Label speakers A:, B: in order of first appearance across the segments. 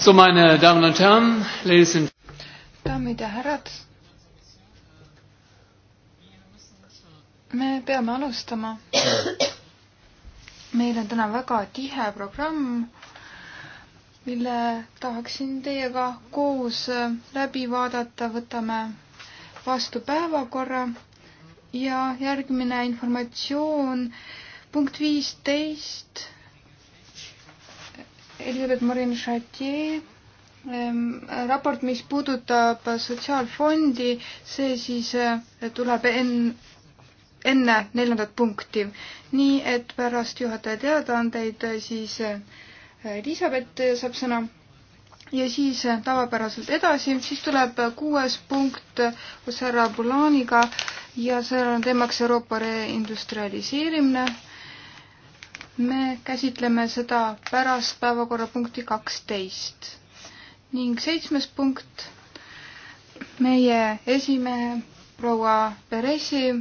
A: So, meine Damen und Herren, Ladies and
B: Daamid ja härrad, me peame alustama. meil on täna väga tihe programm, mille tahaksin teiega koos läbi vaadata, võtame vastu päevakorra ja järgmine informatsioon punkt viisteist Elizabeth Morin-Chartier ehm, raport, mis puudutab sotsiaalfondi, see siis eh, tuleb enn-, enne neljandat punkti. nii et pärast juhataja teadaandeid eh, siis eh, Elizabeth saab sõna ja siis tavapäraselt edasi, siis tuleb kuues punkt koos härra Bulaniga ja seal on teemaks Euroopa reindustrialiseerimine me käsitleme seda pärast päevakorrapunkti kaksteist ning seitsmes punkt, meie esimehe proua Peresi äh,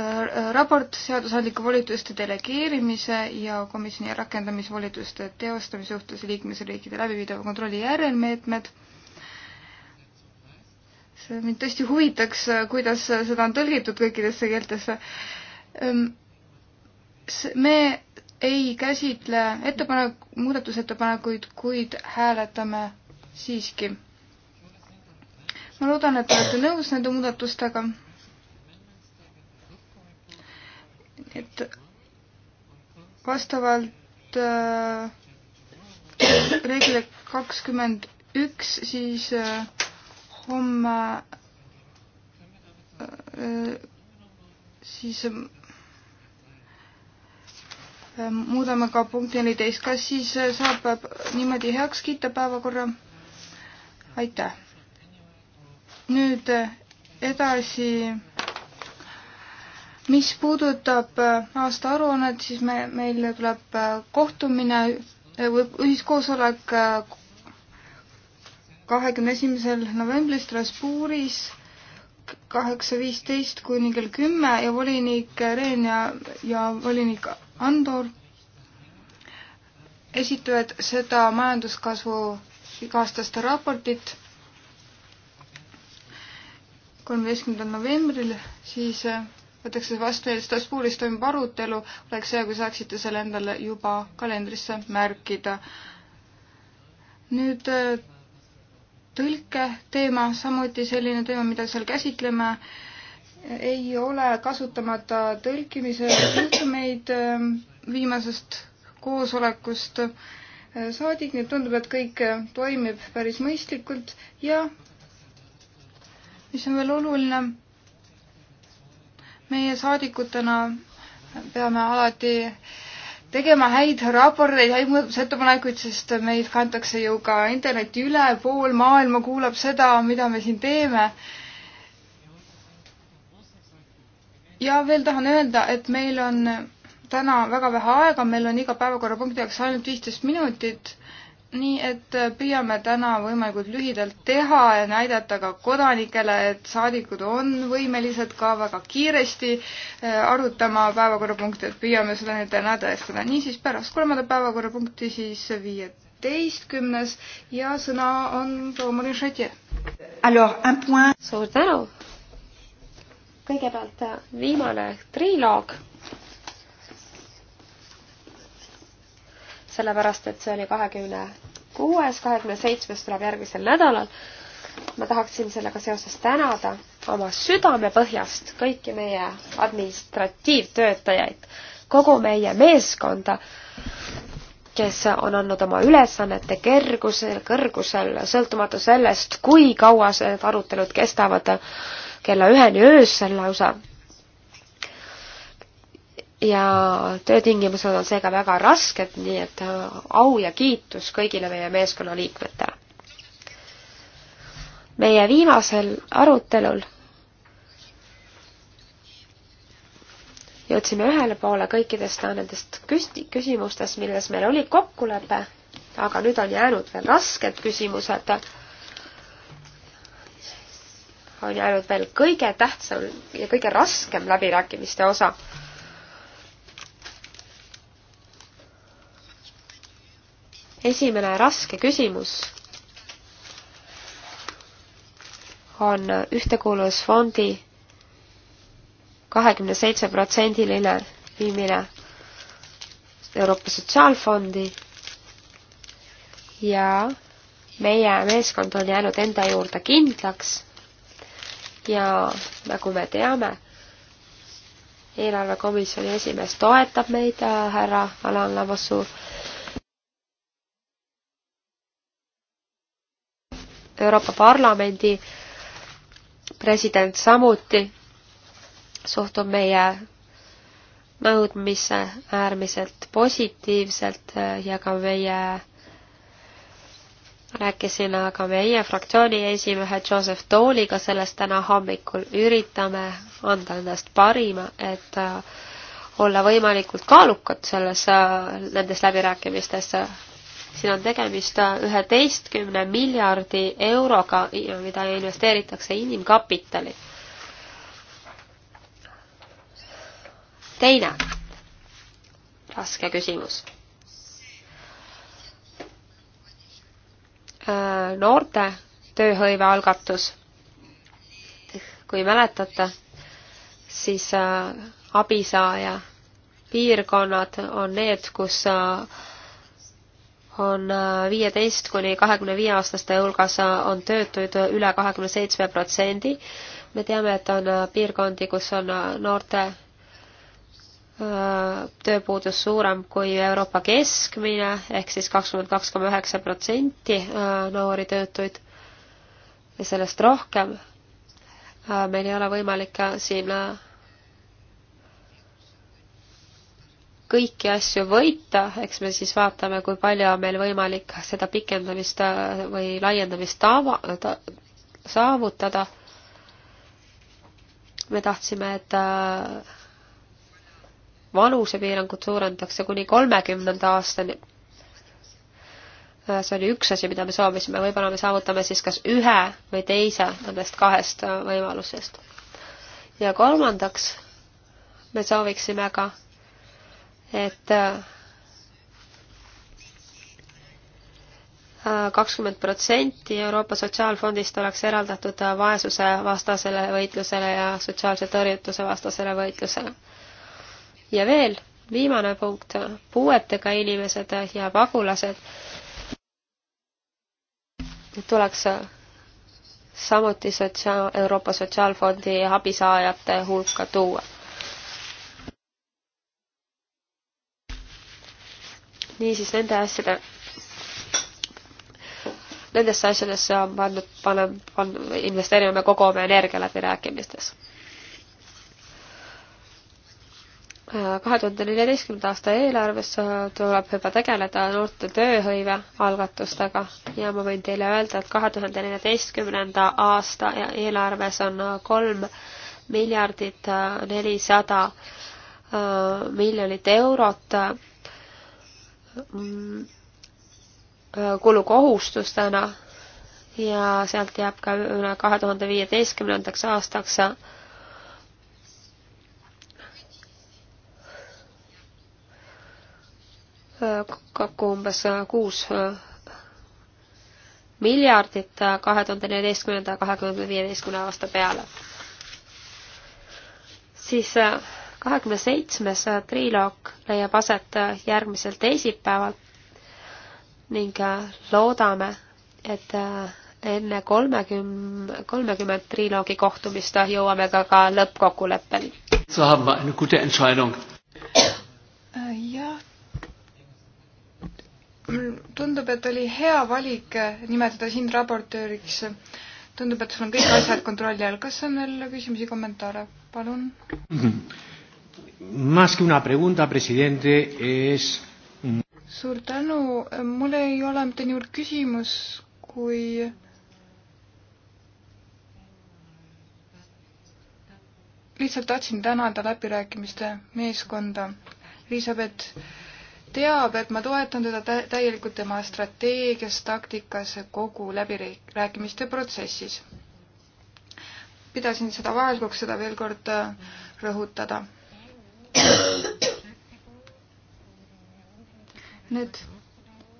B: äh, raport seadusandlike volituste delegeerimise ja komisjoni rakendamisvolituste teostamise suhtes liikmesriikide läbiviidava kontrolli järelmeetmed. see mind tõesti huvitaks, kuidas seda on tõlgitud kõikidesse keeltesse. me ei käsitle ettepanek, muudatusettepanekuid, kuid hääletame siiski. ma loodan, et te olete nõus nende muudatustega. et vastavalt äh, reeglile kakskümmend üks, siis äh, homme äh, äh siis Ehm, muudame ka punkti neliteist, kas siis eh, saab eh, niimoodi heaks kiita päevakorra? aitäh. nüüd eh, edasi, mis puudutab aastaaruannet, siis me, meil tuleb kohtumine või ühiskoosolek kahekümne esimesel novembril Strasbourgis kaheksa viisteist kuni kell kümme ja volinik Reen ja, ja volinik Andor esitavad seda majanduskasvu iga-aastast raportit kolmeteistkümnendal novembril, siis äh, võetakse see vastu ja Strasbourgis toimub arutelu, oleks hea, kui saaksite selle endale juba kalendrisse märkida. nüüd äh, tõlke teema, samuti selline teema, mida seal käsitleme, ei ole kasutamata tõlkimise juhtumeid ähm, viimasest koosolekust äh, saadik, nii et tundub, et kõik äh, toimib päris mõistlikult ja mis on veel oluline, meie saadikutena peame alati äh, tegema häid raporteid, häid muudatusettepanekuid, sest meid kantakse ju ka interneti üle, pool maailma kuulab seda, mida me siin teeme. ja veel tahan öelda, et meil on täna väga vähe aega, meil on iga päevakorrapunkti jaoks ainult viisteist minutit nii et püüame täna võimalikult lühidalt teha ja näidata ka kodanikele, et saadikud on võimelised ka väga kiiresti eh, arutama päevakorrapunkte, et püüame seda nüüd täna tõestada. niisiis pärast kolmanda päevakorrapunkti siis viieteistkümnes ja sõna on proua Marin Šatje.
C: suur tänu! kõigepealt viimane triloog sellepärast et see oli kahekümne kuues, kahekümne seitsmes tuleb järgmisel nädalal. ma tahaksin sellega seoses tänada oma südamepõhjast kõiki meie administratiivtöötajaid, kogu meie meeskonda, kes on andnud oma ülesannete kergusel, kõrgusel, sõltumata sellest, kui kaua need arutelud kestavad, kella üheni öösel lausa ja töötingimused on seega väga rasked, nii et äh, au ja kiitus kõigile meie meeskonna liikmetele. meie viimasel arutelul jõudsime ühele poole kõikidest nendest küsimustest, milles meil oli kokkulepe, aga nüüd on jäänud veel rasked küsimused on jäänud veel kõige tähtsam ja kõige raskem läbirääkimiste osa. esimene raske küsimus on ühtekuuluvusfondi kahekümne seitse protsendiline viimine Euroopa Sotsiaalfondi ja meie meeskond on jäänud enda juurde kindlaks ja nagu me teame, eelarvekomisjoni esimees toetab meid, äh, härra Alan Lamassu Euroopa Parlamendi president samuti suhtub meie nõudmisse äärmiselt positiivselt äh, ja ka meie rääkisin aga meie fraktsiooni esimehe Joseph Tooliga sellest täna hommikul. üritame anda endast parima, et äh, olla võimalikult kaalukad selles, äh, nendes läbirääkimistes siin on tegemist üheteistkümne miljardi euroga, mida investeeritakse inimkapitali. teine raske küsimus. Äh, noorte tööhõive algatus. kui mäletate, siis äh, abisaaja piirkonnad on need, kus äh, on äh, viieteist kuni kahekümne viie aastaste hulgas äh, on töötuid äh, üle kahekümne seitsme protsendi. me teame, et on piirkondi, kus on noorte tööpuudus suurem kui Euroopa keskmine ehk siis kakskümmend kaks koma üheksa protsenti noori töötuid ja sellest rohkem. meil ei ole võimalik siin kõiki asju võita, eks me siis vaatame, kui palju on meil võimalik seda pikendamist äh, või laiendamist taava, ta, saavutada. me tahtsime, et äh, vanusepiirangut suurendatakse kuni kolmekümnenda aastani. Äh, see oli üks asi, mida me soovisime, võib-olla me saavutame siis kas ühe või teise nendest kahest võimalusest. ja kolmandaks me sooviksime ka et äh, kakskümmend protsenti Euroopa Sotsiaalfondist oleks eraldatud äh, vaesuse vastasele võitlusele ja sotsiaalse tõrjutuse vastasele võitlusele. ja veel viimane punkt, puuetega inimesed ja pagulased tuleks äh, samuti sotsiaal, Euroopa Sotsiaalfondi abisaajate hulka tuua niisiis nende asjade, nendesse asjadesse on pandud, paneb, on, investeerime me kogu oma energia läbirääkimistes. kahe tuhande neljateistkümnenda aasta eelarves äh, tuleb juba tegeleda noorte tööhõive algatustega ja ma võin teile öelda, et kahe tuhande neljateistkümnenda aasta eelarves on äh, kolm miljardit äh, nelisada miljonit eurot Mm. Äh, kulukohustustena ja sealt jääb ka üle kahe tuhande viieteistkümnendaks aastaks äh, kokku umbes kuus äh, miljardit kahe tuhande neljateistkümnenda, kahe tuhande viieteistkümne aasta peale. siis kahekümne seitsmes äh, triloog leiab aset äh, järgmisel teisipäeval ning äh, loodame, et enne kolmekümne, kolmekümmet triloogi kohtumist jõuame ka, ka lõppkokkuleppeni. jah,
B: tundub, et oli hea valik nimetada sind raportööriks. tundub, et sul on kõik asjad kontrolli all. kas on veel küsimusi, kommentaare? palun
A: mm. -hmm Más que una pregunta, presidente, es...
B: suur tänu, mul ei ole mitte niivõrd küsimus, kui lihtsalt tahtsin tänada läbirääkimiste meeskonda. Elizabeth teab, et ma toetan teda täielikult tema strateegias, taktikas, kogu läbirääkimiste protsessis. pidasin seda vajalikuks seda veel kord äh, rõhutada. Need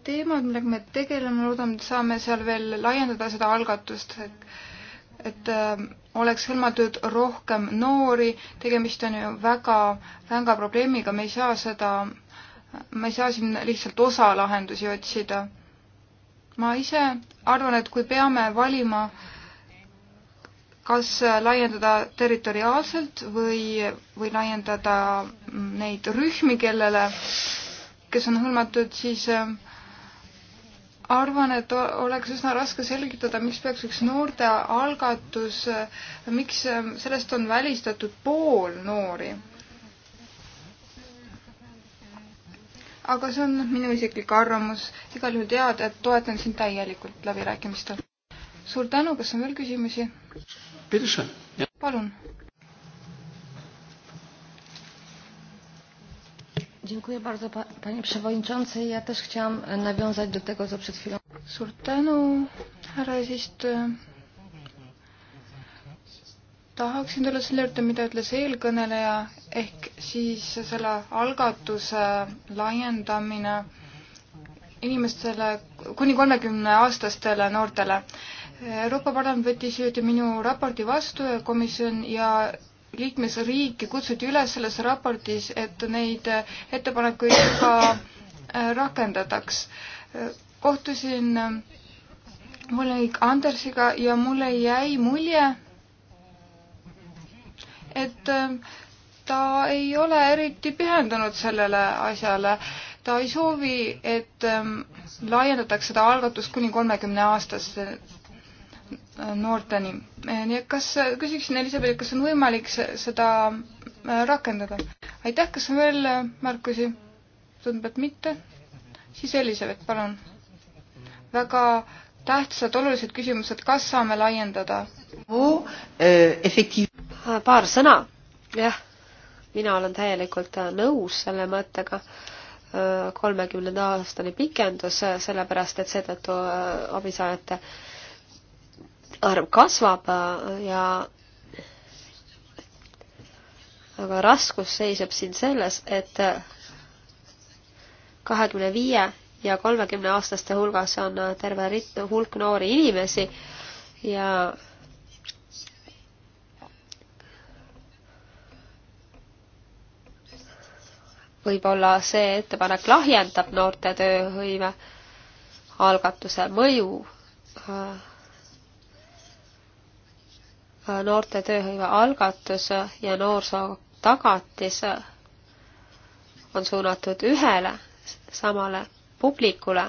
B: teemad, millega me tegeleme, loodame, et saame seal veel laiendada seda algatust, et ähm, oleks hõlmatud rohkem noori, tegemist on ju väga ränga probleemiga, me ei saa seda, me ei saa siin lihtsalt osalahendusi otsida. ma ise arvan, et kui peame valima äh, kas laiendada territoriaalselt või, või laiendada neid rühmi, kellele, kes on hõlmatud, siis ähm, arvan, et oleks üsna raske selgitada, miks peaks üks noortealgatus, äh, miks ähm, sellest on välistatud pool noori. aga see on minu isiklik arvamus, igal juhul tead, et toetan sind täielikult läbirääkimistel. suur tänu, kas on veel küsimusi? palun.
C: Dziękuję bardzo pa panie przewodniczący. Ja też chciałam e, nawiązać do tego, co przed chwilą. Suur tänu,
B: härra eesistuja. tahaksin tulla selle juurde, mida ütles eelkõneleja, ehk siis selle algatuse laiendamine inimestele, kuni kolmekümne aastastele noortele. Euroopa Parlament võttis hiljuti minu raporti vastu ja komisjon ja liikmesriiki kutsuti üles selles raportis, et neid ettepanekuid ka äh, rakendataks. kohtusin volinik äh, Andersiga ja mulle jäi mulje, et äh, ta ei ole eriti pühendunud sellele asjale. ta ei soovi, et laiendataks seda algatust kuni kolmekümne aastaste noorteni. nii et kas, äh, küsiksin Elisabeth, kas on võimalik seda äh, rakendada? aitäh, kas on veel äh, märkusi? tundub, et mitte. siis Elisabeth, palun. väga tähtsad,
C: olulised küsimused, kas saame laiendada? paar sõna, jah. mina olen täielikult nõus selle mõttega kolmekümnenda aastani pikendus, sellepärast et seetõttu abisaajate äh, arv kasvab äh, ja aga raskus seisab siin selles, et äh, kahekümne viie ja kolmekümne aastaste hulgas on äh, terve rit-, hulk noori inimesi ja võib-olla see ettepanek lahjendab noorte tööhõive algatuse mõju äh, noorte tööhõive algatus ja noorsootagatis on suunatud ühele samale publikule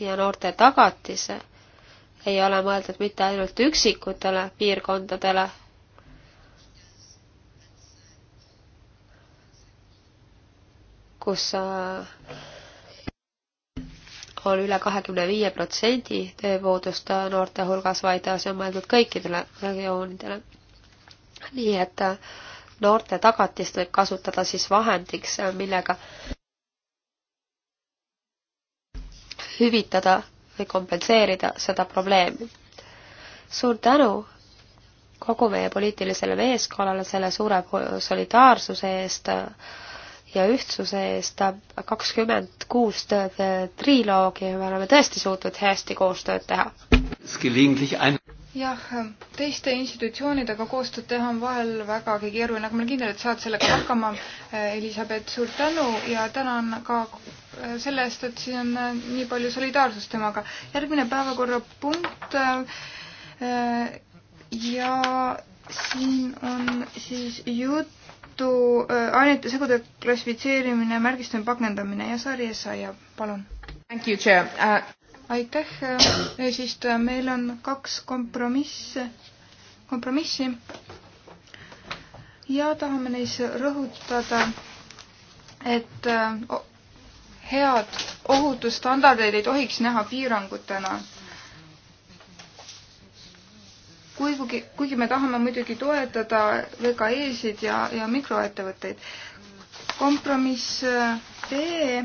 C: ja noorte tagatis ei ole mõeldud mitte ainult üksikutele piirkondadele, kus äh, on üle kahekümne viie protsendi tööpuudust noorte hulgas, vaid see on mõeldud kõikidele regioonidele. nii et noorte tagatist võib kasutada siis vahendiks, millega hüvitada või kompenseerida seda probleemi. suur tänu kogu meie poliitilisele meeskonnale selle suure solidaarsuse eest ja ühtsuse eest kakskümmend kuus eh, triloogi ja me oleme tõesti suutnud hästi koostööd teha.
B: jah, teiste institutsioonidega koostööd teha on vahel vägagi keeruline, aga ma olen kindel, et saad sellega hakkama. Eh, Elisabeth, suur tänu ja tänan ka eh, selle eest, et siin on nii palju solidaarsust temaga. järgmine päevakorrapunkt ja siin on siis jutt vastu äh, ainete segude klassifitseerimine, märgistamine, pakendamine ja sari Essaia, palun. Uh... aitäh, äh, eesistuja, meil on kaks kompromisse, kompromissi ja tahame neis rõhutada, et äh, head ohutusstandardid ei tohiks näha piirangutena kuigi, kuigi me tahame muidugi toetada VKE-sid ja, ja mikroettevõtteid. kompromiss D. Äh, e.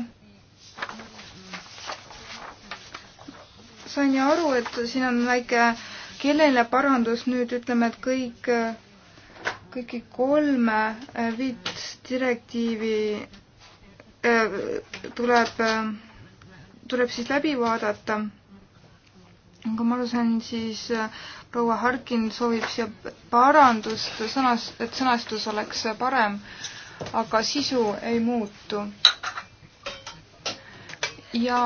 B: sain ju aru, et siin on väike keeleline parandus, nüüd ütleme, et kõik, äh, kõiki kolme äh, viit direktiivi tuleb, tuleb siis läbi vaadata nagu ma aru sain, siis äh, proua Harkin soovib siia parandust, sõnas, et sõnastus oleks parem, aga sisu ei muutu. ja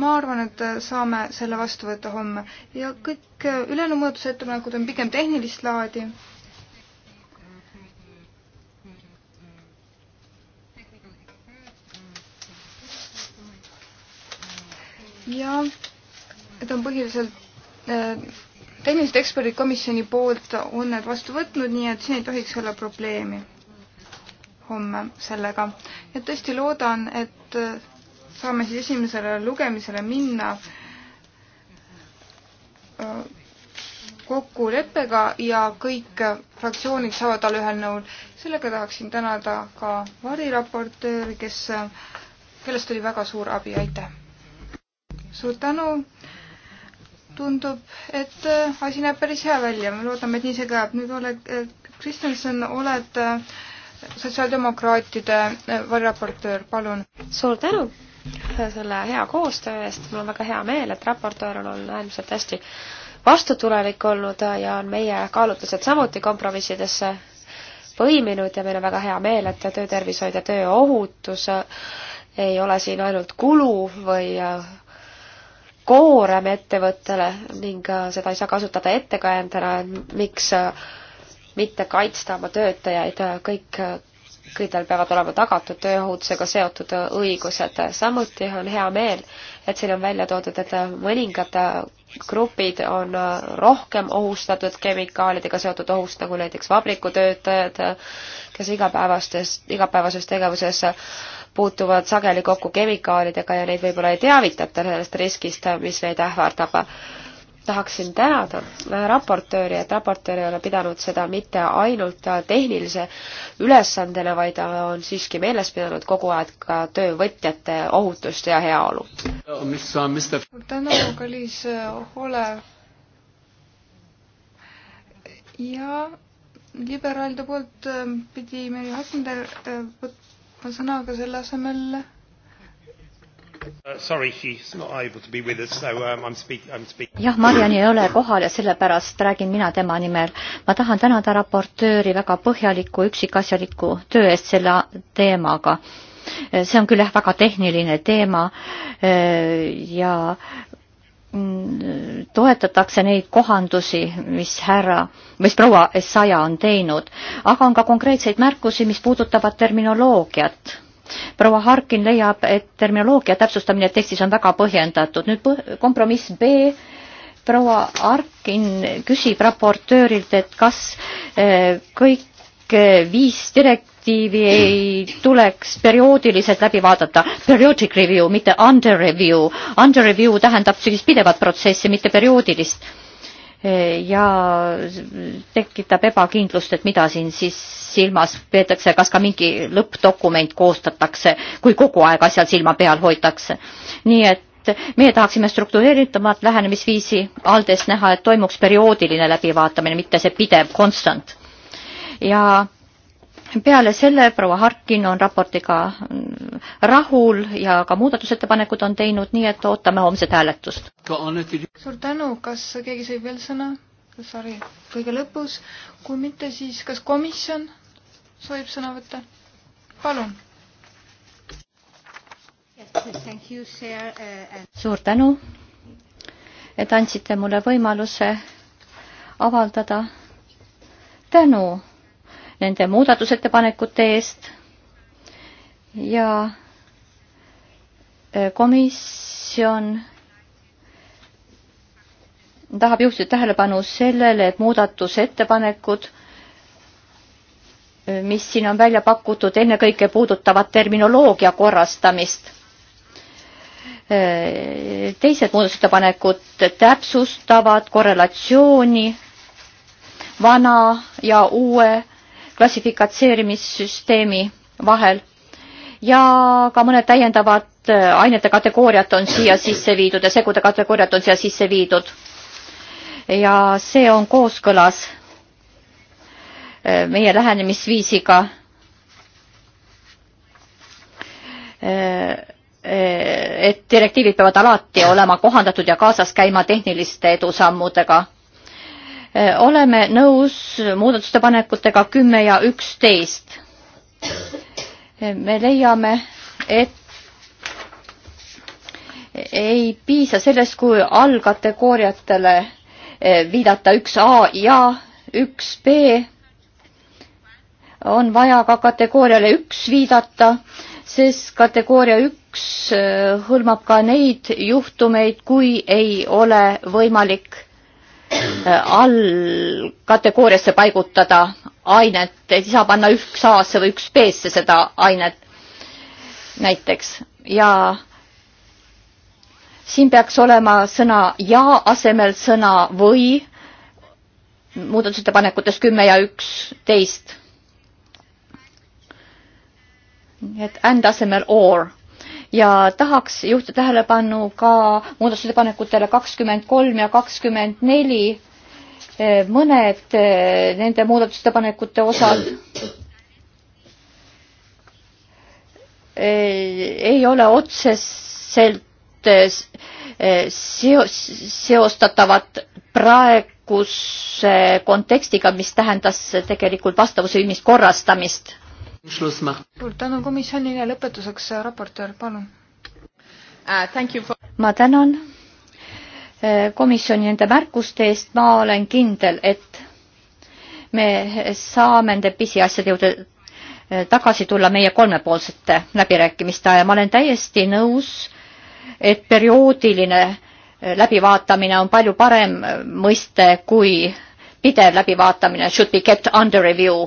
B: ma arvan, et saame selle vastu võtta homme ja kõik äh, ülejäänud muudatusettepanekud on pigem tehnilist laadi. ja need on põhiliselt tehnilised eksperdid komisjoni poolt on need vastu võtnud, nii et siin ei tohiks olla probleemi homme sellega. ja tõesti loodan, et saame siis esimesele lugemisele minna äh, kokkuleppega ja kõik fraktsioonid saavad olla ühel nõul. sellega tahaksin tänada ka variraportööri, kes, kellest oli väga suur abi, aitäh! suur tänu! tundub, et äh, asi näeb päris hea välja, me loodame, et nii see käib. nüüd ole, äh, Kristjanson, oled äh, sotsiaaldemokraatide variraportöör, palun. suur tänu
C: selle hea koostöö eest, mul on väga hea meel, et raportöör on olnud äärmiselt hästi vastutulelik olnud ja on meie kaalutlused samuti kompromissidesse põiminud ja meil on väga hea meel, et töötervishoid ja tööohutus ei ole siin ainult kulu või koorem ettevõttele ning äh, seda ei saa kasutada ettekäändena, et miks äh, mitte kaitsta oma töötajaid, äh, kõik, kõigil peavad olema tagatud tööohutusega seotud õigused. samuti on hea meel, et siin on välja toodud, et mõningad grupid on rohkem ohustatud kemikaalidega seotud ohust, nagu näiteks vabrikutöötajad, kes igapäevastes, igapäevases tegevuses puutuvad sageli kokku kemikaalidega ja neid võib-olla ei teavitata sellest riskist, mis neid ähvardab. tahaksin tänada raportööri, et raportöör ei ole pidanud seda mitte ainult tehnilise ülesandena, vaid on siiski meeles pidanud kogu aeg ka töövõtjate ohutust ja heaolu.
B: tänu, kallis Olev. ja liberaalide poolt ähm, pidi Meri Hassander äh, sõna, aga selle asemel uh,
C: um, jah, Mariann ei ole
D: kohal ja sellepärast räägin mina tema nimel. ma tahan tänada raportööri väga põhjaliku üksikasjaliku töö eest selle teemaga. see on küll jah, väga tehniline teema eh, ja toetatakse neid kohandusi, mis härra, mis proua Essaja on teinud, aga on ka konkreetseid märkusi, mis puudutavad terminoloogiat. proua Harkin leiab, et terminoloogia täpsustamine tekstis on väga põhjendatud. nüüd põh kompromiss B, proua Harkin küsib raportöörilt, et kas eh, kõik Eh, viis direktiivi ei tuleks perioodiliselt läbi vaadata. Periodic review, mitte under review. Under review tähendab sellist pidevat protsessi, mitte perioodilist. Eh, ja tekitab ebakindlust, et mida siin siis silmas peetakse, kas ka mingi lõppdokument koostatakse, kui kogu aeg asjal silma peal hoitakse. nii et meie tahaksime struktureeritumat lähenemisviisi, aldes näha, et toimuks perioodiline läbivaatamine, mitte see pidev konstant ja peale selle proua Harkin on raportiga rahul ja ka muudatusettepanekud on teinud, nii et ootame homset hääletust.
B: suur tänu, kas keegi sai veel sõna? sorry, kõige lõpus. kui mitte, siis kas komisjon soovib sõna võtta? palun.
D: suur tänu, et andsite mulle võimaluse avaldada tänu nende muudatusettepanekute eest ja äh, komisjon tahab juhtida tähelepanu sellele, et muudatusettepanekud, äh, mis siin on välja pakutud, ennekõike puudutavad terminoloogia korrastamist. Äh, teised muudatusettepanekud täpsustavad korrelatsiooni vana ja uue klassifikatseerimissüsteemi vahel ja ka mõned täiendavad äh, ainete kategooriad on siia sisse viidud ja segude kategooriad on siia sisse viidud. ja see on kooskõlas äh, meie lähenemisviisiga. Äh, et direktiivid peavad alati olema kohandatud ja kaasas käima tehniliste edusammudega Äh, oleme nõus muudatustepanekutega kümme ja üksteist. Äh, me leiame, et ei piisa sellest, kui allkategooriatele äh, viidata üks A ja üks B. on vaja ka kategooriale üks viidata, sest kategooria üks hõlmab ka neid juhtumeid, kui ei ole võimalik Äh, allkategooriasse paigutada ainet, ei saa panna üks A-sse või üks B-sse seda ainet näiteks ja siin peaks olema sõna ja asemel sõna või muudatusettepanekutes kümme ja üksteist. et and asemel or ja tahaks juhtida tähelepanu ka muudatusettepanekutele kakskümmend kolm ja kakskümmend neli, eh, mõned eh, nende muudatusettepanekute osad eh, ei ole otseselt seostatavad praeguse kontekstiga, mis tähendas tegelikult vastavuse üldist korrastamist suur
B: tänu komisjonile, lõpetuseks äh, raportöör, palun
D: uh,. For... ma tänan äh, komisjoni nende märkuste eest, ma olen kindel, et me saame nende pisiasjade juurde äh, tagasi tulla meie kolmepoolsete läbirääkimiste ajal, ma olen täiesti nõus, et perioodiline läbivaatamine on palju parem mõiste kui pidev läbivaatamine should be kept under review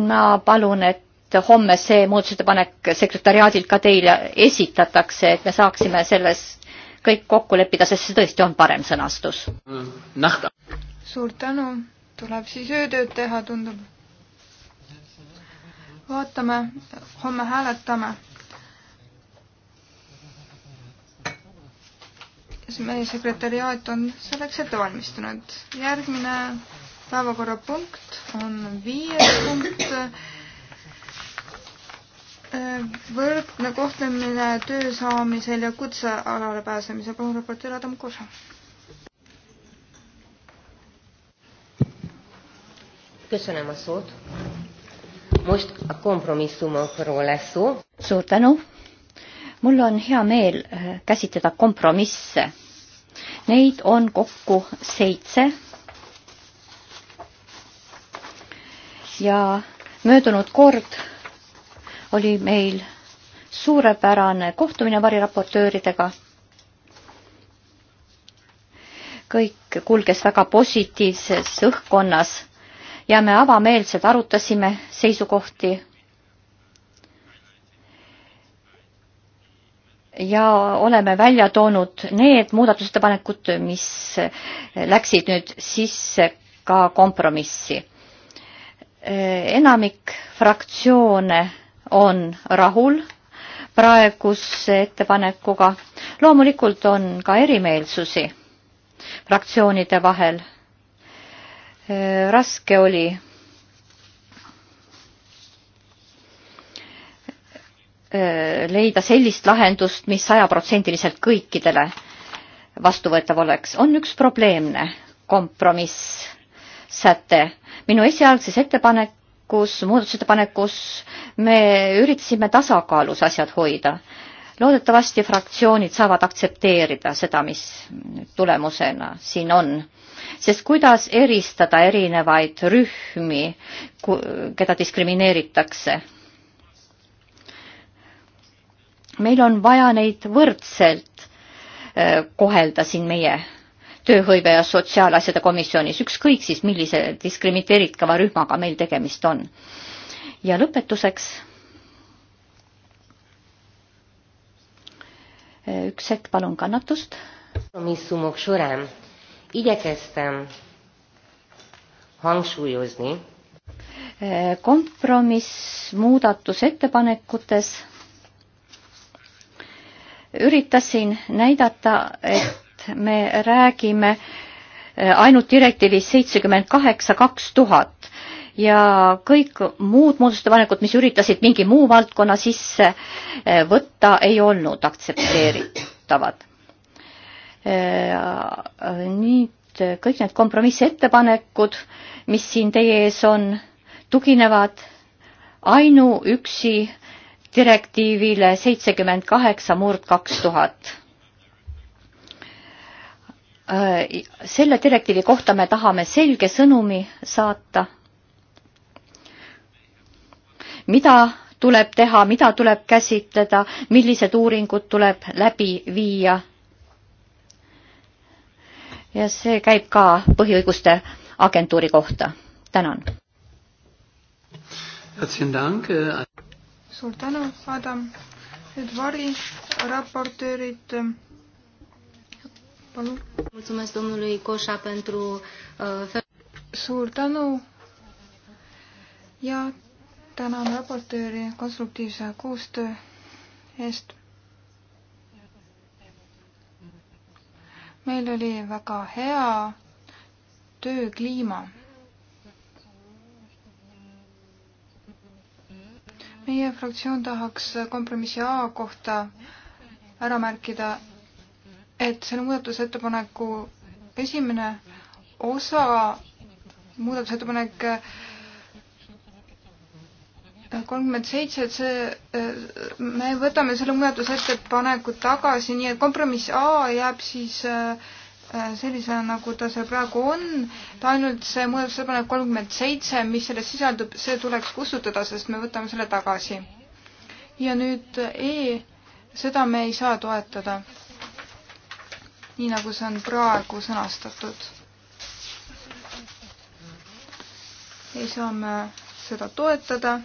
D: ma palun, et homme see muudatusettepanek sekretariaadilt ka teile esitatakse, et me saaksime selles kõik kokku leppida, sest see tõesti on parem sõnastus.
B: suur tänu, tuleb siis öötööd teha, tundub. vaatame, homme hääletame. siis meie sekretäriaat on selleks ette valmistunud. järgmine päevakorrapunkt on viies punkt. Äh, võrdne kohtlemine töö saamisel ja kutsealale pääsemise palun raportöör Adam Kosa.
D: köszönöm a szót. Most a kompromisszumokról lesz szó. Suur tänu. Mul on hea meel äh, käsitleda kompromisse. Neid on kokku seitse ja möödunud kord oli meil suurepärane kohtumine variraportööridega. kõik kulges väga positiivses õhkkonnas ja me avameelselt arutasime seisukohti. ja oleme välja toonud need muudatusettepanekud, mis läksid nüüd sisse ka kompromissi Eh, enamik fraktsioone on rahul praeguse ettepanekuga. loomulikult on ka erimeelsusi fraktsioonide vahel. Eh, raske oli eh, leida sellist lahendust mis, mis sajaprotsendiliselt kõikidele vastuvõetav oleks. on üks probleemne kompromiss säte. minu esialgses ettepanekus, muudatusettepanekus me üritasime tasakaalus asjad hoida. loodetavasti fraktsioonid saavad aktsepteerida seda, mis tulemusena siin on sest kuidas eristada erinevaid rühmi, keda diskrimineeritakse? meil on vaja neid võrdselt äh, kohelda siin meie tööhõive ja sotsiaalasjade komisjonis, ükskõik siis millise diskrimineeritava rühmaga meil tegemist on. ja lõpetuseks üks hetk, palun kannatust. kompromisszumok során
C: igyekeztem hangsúlyozni.
D: kompromiss muudatusettepanekutes üritasin näidata, et me räägime eh, ainult direktiivist seitsekümmend kaheksa kaks tuhat ja kõik muud muudatusettepanekud, mis üritasid mingi muu valdkonna sisse eh, võtta, ei olnud aktsepteeritavad. Eh, nüüd kõik need kompromissettepanekud, mis siin teie ees on, tuginevad ainuüksi direktiivile seitsekümmend kaheksa murd kaks tuhat Äh, selle direktiivi kohta me tahame selge sõnumi saata, mida tuleb teha, mida tuleb käsitleda, millised uuringud tuleb läbi viia. ja see käib ka põhiõiguste agentuuri kohta. tänan.
A: Äh,
B: suur tänu, Adam. nüüd variraportöörid palun. Uh, suur tänu ja tänan raportööri konstruktiivse koostöö eest. meil oli väga hea töökliima. meie fraktsioon tahaks kompromissi A kohta ära märkida et selle muudatusettepaneku esimene osa, muudatusettepanek äh, kolmkümmend seitse, et see, äh, me võtame selle muudatusettepaneku tagasi, nii et kompromiss A jääb siis äh, sellisena, nagu ta seal praegu on, ta ainult see muudatusettepanek kolmkümmend seitse, mis selles sisaldub, see tuleks kustutada, sest me võtame selle tagasi. ja nüüd E, seda me ei saa toetada nii nagu see on praegu sõnastatud. ei saa me seda toetada.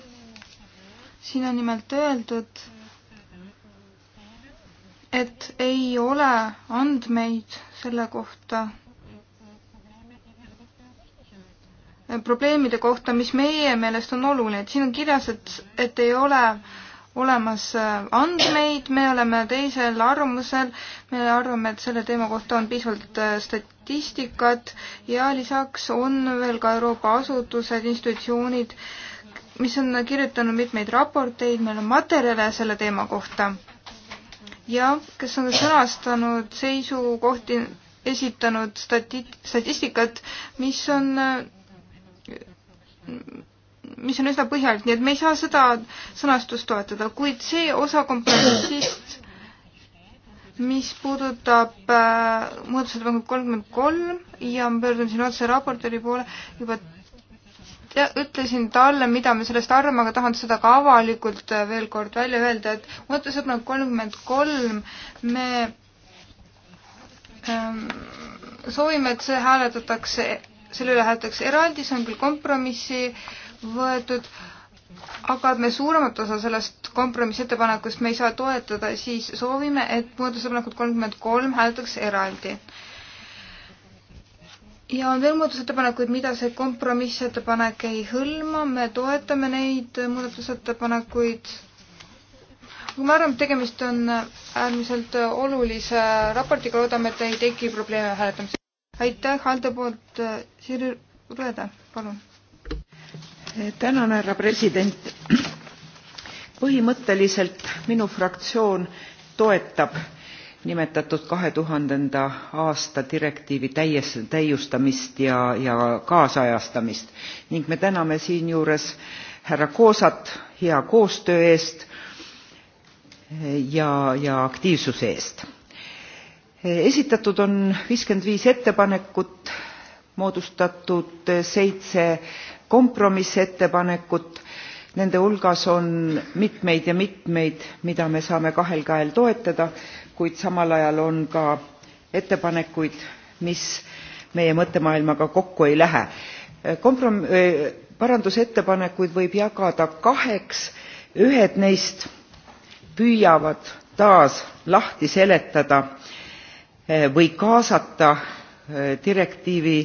B: siin on nimelt öeldud, et ei ole andmeid selle kohta, probleemide kohta, mis meie meelest on oluline, et siin on kirjas, et, et ei ole äh, olemas äh, andmeid, me oleme teisel arvamusel, me arvame, et selle teema kohta on piisavalt äh, statistikat ja lisaks on veel ka Euroopa asutused, institutsioonid, mis on kirjutanud mitmeid raporteid, meil on materjale selle teema kohta ja kes on sõnastanud seisukohti, esitanud stati-, statistikat, mis on äh, mis on üsna põhjalik, nii et me ei saa seda sõnastust toetada, kuid see osa kompromissist, mis puudutab äh, muudatusettepanekut kolmkümmend kolm ja ma pöördun siin otse raportööri poole, juba ja ütlesin talle, mida me sellest arvame, aga tahan seda ka avalikult äh, veel kord välja öelda, et muudatusettepanek kolmkümmend kolm, me ähm, soovime, et see hääletatakse, selle üle hääletatakse eraldi, see on küll kompromissi äh, võetud, aga me suuremat osa sellest kompromissettepanekust me ei saa toetada, siis soovime, et muudatusettepanekut kolmkümmend kolm hääletatakse eraldi. ja on veel muudatusettepanekuid, mida see kompromissettepanek ei hõlma, me toetame neid muudatusettepanekuid ma arvan, et tegemist on äärmiselt olulise raportiga, loodame, et ei teki probleeme hääletamisel. aitäh, Alde poolt, Sirje Rõede, palun
E: tänan härra president põhimõtteliselt minu fraktsioon toetab nimetatud 2000. aasta direktiivi täies, täiustamist ja, ja kaasajastamist ning me täname siinjuures härra Koosat hea koostöö eest ja, ja aktiivsuse eest. esitatud on 55 ettepanekut moodustatud seitse kompromissettepanekut nende hulgas on mitmeid ja mitmeid mida me saame kahel käel toetada kuid samal ajal on ka ettepanekuid mis meie mõttemaailmaga kokku ei lähe. parandusettepanekuid võib jagada kaheks ühed neist püüavad taas lahti seletada või kaasata direktiivi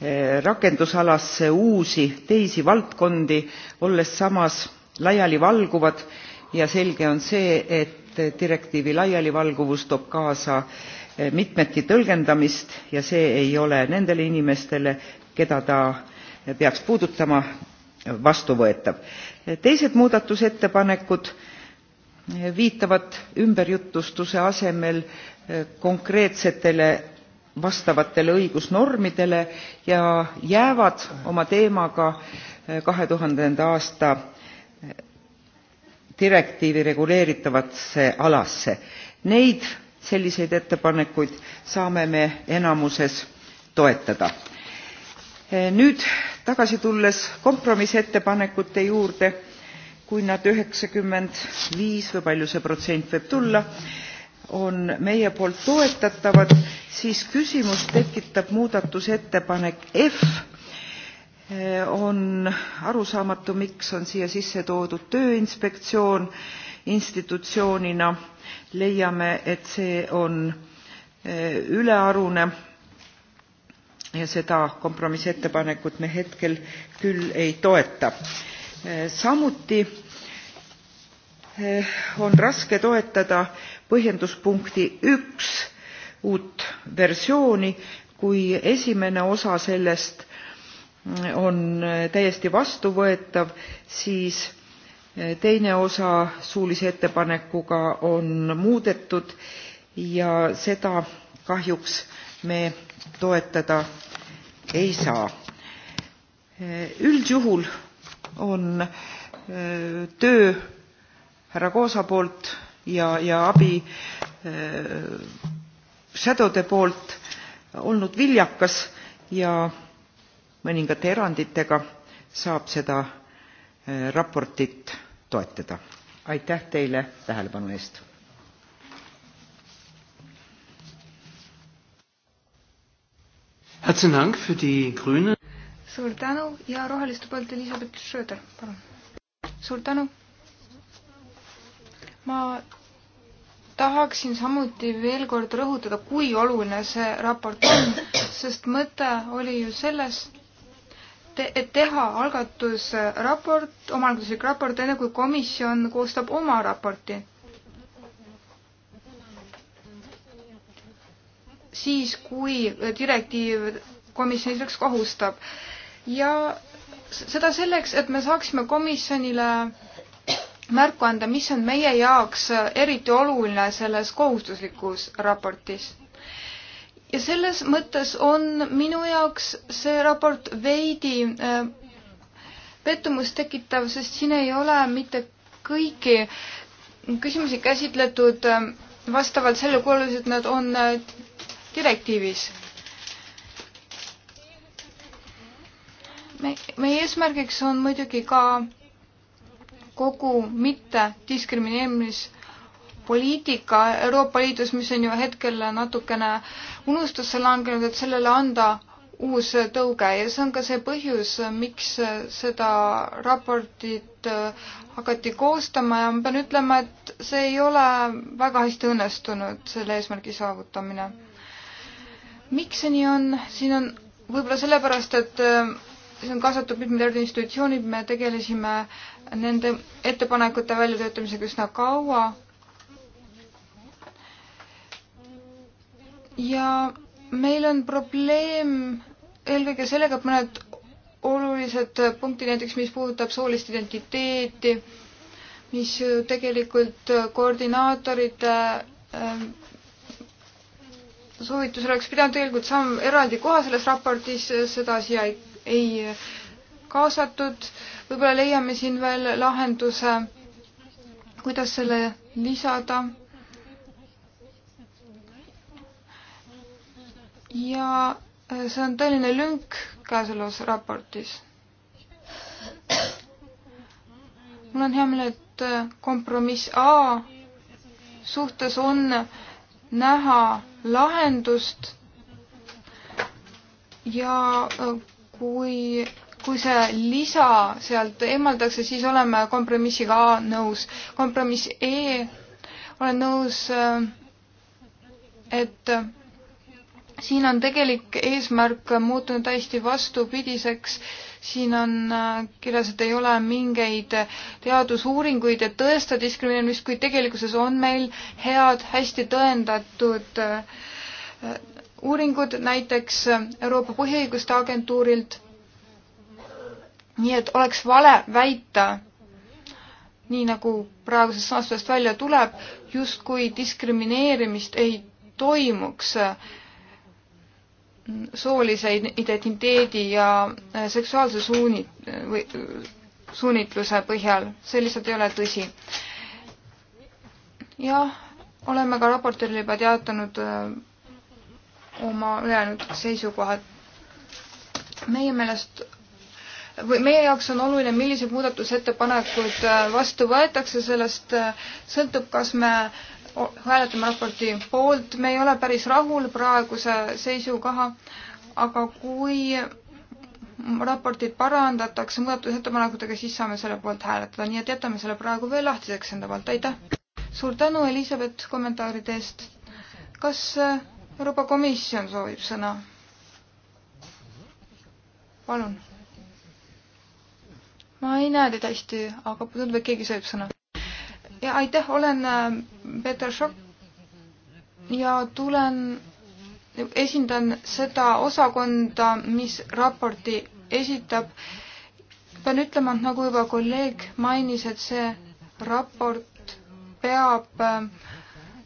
E: Eh, rakendusalasse uusi teisi valdkondi olles samas laialivalguvad ja selge on see et direktiivi laialivalguvus toob kaasa eh, mitmeti tõlgendamist ja see ei ole nendele inimestele keda ta peaks puudutama vastuvõetav. teised muudatusettepanekud viitavad ümberjutustuse asemel eh, konkreetsetele vastavatele õigusnormidele ja jäävad oma teemaga 2000. Eh, aasta eh, direktiivi reguleeritavasse alasse. neid selliseid ettepanekuid saame me enamuses toetada. Eh, nüüd tagasi tulles kompromissettepanekute juurde kui nad üheksakümmend viis või palju see protsent võib tulla on meie poolt toetatavad siis küsimust tekitab muudatusettepanek f on arusaamatu miks on siia sisse toodud tööinspektsioon institutsioonina leiame et see on e, ülearune ja seda kompromissettepanekut me hetkel küll ei toeta. E, samuti e, on raske toetada põhjenduspunkti 1 uut versiooni kui esimene osa sellest on täiesti vastuvõetav siis teine osa suulise ettepanekuga on muudetud ja seda kahjuks me toetada ei saa. üldjuhul on töö härra koosa poolt ja, ja abi äh, shadowde poolt olnud viljakas ja mõningate eranditega saab seda äh, raportit toetada. aitäh teile tähelepanu eest! Herzlichen
A: Dank für die Grüne.
B: Suur tänu ja roheliste poolt Elizabeth Schröder, palun. suur tänu. ma tahaksin samuti veel kord rõhutada, kui oluline see raport on, sest mõte oli ju selles, et teha algatusraport, omaalgatuslik raport, enne kui komisjon koostab oma raporti. siis, kui direktiiv komisjoni selleks kohustab ja seda selleks, et me saaksime komisjonile märku anda, mis on meie jaoks eriti oluline selles kohustuslikus raportis. ja selles mõttes on minu jaoks see raport veidi äh, pettumust tekitav, sest siin ei ole mitte kõiki küsimusi käsitletud äh, vastavalt sellele, kui olulised nad on äh, direktiivis. me, meie eesmärgiks on muidugi ka kogu mittediskrimineerimispoliitika Euroopa Liidus, mis on ju hetkel natukene unustusse langenud, et sellele anda uus tõuge ja see on ka see põhjus, miks seda raportit äh, hakati koostama ja ma pean ütlema, et see ei ole väga hästi õnnestunud, selle eesmärgi saavutamine. miks see nii on, siin on võib-olla sellepärast, et äh, see on kaasatud mitmed institutsioonid, me tegelesime nende ettepanekute väljatöötamisega üsna kaua. ja meil on probleem eelkõige sellega, et mõned olulised punktid, näiteks mis puudutab soolist identiteeti, mis tegelikult koordinaatorite ähm, soovitusel oleks pidanud tegelikult saama eraldi koha selles raportis, seda siia ei ei kaasatud. võib-olla leiame siin veel lahenduse, kuidas selle lisada. ja äh, see on tõeline lünk käesolevas raportis. mul on hea meel, et äh, kompromiss A suhtes on näha lahendust ja äh, kui, kui see lisa sealt eemaldatakse, siis oleme kompromissiga A nõus. kompromiss E, olen nõus, äh, et siin on tegelik eesmärk muutunud täiesti vastupidiseks. siin on äh, kirjas, et ei ole mingeid teadusuuringuid, et tõesta diskrimineerimist, kuid tegelikkuses on meil head, hästi tõendatud äh, uuringud näiteks Euroopa Põhiõiguste Agentuurilt. nii et oleks vale väita, nii nagu praegusest sõnastusest välja tuleb, justkui diskrimineerimist ei toimuks soolise identiteedi ja seksuaalse suuni- või suunitluse põhjal, see lihtsalt ei ole tõsi. jah, oleme ka raportöörile juba teatanud oma ülejäänud seisukohad. meie meelest või meie jaoks on oluline, millised muudatusettepanekud äh, vastu võetakse, sellest äh, sõltub, kas me hääletame raporti poolt, me ei ole päris rahul praeguse seisukoha, aga kui raportit parandatakse muudatusettepanekutega, siis saame selle poolt hääletada, nii et jätame selle praegu veel lahtiseks enda poolt, aitäh! suur tänu, Elizabeth, kommentaaride eest! kas äh, Euroopa Komisjon soovib sõna. palun. ma ei näe teid hästi, aga tundub, et keegi soovib sõna. ja aitäh, olen äh, Peeter Šokk ja tulen, esindan seda osakonda, mis raporti esitab. pean ütlema, et nagu juba kolleeg mainis, et see raport peab äh,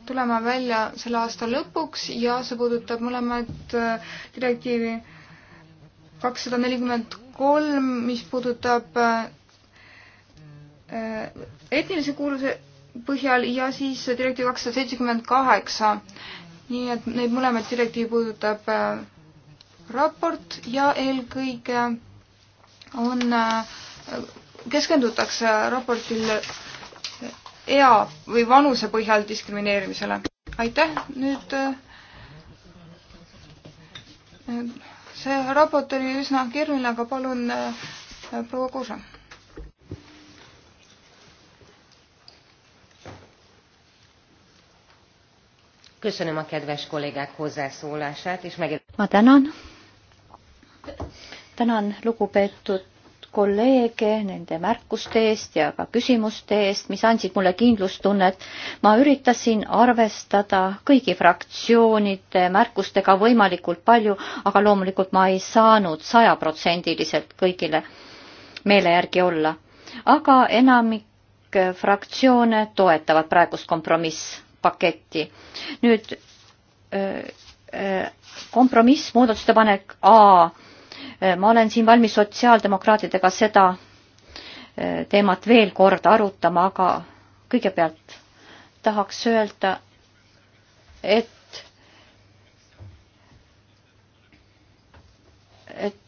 B: tulema välja selle aasta lõpuks ja see puudutab mõlemat äh, direktiivi kakssada nelikümmend kolm, mis puudutab äh, etnilise kuuluvuse põhjal ja siis direktiiv kakssada seitsekümmend kaheksa. nii et neid mõlemaid direktiivi puudutab äh, raport ja eelkõige on, keskendutakse raportil ea või vanuse põhjal diskrimineerimisele. aitäh, nüüd äh, see raport oli üsna keeruline, aga palun äh, proua Kuusa.
C: Köszönöm a kedves kollégák hozzászólását, és meg...
D: Ma tänan. Tänan lugupeetud kolleege nende märkuste eest ja ka küsimuste eest, mis andsid mulle kindlustunnet. ma üritasin arvestada kõigi fraktsioonide märkustega võimalikult palju, aga loomulikult ma ei saanud sajaprotsendiliselt kõigile meele järgi olla. aga enamik fraktsioone toetavad praegust kompromisspaketti. nüüd äh, äh, kompromiss, muudatusettepanek A Eh, ma olen siin valmis sotsiaaldemokraatidega seda eh, teemat veel kord arutama, aga kõigepealt tahaks öelda, et, et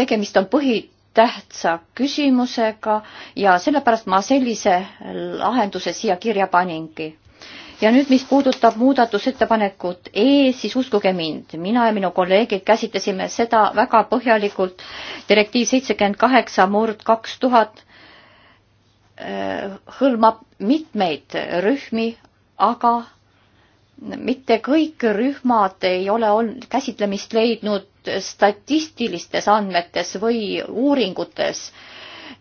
D: tegemist on põhitähtsa küsimusega ja sellepärast ma sellise lahenduse siia kirja paningi ja nüüd, mis puudutab muudatusettepanekut E, siis uskuge mind, mina ja minu kolleegid käsitlesime seda väga põhjalikult direktiiv seitsekümmend kaheksa murd kaks tuhat äh, hõlmab mitmeid rühmi, aga mitte kõik rühmad ei ole olnud käsitlemist leidnud statistilistes andmetes või uuringutes,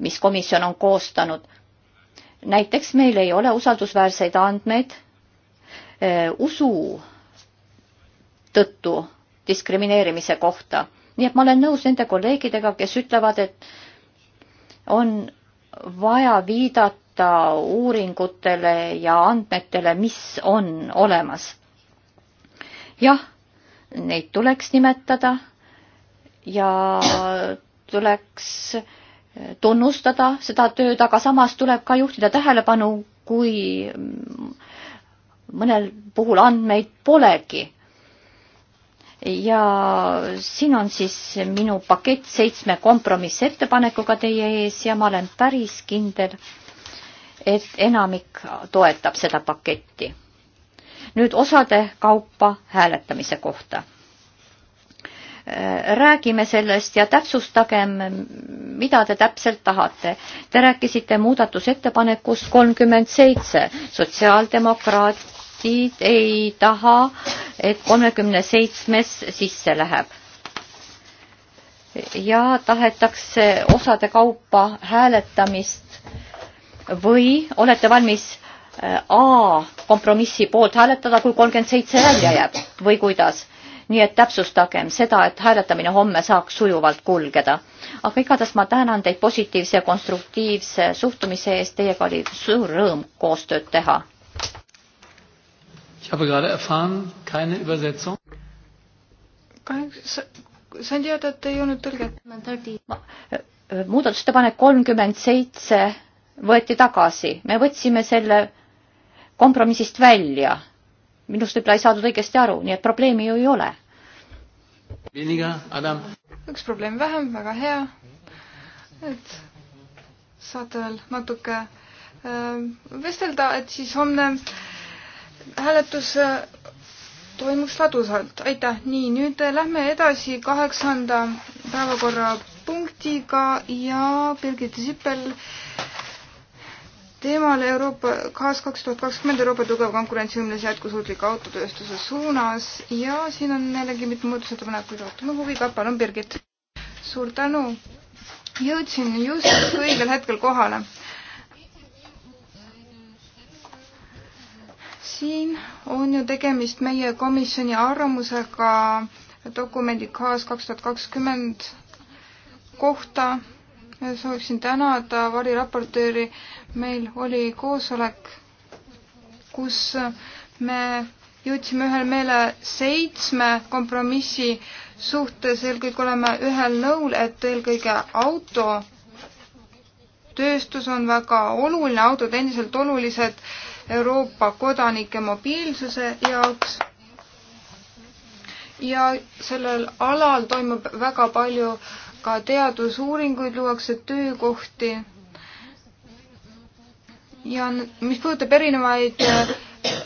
D: mis komisjon on koostanud näiteks meil ei ole usaldusväärseid andmeid Eh, usu tõttu diskrimineerimise kohta. nii et ma olen nõus nende kolleegidega, kes ütlevad, et on vaja viidata uuringutele ja andmetele, mis on olemas. jah, neid tuleks nimetada ja tuleks tunnustada seda tööd, aga samas tuleb ka juhtida tähelepanu, kui mõnel puhul andmeid polegi. ja siin on siis minu pakett seitsme kompromissettepanekuga teie ees ja ma olen päris kindel, et enamik toetab seda paketti. nüüd osade kaupa hääletamise kohta. räägime sellest ja täpsustagem, mida te täpselt tahate. Te rääkisite muudatusettepanekust kolmkümmend seitse, sotsiaaldemokraat sotsiaaldemokraadid ei taha, et kolmekümne seitsmes sisse läheb. ja tahetakse osade kaupa hääletamist või olete valmis äh, A kompromissi poolt hääletada, kui kolmkümmend seitse välja jääb või kuidas? nii et täpsustagem seda, et hääletamine homme saaks sujuvalt kulgeda. aga igatahes ma tänan teid positiivse ja konstruktiivse suhtumise eest, teiega oli suur rõõm koostööd teha
A: Ich habe gerade erfahren, keine Übersetzung.
B: kahjuks sain teada, et ei olnud tõlget.
D: Eh, muudatusettepanek kolmkümmend seitse võeti tagasi, me võtsime selle kompromissist välja. minust võib-olla ei saadud õigesti aru, nii et probleemi ju ei ole.
B: üks probleem vähem, väga hea. et saate veel natuke eh, vestelda, et siis homne äh, hääletus äh, toimuks ladusalt, aitäh, nii nüüd äh, lähme edasi kaheksanda päevakorrapunktiga ja Birgit Sippel teemal Euroopa, KAAS kaks tuhat kakskümmend Euroopa tugev konkurentsivõimeline jätkusuutliku autotööstuse suunas ja siin on jällegi mitu muudatusettepanekut, ootame huviga, palun Birgit. suur tänu, jõudsin just õigel hetkel kohale siin on ju tegemist meie komisjoni arvamusega dokumendi KAAS kaks tuhat kakskümmend kohta. sooviksin tänada variraportööri. meil oli koosolek, kus me jõudsime ühel meele seitsme kompromissi suhtes, eelkõige oleme ühel nõul, et eelkõige autotööstus on väga oluline, autod endiselt olulised äh, Euroopa kodanike mobiilsuse jaoks. ja sellel alal toimub väga palju ka teadusuuringuid, luuakse töökohti. ja mis puudutab erinevaid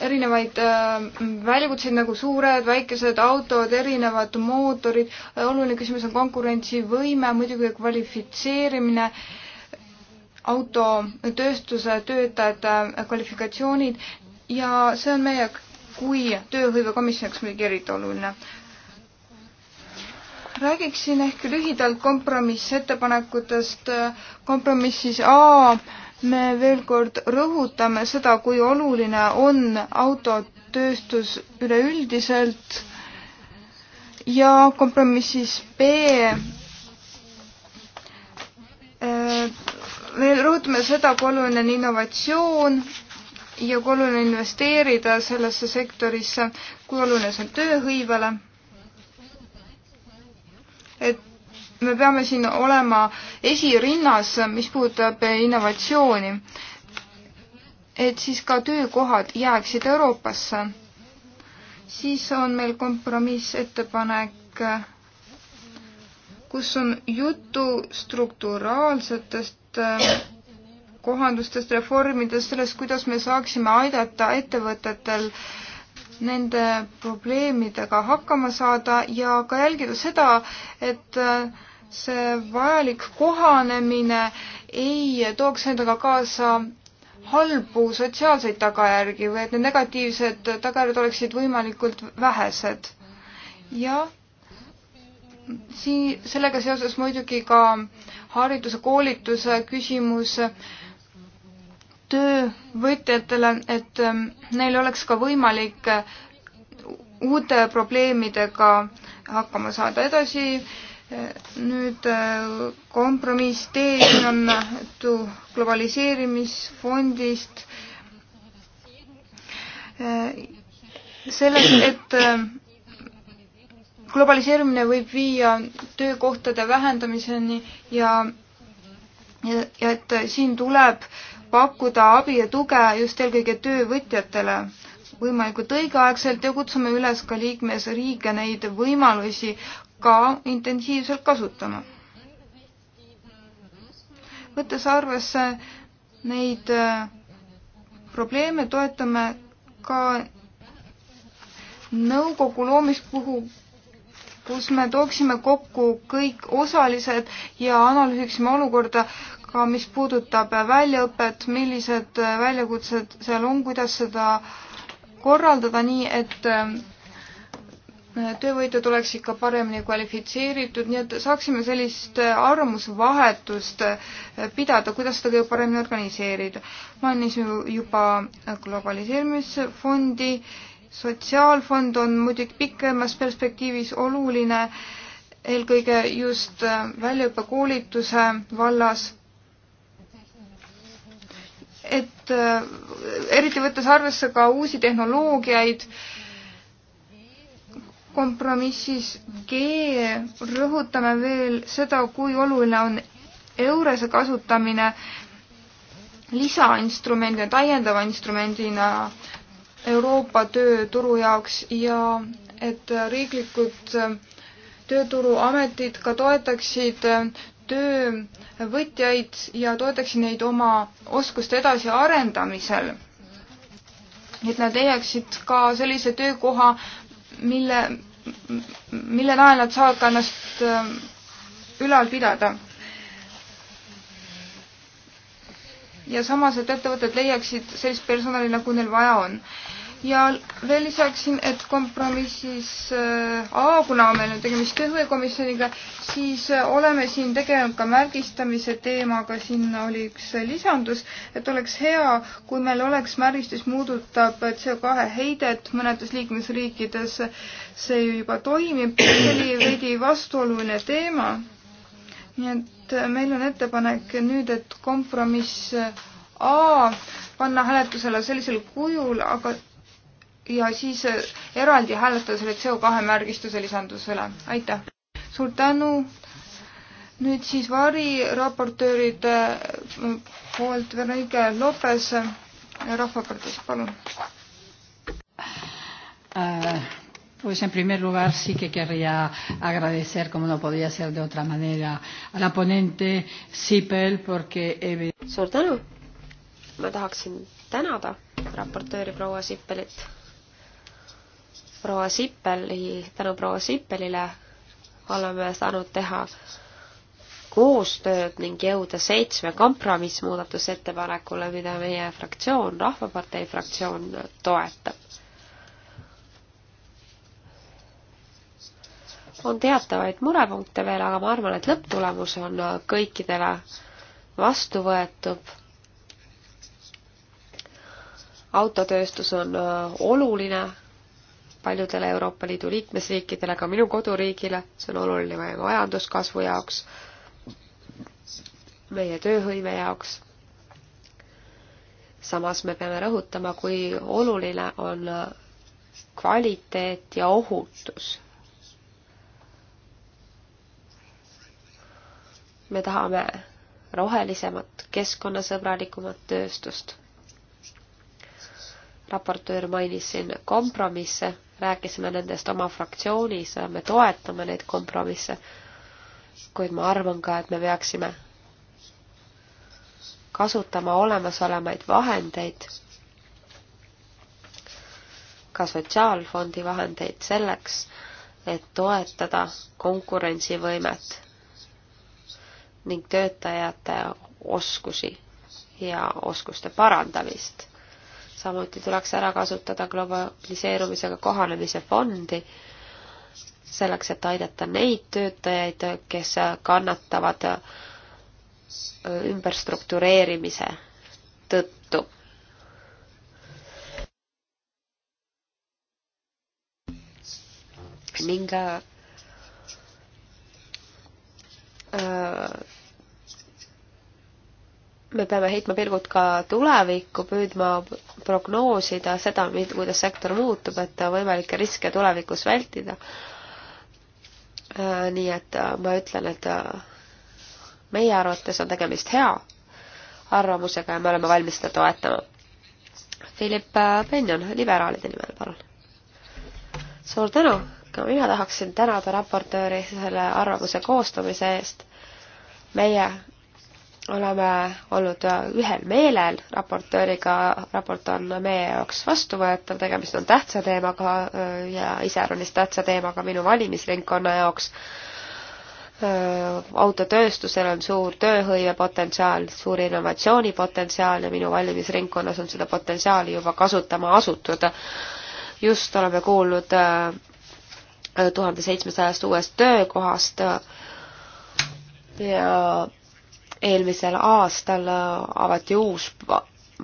B: erinevaid äh, väljakutseid nagu suured, väikesed autod, erinevad mootorid, äh, oluline küsimus on konkurentsivõime, muidugi kvalifitseerimine äh, autotööstuse töötajate kvalifikatsioonid ja see on meie kui tööhõivekomisjoniks muidugi eriti oluline. räägiksin ehk lühidalt kompromissettepanekutest. kompromissis A me veel kord rõhutame seda, kui oluline on autotööstus üleüldiselt ja kompromissis B me rõhutame seda, kui oluline on innovatsioon ja kui oluline on investeerida sellesse sektorisse, kui oluline see on tööhõivele. et me peame siin olema esirinnas, mis puudutab innovatsiooni. et siis ka töökohad jääksid Euroopasse. siis on meil kompromissettepanek kus on juttu strukturaalsetest juttu äh, kohandustest, reformidest, sellest, kuidas me saaksime aidata ettevõtetel nende probleemidega hakkama saada ja ka jälgida seda, et äh, see vajalik kohanemine ei tooks endaga kaasa halbu sotsiaalseid tagajärgi või et need negatiivsed tagajärjed oleksid võimalikult vähesed. ja sii-, sellega seoses muidugi ka hariduse, koolituse küsimus töövõtjatele, et ähm, neil oleks ka võimalik äh, uute probleemidega hakkama saada. edasi äh, nüüd äh, kompromiss D, siin on globaliseerimisfondist sellest, et globaliseerumine võib viia töökohtade vähendamiseni ja, ja, ja et siin tuleb pakkuda abi ja tuge just eelkõige töövõtjatele võimalikult õigeaegselt ja kutsume üles ka liikmesriike neid võimalusi ka intensiivselt kasutama. võttes arvesse neid äh, probleeme, toetame ka nõukogu loomist, kuhu kus me tooksime kokku kõik osalised ja analüüsiksime olukorda ka, mis puudutab väljaõpet, millised väljakutsed seal on, kuidas seda korraldada nii, et äh, töövõitjad oleks ikka paremini kvalifitseeritud, nii et saaksime sellist äh, arvamusvahetust äh, pidada, kuidas seda kõige paremini organiseerida. mainisin juba globaliseerimisfondi sotsiaalfond on muidugi pikemas perspektiivis oluline, eelkõige just äh, väljaõppekoolituse vallas. et äh, eriti võttes arvesse ka uusi tehnoloogiaid, kompromissis G rõhutame veel seda, kui oluline on eurese kasutamine lisainstrumendina, täiendava instrumendina Euroopa tööturu jaoks ja et riiklikud äh, tööturuametid ka toetaksid äh, töövõtjaid ja toetaksid neid oma oskuste edasiarendamisel. et nad leiaksid ka sellise töökoha, mille, mille najal nad saavad ka ennast äh, ülal pidada. ja samas, et ettevõtted leiaksid sellist personali, nagu neil vaja on ja veel lisaksin, et kompromissis äh, A, kuna meil on tegemist tööhõivekomisjoniga, siis äh, oleme siin tegelenud ka märgistamise teemaga, sinna oli üks lisandus, et oleks hea, kui meil oleks märgistus, puudutab CO2 heidet mõnedes liikmesriikides, see juba toimib, see oli veidi vastuoluline teema. nii et äh, meil on ettepanek nüüd, et kompromiss A panna hääletusele sellisel kujul, aga ja siis äh, eraldi hääletada selle CO2 märgistuse lisandusele. aitäh! suur tänu! nüüd siis variraportööride äh, poolt Veronika Lopes äh, Rahvaparteist,
E: palun
D: äh.. Pues en primer lugar sí que querría agradecer, como no podía ser de otra manera, a la ponente Sipel porque... Suur tänu! Ma tahaksin tänada
C: raportööri proua Sippelit proua Sippeli, tänu proua Sippelile oleme saanud teha koostööd ning jõuda seitsme kompromissmuudatusettepanekule, mida meie fraktsioon, Rahvapartei fraktsioon toetab. on teatavaid murepunkte veel, aga ma arvan, et lõpptulemus on kõikidele vastu võetud. autotööstus on oluline paljudele Euroopa Liidu liikmesriikidele, ka minu koduriigile, see on oluline meie majanduskasvu jaoks, meie tööhõive jaoks. samas me peame rõhutama, kui oluline on kvaliteet ja ohutus me tahame rohelisemat, keskkonnasõbralikumat tööstust. raportöör mainis siin kompromisse rääkisime nendest oma fraktsioonis, me toetame neid kompromisse, kuid ma arvan ka, et me peaksime kasutama olemasolevaid vahendeid, ka Sotsiaalfondi vahendeid selleks, et toetada konkurentsivõimet ning töötajate oskusi ja oskuste parandamist samuti tuleks ära kasutada globaliseerumisega kohanemise fondi, selleks, et aidata neid töötajaid, kes kannatavad ümberstruktureerimise tõttu. ning äh, me peame heitma pilgud ka tulevikku, püüdma prognoosida seda, kuidas sektor muutub, et võimalikke riske tulevikus vältida. Äh, nii et äh, ma ütlen, et äh, meie arvates on tegemist hea arvamusega ja me oleme valmis seda toetama. Philip Benjon, liberaalide nimel, palun. suur tänu, ka mina tahaksin tänada raportööri selle arvamuse koostamise eest. meie oleme olnud ühel meelel raportööriga, raport on meie jaoks vastuvõetav, tegemist on tähtsa teemaga äh, ja iseäranis tähtsa teemaga minu valimisringkonna jaoks. Äh, autotööstusel on suur tööhõivepotentsiaal, suur innovatsioonipotentsiaal ja minu valimisringkonnas on seda potentsiaali juba kasutama asutud. just oleme kuulnud äh, tuhande seitsmesajast uuest töökohast ja eelmisel aastal äh, avati uus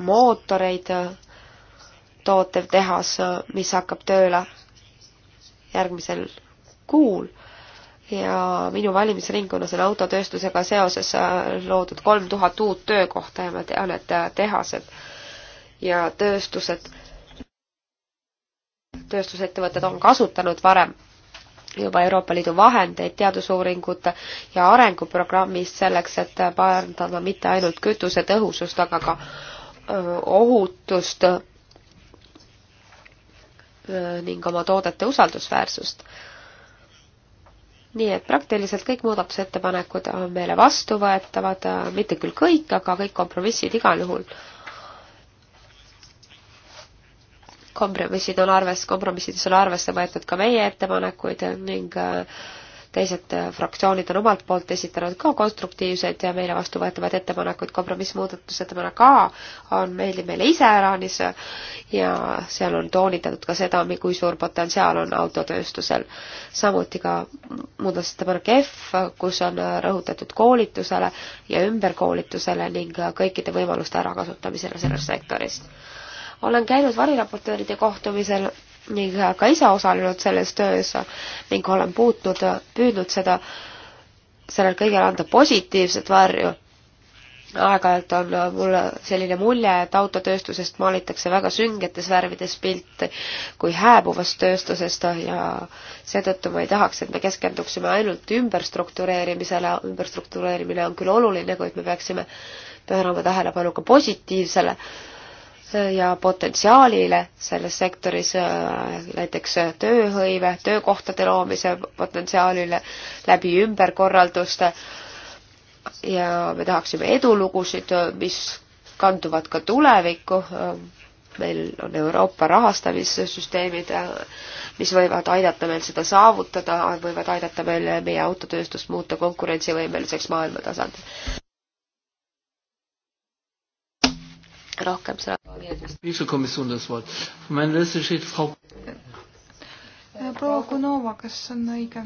C: mootoreid äh, tootev tehas, äh, mis hakkab tööle järgmisel kuul ja minu valimisringkonnas on autotööstusega seoses loodud kolm tuhat uut töökohta ja ma tean, et tehased ja tööstused, tööstusettevõtted on kasutanud varem juba Euroopa Liidu vahendeid teadusuuringute ja arenguprogrammis selleks, et parandada mitte ainult kütuse tõhusust, aga ka ohutust ning oma toodete usaldusväärsust. nii et praktiliselt kõik muudatusettepanekud on meile vastuvõetavad, mitte küll kõik, aga kõik kompromissid igal juhul kompromissid on arves, kompromissides on arvesse võetud ka meie ettepanekuid ning äh, teised äh, fraktsioonid on omalt poolt esitanud ka konstruktiivseid ja meile vastuvõetavaid ettepanekuid. kompromissmuudatusettepanek A on, meeldib meile iseäranis ja seal on toonitatud ka seda, kui suur potentsiaal on autotööstusel. samuti ka muudatusettepanek F, kus on äh, rõhutatud koolitusele ja ümberkoolitusele ning kõikide võimaluste ärakasutamisele selles sektoris olen käinud variraportööride kohtumisel ning ka ise osalenud selles töös ning olen puutnud, püüdnud seda, sellel kõigel anda positiivset varju. aeg-ajalt on mul selline mulje, et autotööstusest maalitakse väga süngetes värvides pilte kui hääbuvast tööstusest ja seetõttu ma ei tahaks, et me keskenduksime ainult ümberstruktureerimisele, ümberstruktureerimine on küll oluline, kuid me peaksime pöörama tähelepanu ka positiivsele äh, ja potentsiaalile selles sektoris, äh, näiteks tööhõive, töökohtade loomise potentsiaalile läbi ümberkorralduste ja me tahaksime edulugusid, mis kanduvad ka tulevikku, meil on Euroopa rahastamissüsteemid, äh, mis võivad aidata meil seda saavutada, võivad aidata meil meie autotööstust muuta konkurentsivõimeliseks maailma tasandil.
A: natuke rohkem seda.
B: proua Kunova, kas on õige?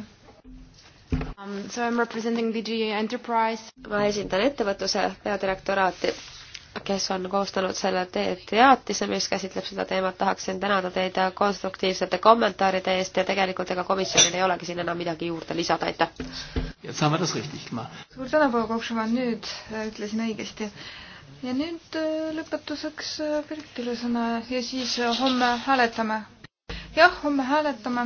C: Um, so I am representing DG Enterprise. ma esindan ettevõtluse peadirektoraati, kes on koostanud selle teatise, mis käsitleb seda teemat. tahaksin tänada teid konstruktiivsete kommentaaride eest ja tegelikult ega komisjonil ei olegi siin enam midagi juurde lisada, aitäh.
B: suur tänu, proua Kokšova, nüüd äh, ütlesin õigesti ja nüüd äh, lõpetuseks äh, Birgitile sõna ja siis äh, homme hääletame. jah, homme hääletame.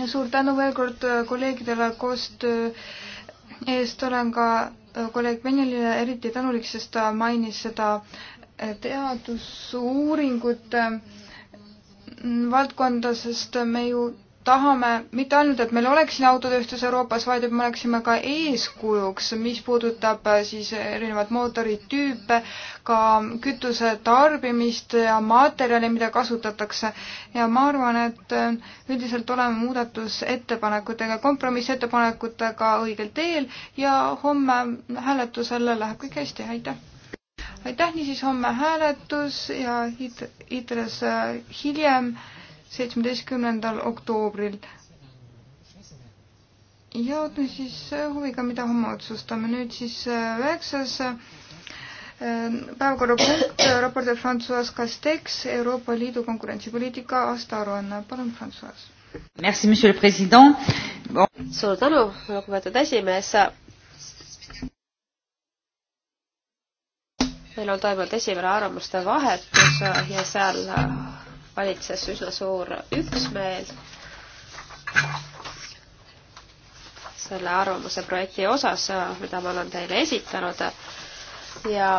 B: ja suur tänu veel kord kolleegidele koostöö eest, olen ka kolleeg Venjalile eriti tänulik, sest ta mainis seda teadusuuringute valdkonda, sest me ju tahame mitte ainult, et meil oleks siin autotööstus Euroopas, vaid et me oleksime ka eeskujuks, mis puudutab äh, siis erinevaid mootoritüüpe, ka kütuse tarbimist ja materjali, mida kasutatakse. ja ma arvan, et äh, üldiselt oleme muudatusettepanekutega, kompromissettepanekutega õigel teel ja homme hääletusele läheb kõik hästi, aitäh! aitäh, niisiis homme hääletus ja it-, itres äh, hiljem äh, seitsmeteistkümnendal oktoobril. ja ootan siis äh, huviga, mida homme otsustame. nüüd siis äh, üheksas äh, päevakorrapunkt, raport Francois Castex, Euroopa Liidu konkurentsipoliitika aastaaruanne. palun, Francois.
E: Merci, monsieur le president bon.. suur
C: tänu, lugupeetud esimees meil on toimunud esimene arvamuste vahetus ja seal valitses üsna suur üksmeel selle arvamuse projekti osas, mida ma olen teile esitanud ja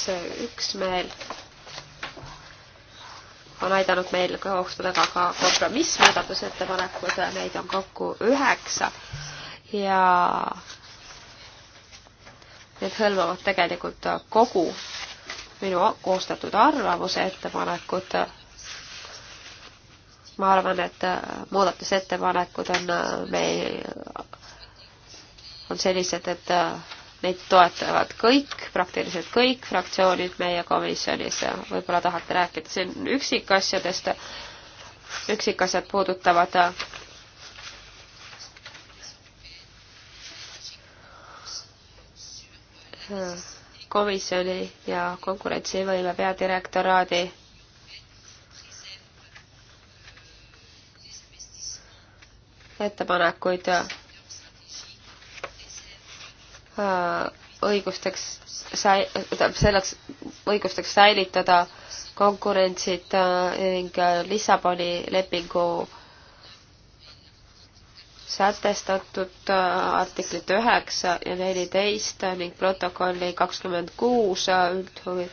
C: see üksmeel on aidanud meil koostada ka, ka kompromissmuudatusettepanekud, neid on kokku üheksa ja need hõlmavad tegelikult kogu minu koostatud arvamuse ettepanekut. ma arvan, et muudatusettepanekud on meil, on sellised, et neid toetavad kõik, praktiliselt kõik fraktsioonid meie komisjonis. võib-olla tahate rääkida siin üksikasjadest. üksikasjad puudutavad komisjoni ja konkurentsivõime peadirektoraadi ettepanekuid äh, õigusteks sai-, selleks õigusteks säilitada konkurentsid äh, ning äh, Lissaboni lepingu sätestatud äh, artiklit üheksa ja neliteist ning protokolli kakskümmend kuus äh, üldhuvi.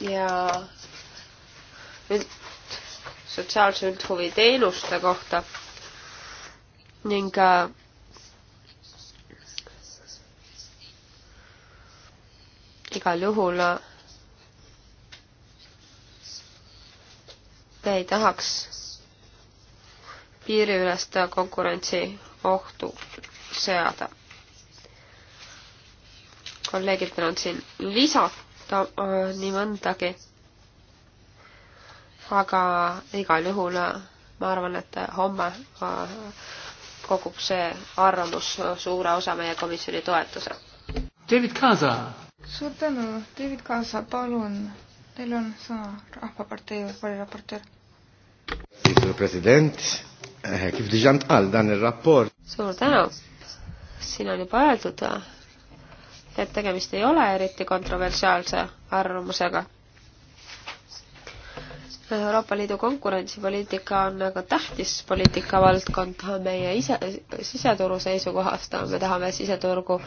C: ja üld, sotsiaalse üldhuvi teenuste kohta ning äh, igal juhul me ei tahaks piiriülest konkurentsi ohtu seada. kolleegidel on siin lisata äh, nii mõndagi, aga igal juhul äh, ma arvan, et äh, homme kogub see arvamus suure osa meie komisjoni toetuse.
A: David Kaasa.
B: suur tänu, David Kaasa, palun, teil on sõna Rahvapartei
C: variraportöör.
E: president Eh, kif diġant għal dan il-rapport.
C: Suur tänu. Siin on juba öeldud, et tegemist ei ole eriti kontroversiaalse arvamusega. Euroopa Liidu konkurentsipoliitika on väga tähtis poliitikavaldkond meie ise, siseturu seisukohast. me tahame siseturgu,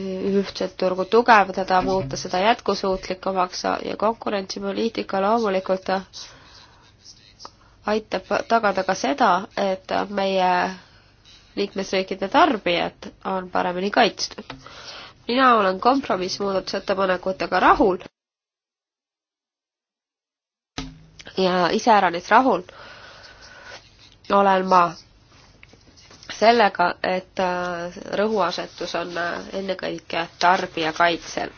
C: ühtset turgu tugevdada, muuta seda jätkusuutlikumaks ja konkurentsipoliitika loomulikult aitab tagada ka seda, et meie liikmesriikide tarbijad on paremini kaitstud. mina olen kompromissmuudatusettepanekutega rahul ja iseäranis rahul olen ma sellega, et äh, rõhuasetus on äh, ennekõike tarbijakaitsel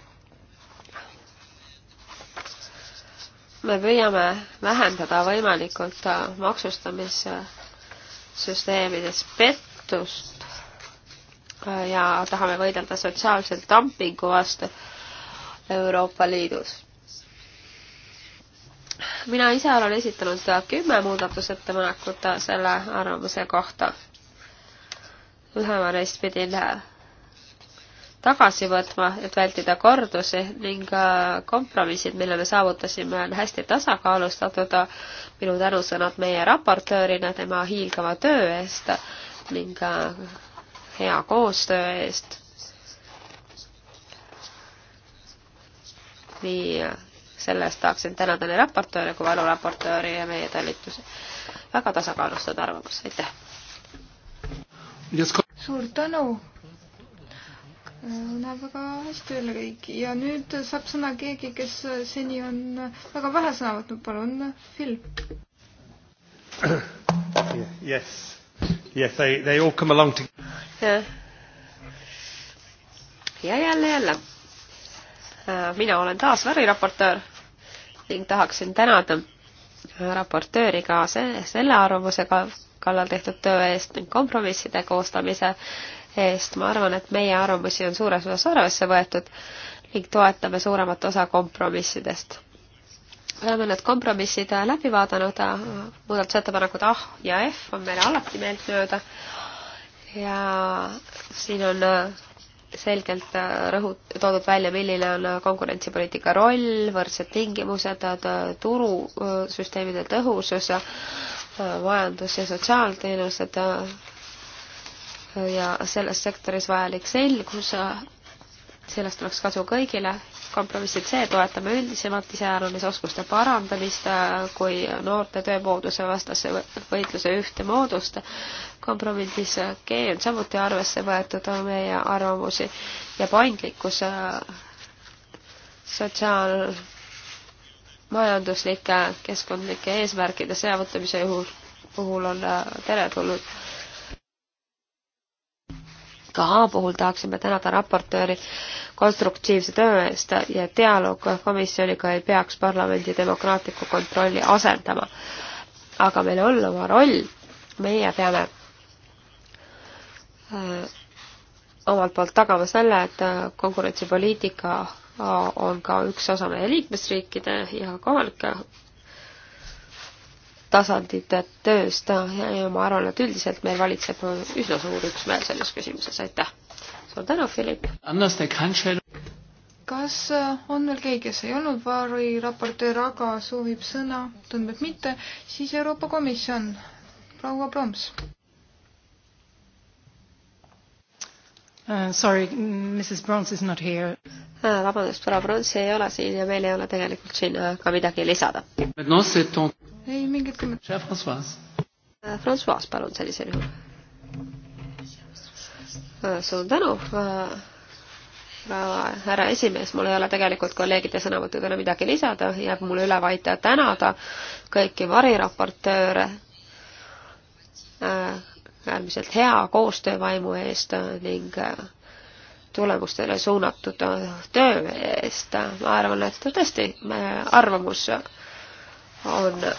C: me püüame vähendada võimalikult äh, maksustamissüsteemides pettust äh, ja tahame võidelda sotsiaalse dumpingu vastu Euroopa Liidus. mina ise olen esitanud kümme muudatusettepanekut äh, selle arvamuse kohta. ühe ma neist pidin tagasi võtma, et vältida kordusi ning äh, kompromissid, mille me saavutasime, on hästi tasakaalustatud. minu tänusõnad meie raportöörina tema hiilgava töö eest ning äh, hea koostöö eest. nii, äh, selle eest tahaksin tänada nii raportööre kui valuraportööri ja meie talitusi. väga tasakaalustatud arvamus, aitäh!
B: suur tänu! läheb väga hästi jälle kõik ja nüüd saab sõna keegi, kes seni on väga vähe sõna võtnud, palun, Phil.
A: Yes, yes, they, they all come along to.
C: ja jälle, jälle. Äh, mina olen taas väriraportöör ning tahaksin tänada raportööri ka see, selle arvamuse kallal tehtud töö eest ning kompromisside koostamise eest, ma arvan, et meie arvamusi on suures osas arvesse võetud ning toetame suuremat osa kompromissidest. oleme need kompromissid läbi vaadanud, muudatusettepanekud A ja F on meile alati meeltmööda ja siin on selgelt rõhut-, toodud välja, milline on konkurentsipoliitika roll, võrdsed tingimused, turusüsteemide tõhusus, majandus- ja sotsiaalteenused ja selles sektoris vajalik selgus, sellest oleks kasu kõigile. kompromissid C, toetame üldisemalt iseäramisoskuste parandamist kui noorte tööpuuduse vastase võitluse ühte moodust. kompromissis G on samuti arvesse võetud meie arvamusi ja paindlikkus sotsiaalmajanduslike keskkondlike eesmärkide seavõtamise juhul puhul on äh, teretulnud ka puhul tahaksime tänada raportööri konstruktiivse töö eest ja dialoog komisjoniga ei peaks parlamendi demokraatliku kontrolli asendama. aga meil on oma roll, meie peame öö, äh, omalt poolt tagama selle, et äh, konkurentsipoliitika äh, on ka üks osa meie liikmesriikide ja kohalike tasandite tööst noh, ja ma arvan, et üldiselt meil valitseb üsna suur üksmeel selles küsimuses, aitäh! suur tänu, Philip!
B: kas äh, on veel keegi, kes ei olnud variraportöör, aga soovib sõna? tundub, et mitte. siis Euroopa Komisjon, proua Proms.
E: Uh, sorry, Mrs Brons is not here.
C: Äh, vabandust, proua Brons ei ole siin ja meil ei ole tegelikult siin äh, ka midagi lisada
D: ei mingit komment-. Francois, äh, palun sellisel juhul.
C: Äh, suur tänu, äh, härra esimees, mul ei ole tegelikult kolleegide sõnavõttudele midagi lisada, jääb mul üle vaid tänada kõiki variraportööre äärmiselt hea koostöövaimu eest ning tulemustele suunatud töö eest. ma arvan, et tõesti, arvamus on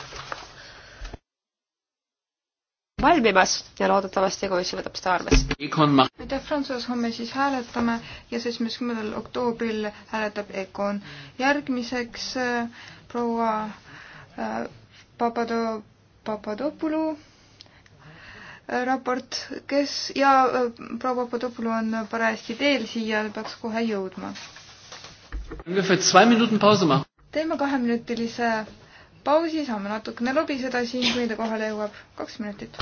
C: valmimas ja loodetavasti komisjon võtab seda arvesse.
B: aitäh, Prantsus, homme siis hääletame ja seitsmeteistkümnendal oktoobril hääletab EKOn. järgmiseks äh, proua äh, Papado, Papadopoulou äh, raport, kes ja äh, proua Papadopoulou on parajasti teel siia, peaks kohe jõudma. teeme kaheminutilise pausi, saame natukene lobiseda siin, kui ta kohale jõuab. kaks minutit.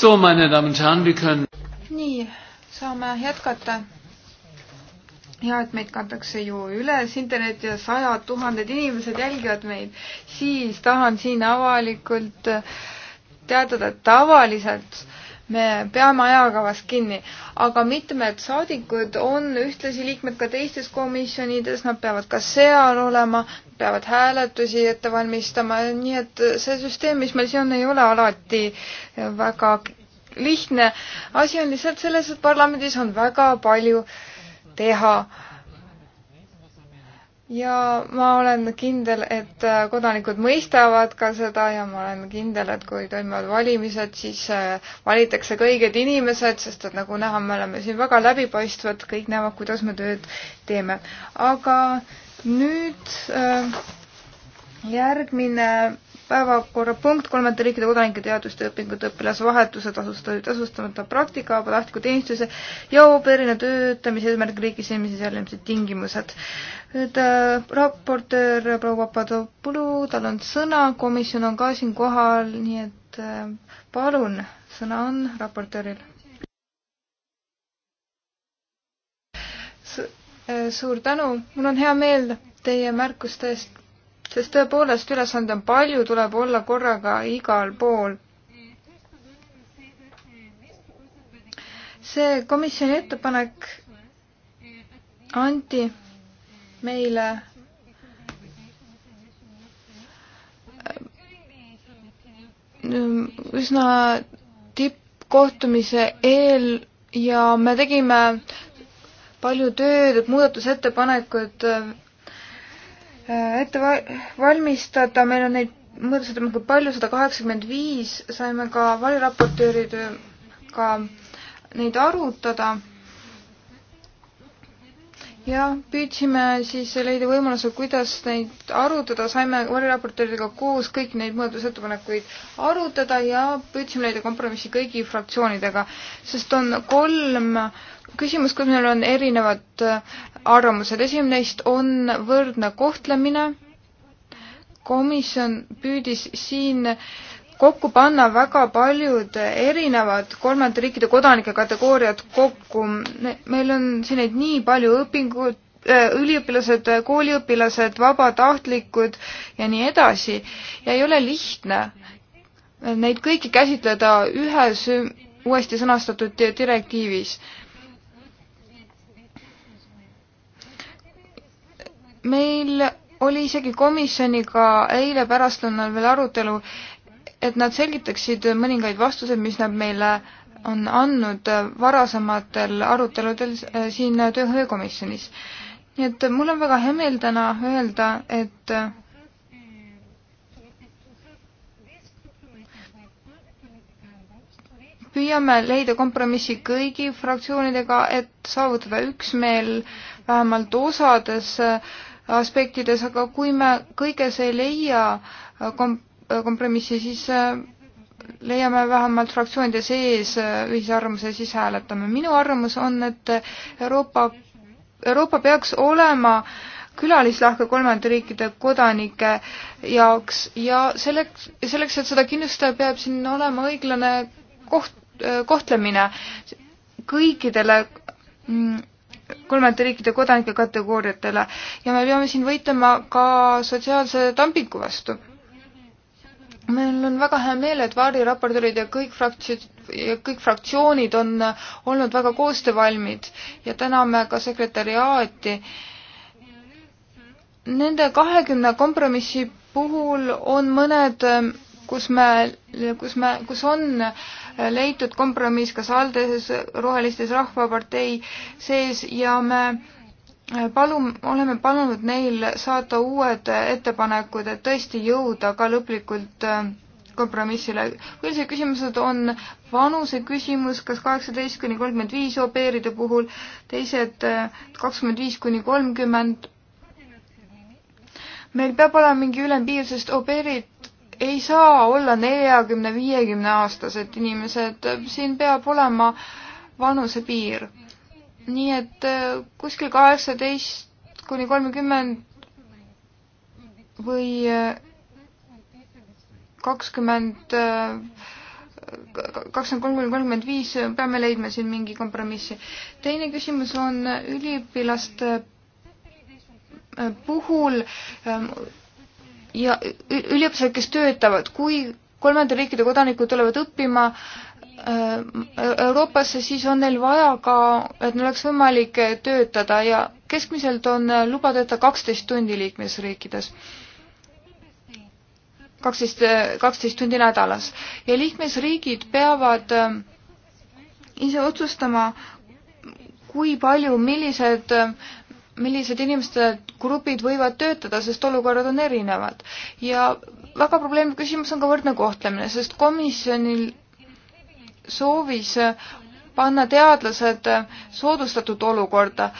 A: So, meine Damen und Herren, wir können...
B: nii, saame jätkata. hea, et meid kantakse ju üles interneti ja sajad tuhanded inimesed jälgivad meid. siis tahan siin avalikult teatada, et tavaliselt me peame ajakavast kinni, aga mitmed saadikud on ühtlasi liikmed ka teistes komisjonides, nad peavad ka seal olema, peavad hääletusi ette valmistama, nii et see süsteem, mis meil siin on, ei ole alati väga lihtne. asi on lihtsalt selles, et parlamendis on väga palju teha. ja ma olen kindel, et äh, kodanikud mõistavad ka seda ja ma olen kindel, et kui toimuvad valimised, siis äh, valitakse ka õiged inimesed, sest et nagu näha, me oleme siin väga läbipaistvad, kõik näevad, kuidas me tööd teeme. aga nüüd äh, järgmine päevakorrapunkt kolmandate riikide kodanike teaduste õpingute õpilasvahetuse tasustatud tasustamata praktika, vabatahtliku teenistuse ja au-pair'ina töötamise eesmärgil riigis inimese säilimise tingimused. nüüd äh, raportöör proua Papadopoulou, tal on sõna, komisjon on ka siin kohal, nii et äh, palun, sõna on raportööril. Äh, suur tänu, mul on hea meel teie märkuste eest sest tõepoolest ülesande on palju, tuleb olla korraga igal pool. see komisjoni ettepanek anti meile äh, üsna tippkohtumise eel ja me tegime palju tööd, et muudatusettepanekud äh, ette valmistada, meil on neid muudatusettepanekuid palju, sada kaheksakümmend viis, saime ka variraportööridega neid arutada. ja püüdsime siis leida võimaluse, kuidas neid arutada, saime variraportööridega koos kõiki neid muudatusettepanekuid arutada ja püüdsime leida kompromissi kõigi fraktsioonidega, sest on kolm äh, küsimus, kus meil on erinevad äh, arvamused. esimene neist on võrdne kohtlemine. komisjon püüdis siin kokku panna väga paljud erinevad kolmandate riikide kodanike kategooriad kokku. meil on siin neid nii palju õpingut, äh, üliõpilased, kooliõpilased, vabatahtlikud ja nii edasi ja ei ole lihtne neid kõiki käsitleda ühes uuesti sõnastatud direktiivis meil oli isegi komisjoniga eile pärastlõunal veel arutelu, et nad selgitaksid mõningaid vastuseid, mis nad meile on andnud varasematel aruteludel äh, siin tööhõivekomisjonis. nii et mul on väga hea meel täna öelda, et püüame leida kompromissi kõigi fraktsioonidega, et saavutada üksmeel vähemalt osades äh, aspektides, aga kui me kõiges ei leia äh, kom-, äh, kompromissi, siis äh, leiame vähemalt fraktsioonide sees ühise arvamuse ja siis hääletame. minu arvamus on, et Euroopa, Euroopa peaks olema külalislahke kolmandate riikide kodanike jaoks ja selleks, selleks, et seda kindlustada, peab siin olema õiglane koht, kohtlemine kõikidele mm, kolmandate riikide kodanike kategooriatele ja me peame siin võitlema ka sotsiaalse dumpingu vastu. meil on väga hea meel, et Vaari raportöörid ja kõik fraktsioonid ja kõik fraktsioonid on olnud väga koostöövalmid ja täname ka sekretäriaati. Nende kahekümne kompromissi puhul on mõned kus me, kus me, kus on leitud kompromiss kas ALDE-s, Rohelistes Rahvapartei sees ja me palun, oleme palunud neil saata uued ettepanekud, et tõesti jõuda ka lõplikult äh, kompromissile. põhilised küsimused on vanuse küsimus, kas kaheksateist kuni kolmkümmend viis au pair'ide puhul, teised äh, kakskümmend viis kuni kolmkümmend. meil peab olema mingi ülempiir, sest au pair'id ei saa olla neljakümne, viiekümne aastased inimesed, siin peab olema vanusepiir. nii et äh, kuskil kaheksateist kuni kolmkümmend või äh, kakskümmend, äh, kakskümmend kolm kuni kolmkümmend viis, peame leidma siin mingi kompromissi. teine küsimus on üliõpilaste puhul ähm, ja üliõpilased, kes töötavad, kui kolmanda riikide kodanikud tulevad õppima äh, Euroopasse, siis on neil vaja ka, et neil oleks võimalik töötada ja keskmiselt on luba töötada kaksteist tundi liikmesriikides. kaksteist, kaksteist tundi nädalas ja liikmesriigid peavad äh, ise otsustama, kui palju, millised äh, millised inimeste grupid võivad töötada, sest olukorrad on erinevad. ja väga probleemne küsimus on ka võrdne kohtlemine, sest komisjonil soovis panna teadlased soodustatud olukorda,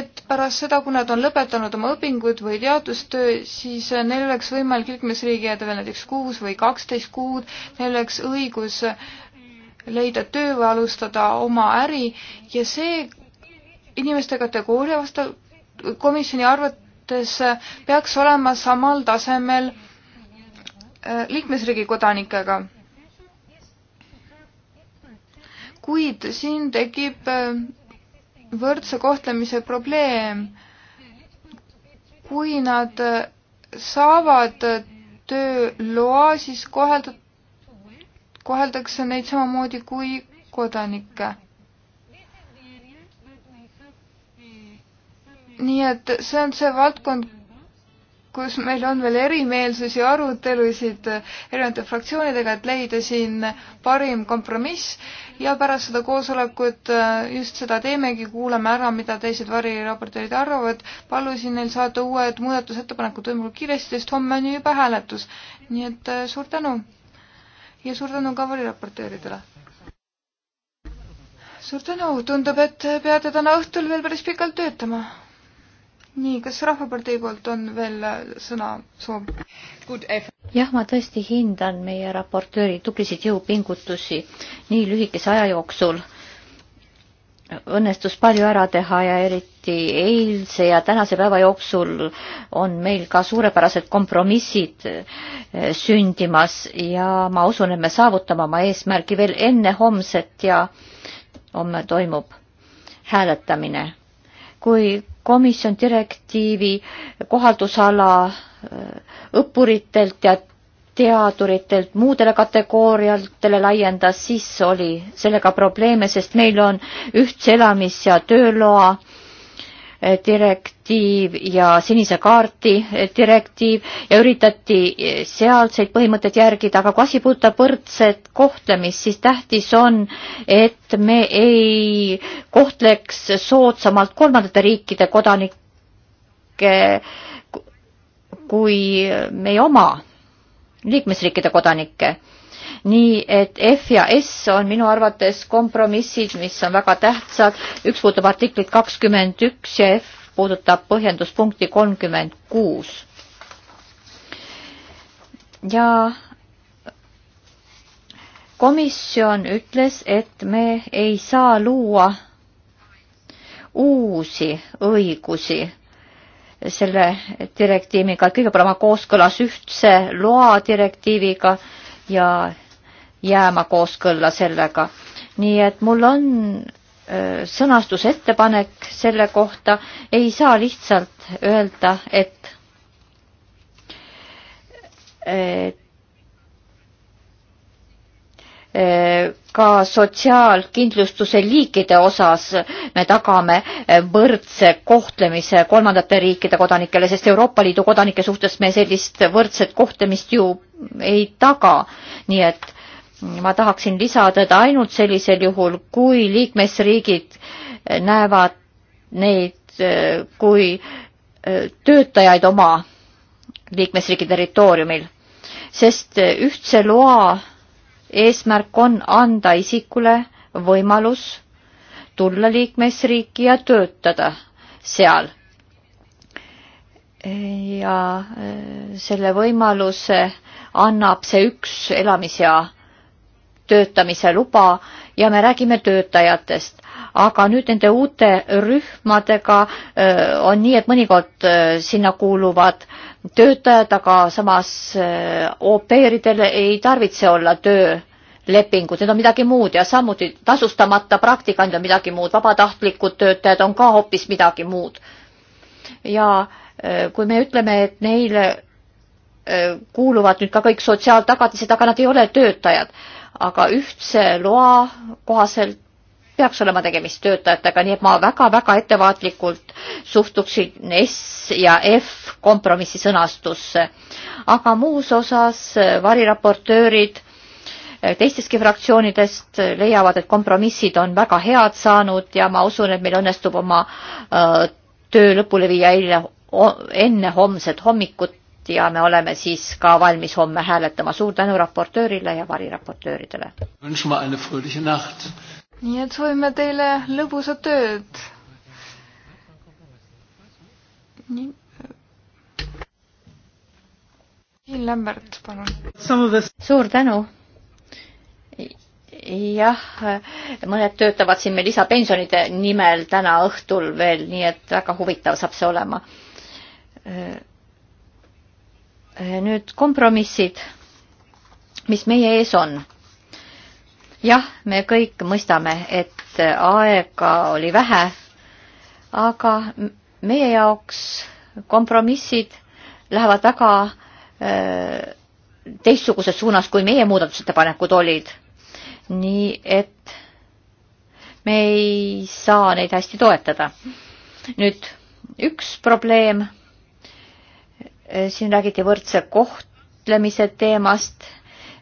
B: et pärast seda, kui nad on lõpetanud oma õpingud või teadustöö, siis neil oleks võimalik liikmesriigi jääda veel näiteks kuus või kaksteist kuud, neil oleks õigus leida töö või alustada oma äri ja see inimeste kategooria vastab komisjoni arvates peaks olema samal tasemel äh, liikmesriigi kodanikega. kuid siin tekib äh, võrdse kohtlemise probleem. kui nad äh, saavad tööloa, siis kohelda-, koheldakse neid samamoodi kui kodanikke nii et see on see valdkond, kus meil on veel erimeelsusi, arutelusid erinevate fraktsioonidega, et leida siin parim kompromiss ja pärast seda koosolekut äh, just seda teemegi, kuulame ära, mida teised variraportöörid arvavad. palusin neil saata uued muudatusettepanekud võimalikult kiiresti, sest homme on ju juba hääletus. nii et äh, suur tänu ja suur tänu ka variraportööridele suur tänu, tundub, et peate täna õhtul veel päris pikalt töötama nii, kas Rahvapartei poolt on veel sõnasoov?
D: jah, ma tõesti hindan meie raportööri tublisid jõupingutusi nii lühikese aja jooksul. õnnestus palju ära teha ja eriti eilse ja tänase päeva jooksul on meil ka suurepärased kompromissid eh, sündimas ja ma usun, et me saavutame oma eesmärgi veel enne homset ja homme toimub hääletamine. kui komisjon direktiivi kohaldusala äh, õppuritelt ja teaduritelt muudele kategooriatele laiendas, siis oli sellega probleeme, sest meil on ühtse elamis- ja tööloa direktiiv ja sinise kaarti direktiiv ja üritati sealseid põhimõtteid järgida, aga kui asi puudutab võrdset kohtlemist, siis tähtis on, et me ei kohtleks soodsamalt kolmandate riikide kodanikke kui meie oma liikmesriikide kodanikke nii et F ja S on minu arvates kompromissid, mis on väga tähtsad, üks puudutab artiklit kakskümmend üks ja F puudutab põhjenduspunkti kolmkümmend kuus. ja komisjon ütles, et me ei saa luua uusi õigusi selle direktiiviga, et kõige parema kooskõlas ühtse loa direktiiviga ja jääma kooskõlla sellega. nii et mul on sõnastusettepanek selle kohta, ei saa lihtsalt öelda, et, et ka sotsiaalkindlustuse liikide osas me tagame võrdse kohtlemise kolmandate riikide kodanikele, sest Euroopa Liidu kodanike suhtes me sellist võrdset kohtlemist ju ei taga. nii et ma tahaksin lisada, et ainult sellisel juhul, kui liikmesriigid näevad neid kui eh, töötajaid oma liikmesriigi territooriumil, sest ühtse loa eesmärk on anda isikule võimalus tulla liikmesriiki ja töötada seal. ja eh, selle võimaluse annab see üks elamisea töötamise luba ja me räägime töötajatest. aga nüüd nende uute rühmadega on nii, et mõnikord sinna kuuluvad töötajad, aga samas au pairidel ei tarvitse olla töölepingud, need on midagi muud ja samuti tasustamata praktikand on midagi muud, vabatahtlikud töötajad on ka hoopis midagi muud. ja kui me ütleme, et neile kuuluvad nüüd ka kõik sotsiaaltagatised, aga nad ei ole töötajad aga ühtse loa kohaselt peaks olema tegemist töötajatega, nii et ma väga-väga ettevaatlikult suhtuksin S ja F kompromissi sõnastusse. aga muus osas eh, variraportöörid eh, teistestki fraktsioonidest leiavad, et kompromissid on väga head saanud ja ma usun, et meil õnnestub oma öö, eh, töö lõpule viia eile, enne homset hommikut ja me oleme siis ka valmis homme hääletama. suur tänu raportöörile ja variraportööridele.
B: nii et soovime teile lõbusat
D: ööd. nii.
B: Jill Lambert, palun.
D: suur tänu jah, mõned töötavad siin meil lisapensionide nimel täna õhtul veel, nii et väga huvitav saab see olema. Äh, nüüd kompromissid, mis meie ees on. jah, me kõik mõistame, et äh, aega oli vähe, aga meie jaoks kompromissid lähevad väga äh, teistsuguses suunas, kui meie muudatusettepanekud olid. nii et me ei saa neid hästi toetada. nüüd üks probleem Äh, siin räägiti võrdse kohtlemise teemast.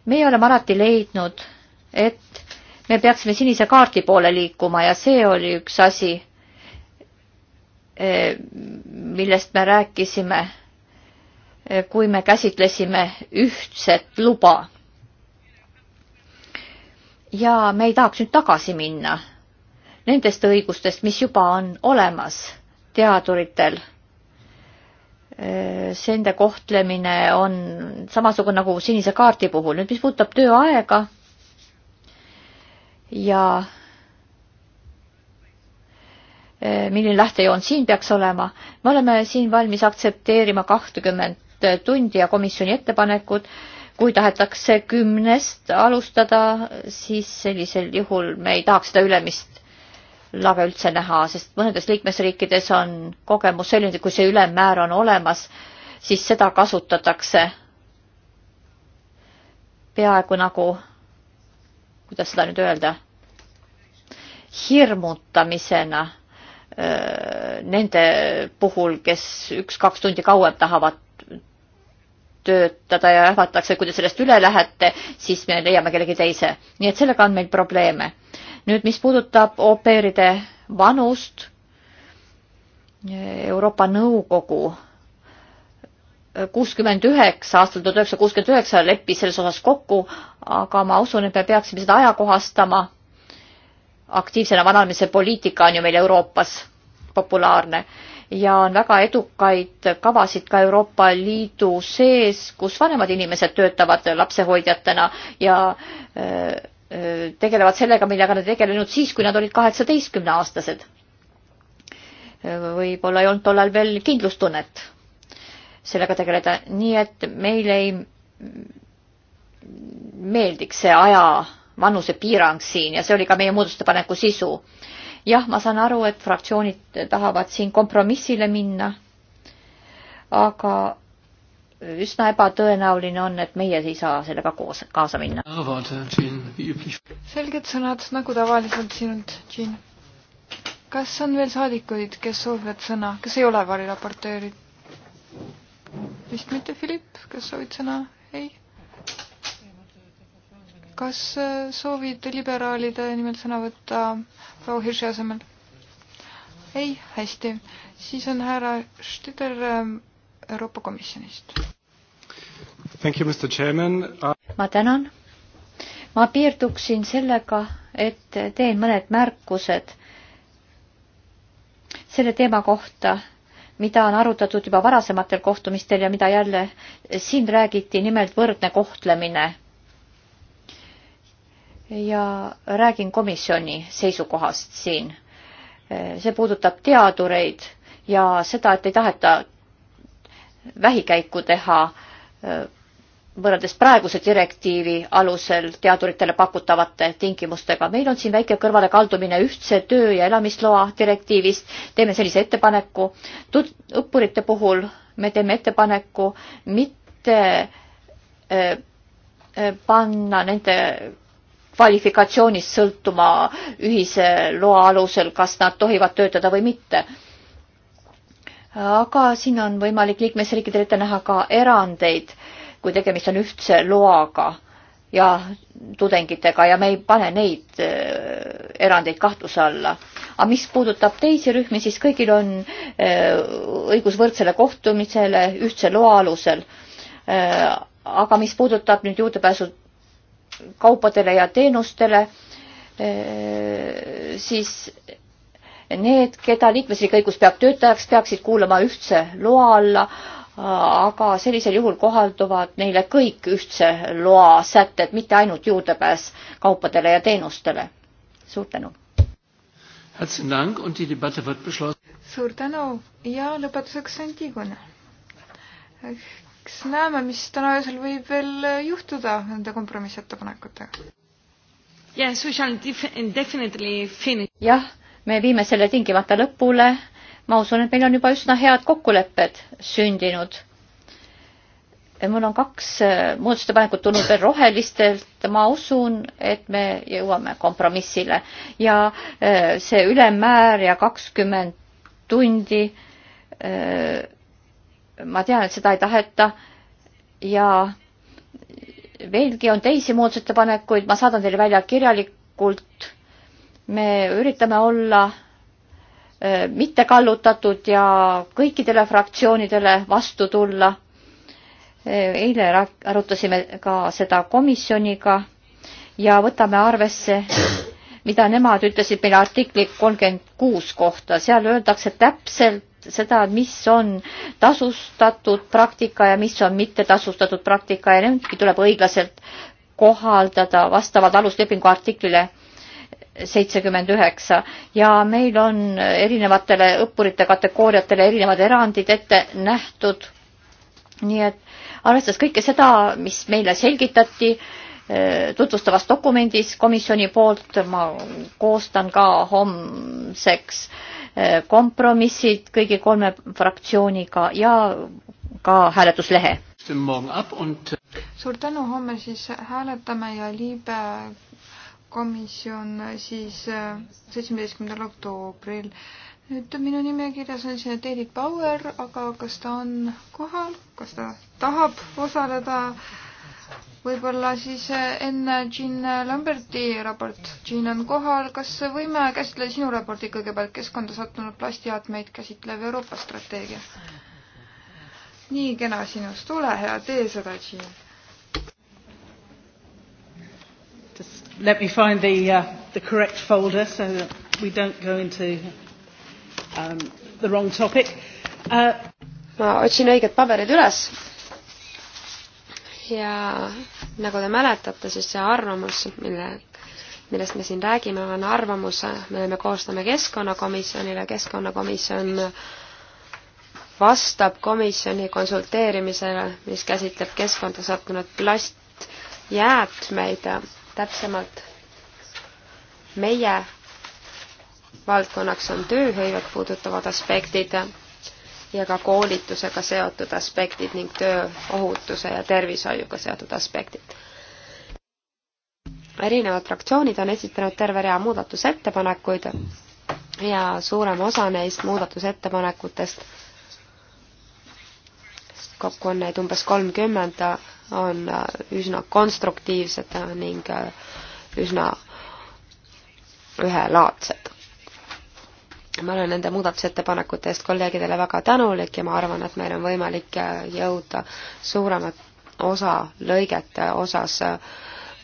D: meie oleme alati leidnud, et me peaksime sinise kaardi poole liikuma ja see oli üks asi, äh, millest me rääkisime, äh, kui me käsitlesime ühtset luba. ja me ei tahaks nüüd tagasi minna nendest õigustest, mis juba on olemas teaduritel Äh, see enda kohtlemine on samasugune nagu sinise kaardi puhul. nüüd, mis puudutab tööaega ja äh, milline lähtejoon siin peaks olema, me oleme siin valmis aktsepteerima kahtekümmet tundi ja komisjoni ettepanekud. kui tahetakse kümnest alustada, siis sellisel juhul me ei tahaks seda ülemist lave üldse näha, sest mõnedes liikmesriikides on kogemus selline, kui see ülemmäär on olemas, siis seda kasutatakse peaaegu nagu, kuidas seda nüüd öelda, hirmutamisena nende puhul, kes üks-kaks tundi kauem tahavad töötada ja ähvardatakse, kui te sellest üle lähete, siis me leiame kellegi teise. nii et sellega on meil probleeme nüüd, mis puudutab opeeride vanust, Euroopa Nõukogu kuuskümmend üheksa, aastal tuhat üheksasada kuuskümmend üheksa leppis selles osas kokku, aga ma usun, et me peaksime seda ajakohastama. aktiivsena vananemise poliitika on ju meil Euroopas populaarne ja on väga edukaid kavasid ka Euroopa Liidu sees, kus vanemad inimesed töötavad lapsehoidjatena ja äh, tegelevad sellega, millega nad ei tegelenud siis, kui nad olid kaheksateistkümne aastased. võib-olla ei olnud tollal veel kindlustunnet sellega tegeleda, nii et meile ei meeldiks see aja vanusepiirang siin ja see oli ka meie muudatustepaneku sisu. jah, ma saan aru, et fraktsioonid tahavad siin kompromissile minna, aga üsna ebatõenäoline on, et meie ei saa sellega koos kaasa minna.
B: selged sõnad, nagu tavaliselt sinult, Jean. kas on veel saadikuid, kes soovivad sõna, kes ei ole variraportöörid? vist mitte, Philipp, kas soovid sõna? ei? kas äh, soovid liberaalide nimel sõna võtta proua Hirši asemel? ei, hästi. siis on härra Stüder ähm,
D: Euroopa Komisjonist.
A: Uh,
D: ma tänan. ma piirduksin sellega, et teen mõned märkused selle teema kohta, mida on arutatud juba varasematel kohtumistel ja mida jälle siin räägiti, nimelt võrdne kohtlemine. ja räägin komisjoni seisukohast siin. see puudutab teadureid ja seda, et ei taheta vähikäiku teha võrreldes praeguse direktiivi alusel teaduritele pakutavate tingimustega. meil on siin väike kõrvalekaldumine ühtse töö ja elamisloa direktiivist. teeme sellise ettepaneku. õppurite puhul me teeme ettepaneku mitte äh, panna nende kvalifikatsioonist sõltuma ühise loa alusel, kas nad tohivad töötada või mitte aga siin on võimalik liikmesriikidel ette näha ka erandeid, kui tegemist on ühtse loaga ja tudengitega ja me ei pane neid äh, erandeid kahtluse alla. aga mis puudutab teisi rühmi, siis kõigil on äh, õigus võrdsele kohtumisele ühtse loa alusel. Äh, aga mis puudutab nüüd juurdepääsu kaupadele ja teenustele, siis Need, keda liikmesriigi õigus peab töötajaks, peaksid kuulama ühtse loa alla, aga sellisel juhul kohalduvad neile kõik ühtse loa sätted, mitte ainult juurdepääs kaupadele ja teenustele. suur tänu!
B: suur tänu ja lõpetuseks Antigone eks näeme, mis täna öösel võib veel juhtuda nende kompromissettepanekutega. jah,
D: me viime selle tingimata lõpule. ma usun, et meil on juba üsna head kokkulepped sündinud. mul on kaks äh, muudatusettepanekut tulnud veel rohelistelt, ma usun, et me jõuame kompromissile ja äh, see ülemmäär ja kakskümmend tundi. Äh, ma tean, et seda ei taheta ja veelgi on teisi muudatusettepanekuid, ma saadan teile välja kirjalikult me üritame olla eh, mitte kallutatud ja kõikidele fraktsioonidele vastu tulla. Eh, eile arutasime ka seda komisjoniga ja võtame arvesse, mida nemad ütlesid meile artikli kolmkümmend kuus kohta, seal öeldakse täpselt seda, mis on tasustatud praktika ja mis on mittetasustatud praktika ja nemadki tuleb õiglaselt kohaldada vastavalt aluslepingu artiklile seitsekümmend üheksa ja meil on erinevatele õppurite kategooriatele erinevad erandid ette nähtud. nii et arvestades kõike seda, mis meile selgitati eh, tutvustavas dokumendis komisjoni poolt, ma koostan ka homseks eh, kompromissid kõigi kolme fraktsiooniga ja ka hääletuslehe.
B: suur tänu, homme siis hääletame ja liibe komisjon äh, siis äh, seitsmeteistkümnendal oktoobril. nüüd minu nimekirjas on siin David Bauer, aga kas ta on kohal, kas ta tahab osaleda? võib-olla siis äh, enne Jean Lamberti raport. Jean on kohal, kas võime käsitleda sinu raporti kõigepealt, keskkonda sattunud plastiaatmeid käsitlev Euroopa strateegia? nii kena sinust, ole hea, tee seda, Jean
E: let me find the, uh, the correct folder so that we don't go into
C: um, the wrong topic uh,. ma otsin õiged paberid üles. ja nagu te mäletate, siis see arvamus, mille, millest me siin räägime, on arvamus, mille me koostame keskkonnakomisjonile, keskkonnakomisjon vastab komisjoni konsulteerimisele, mis käsitleb keskkonda sattunud plastjäätmeid täpsemalt meie valdkonnaks on tööhõivet puudutavad aspektid ja ka koolitusega seotud aspektid ning tööohutuse ja tervishoiuga seotud aspektid. erinevad fraktsioonid on esitanud terve rea muudatusettepanekuid ja suurem osa neist muudatusettepanekutest, kokku on neid umbes kolmkümmend, on äh, üsna konstruktiivsed äh, ning äh, üsna ühelaadsed. ma olen nende muudatusettepanekute eest kolleegidele väga tänulik ja ma arvan, et meil on võimalik jõuda suuremat osa lõigete osas,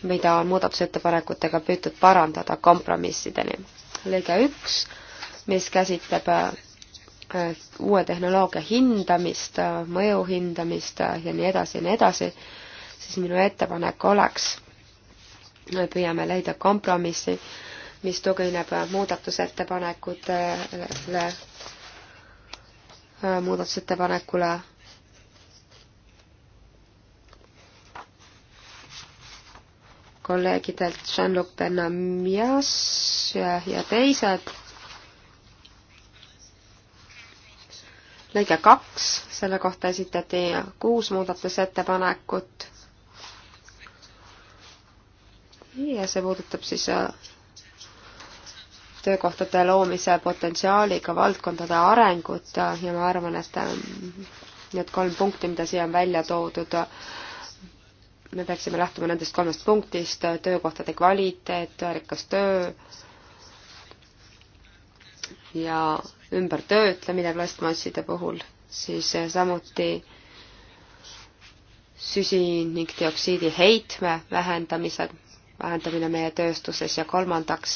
C: mida on muudatusettepanekutega püütud parandada kompromissideni. lõige üks, mis käsitleb Äh, uue tehnoloogia hindamist, mõju hindamist äh, ja nii edasi ja nii edasi, siis minu ettepanek oleks, püüame leida kompromissi, mis tugineb muudatusettepanekutele, äh, muudatusettepanekule kolleegidelt Jean-Luc Benamias ja, ja teised lõige kaks, selle kohta esitati kuus muudatusettepanekut. ja see puudutab siis äh, töökohtade loomise potentsiaaliga valdkondade arengut äh, ja ma arvan, et äh, need kolm punkti, mida siia on välja toodud, me peaksime lähtuma nendest kolmest punktist, töökohtade kvaliteet, väärikas töö ja ümbertöötlemine plastmasside puhul, siis samuti süsinikdioksiidi heitme vähendamise, vähendamine meie tööstuses ja kolmandaks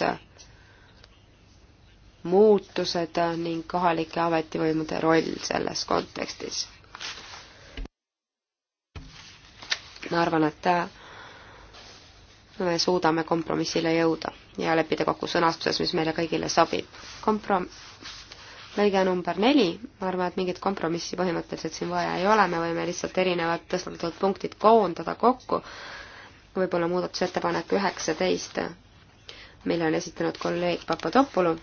C: muutused ning kohalike ametivõimude roll selles kontekstis. ma arvan, et me suudame kompromissile jõuda ja leppida kokku sõnastuses, mis meile kõigile sobib. komprom-, lõige number neli, ma arvan, et mingit kompromissi põhimõtteliselt siin vaja ei ole, me võime lihtsalt erinevad tõstatatud punktid koondada kokku, võib-olla muudatusettepanek üheksateist, mille on esitanud kolleeg Papadopoulou.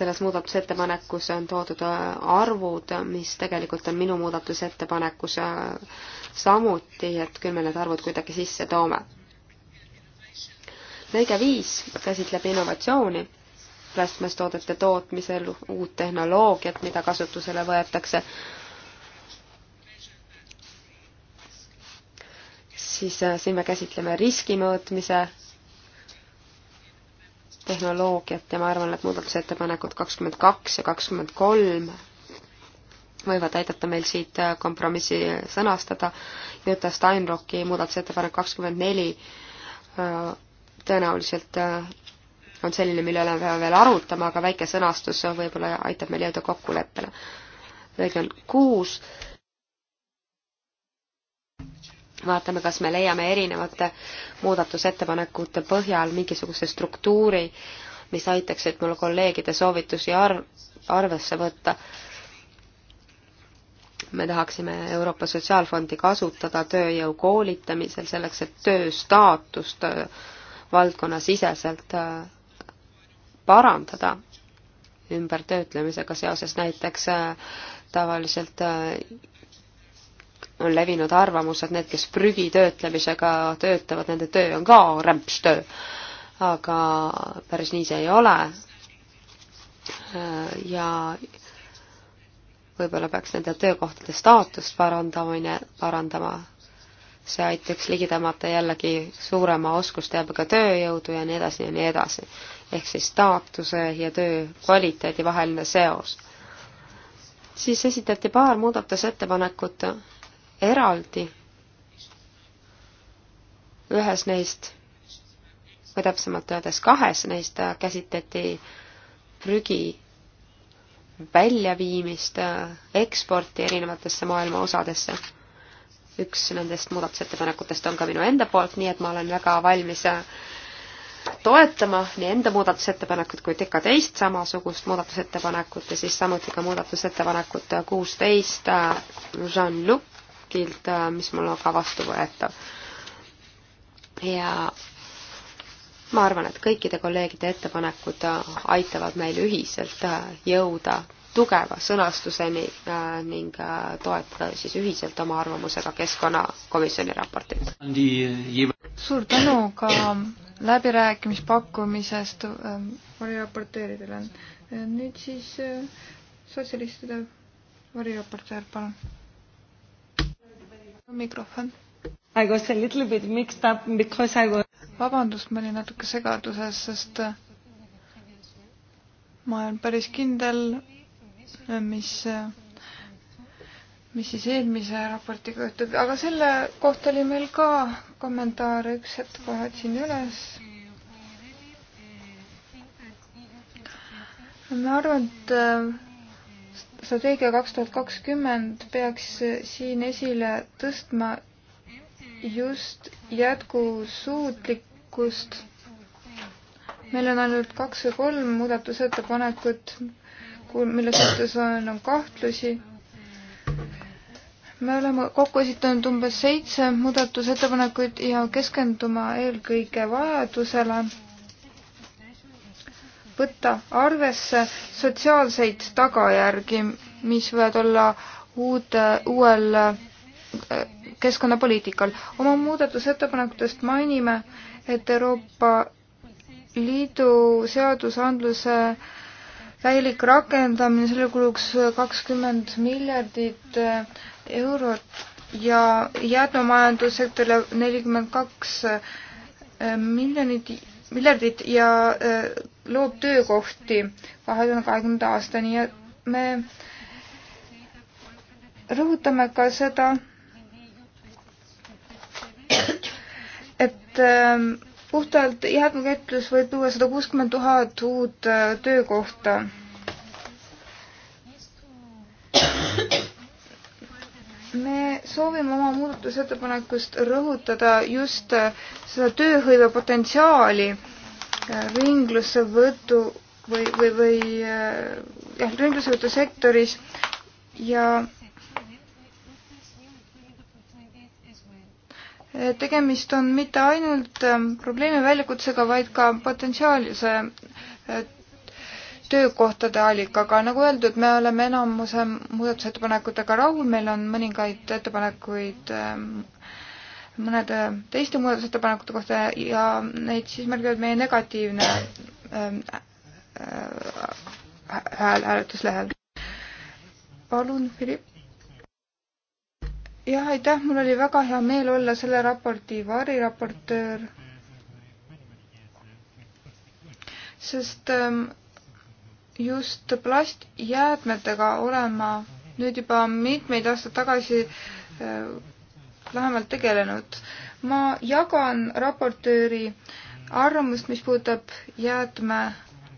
C: selles muudatusettepanekus on toodud arvud, mis tegelikult on minu muudatusettepanekus samuti, et küll me need arvud kuidagi sisse toome. lõige viis käsitleb innovatsiooni plastmasstoodete tootmisel, uut tehnoloogiat, mida kasutusele võetakse, siis äh, siin me käsitleme riskimõõtmise tehnoloogiat ja ma arvan, et muudatusettepanekud kakskümmend kaks ja kakskümmend kolm võivad aidata meil siit äh, kompromissi sõnastada. Jüta Steinrocki muudatusettepanek kakskümmend neli äh, tõenäoliselt on selline, mille üle me peame veel arutama, aga väike sõnastus võib-olla aitab meil jõuda kokkuleppele. lõige on kuus. vaatame, kas me leiame erinevate muudatusettepanekute põhjal mingisuguse struktuuri, mis aitaks, et mul kolleegide soovitusi arv, arvesse võtta. me tahaksime Euroopa Sotsiaalfondi kasutada tööjõu koolitamisel selleks, et töö staatust äh, valdkonnasiseselt äh, parandada ümbertöötlemisega seoses, näiteks äh, tavaliselt äh, on levinud arvamus, et need, kes prügi töötlemisega töötavad, nende töö on ka rämpstöö. aga päris nii see ei ole. Äh, ja võib-olla peaks nende töökohtade staatust parandamine, parandama. see aitaks ligi tõmmata jällegi suurema oskusteabega tööjõudu ja nii edasi ja nii edasi ehk siis staatuse ja töö kvaliteedi vaheline seos. siis esitati paar muudatusettepanekut eraldi. ühes neist või täpsemalt öeldes kahes neist käsitleti prügi väljaviimist, eksporti erinevatesse maailma osadesse. üks nendest muudatusettepanekutest on ka minu enda poolt, nii et ma olen väga valmis toetama nii enda muudatusettepanekut kui ka teist samasugust muudatusettepanekut ja siis samuti ka muudatusettepanekut kuusteist Jean-Lucilt, mis mul on ka vastuvõetav. ja ma arvan, et kõikide kolleegide ettepanekud aitavad meil ühiselt jõuda tugeva sõnastuseni äh, ning äh, toetada siis ühiselt oma arvamusega Keskkonnakomisjoni raportit.
B: suur tänu ka läbirääkimispakkumisest ähm, variraporteeridele. Äh, nüüd siis sotsialistide variraporteer, palun. mikrofon. I was a little bit mixed up because I was vabandust, ma olin natuke segaduses, sest ma olen päris kindel, mis, mis siis eelmise raportiga juhtub, aga selle kohta oli meil ka kommentaare, üks hetk vahetsin üles. ma arvan, et äh, strateegia kaks tuhat kakskümmend peaks siin esile tõstma just jätkusuutlikkust meil on ainult kaks või kolm muudatusettepanekut, mille suhtes on, on kahtlusi. me oleme kokku esitanud umbes seitse muudatusettepanekut ja keskenduma eelkõige vajadusele võtta arvesse sotsiaalseid tagajärgi, mis võivad olla uude, uuel äh, keskkonnapoliitikal. oma muudatusettepanekutest mainime, et Euroopa Liidu seadusandluse äh, täielik rakendamine, selle kuluks kakskümmend miljardit äh, eurot ja jäätmemajandussektorile nelikümmend kaks äh, miljonit, miljardit ja äh, loob töökohti kahe tuhande kahekümnenda aastani ja me rõhutame ka seda, et puhtalt jäätmekäitlus võib tuua sada kuuskümmend tuhat uut äh, töökohta. me soovime oma muudatusettepanekust rõhutada just äh, seda tööhõive potentsiaali äh, ringlussevõtu või, või, või jah, ringlussevõtu sektoris ja Eh, tegemist on mitte ainult ehm, probleemi väljakutsega, vaid ka potentsiaalse eh, töökohtade allikaga. nagu öeldud, me oleme enamuse muudatusettepanekutega rahul, meil on mõningaid ettepanekuid ehm, mõnede teiste muudatusettepanekute kohta ja neid siis märgivad meie negatiivne ehm, eh, hääl hääletuslehel. palun, Philipp jah, aitäh, mul oli väga hea meel olla selle raporti variraportöör. sest ähm, just plastjäätmetega olen ma nüüd juba mitmeid aastaid tagasi äh, lähemalt tegelenud. ma jagan raportööri arvamust, mis puudutab jäätme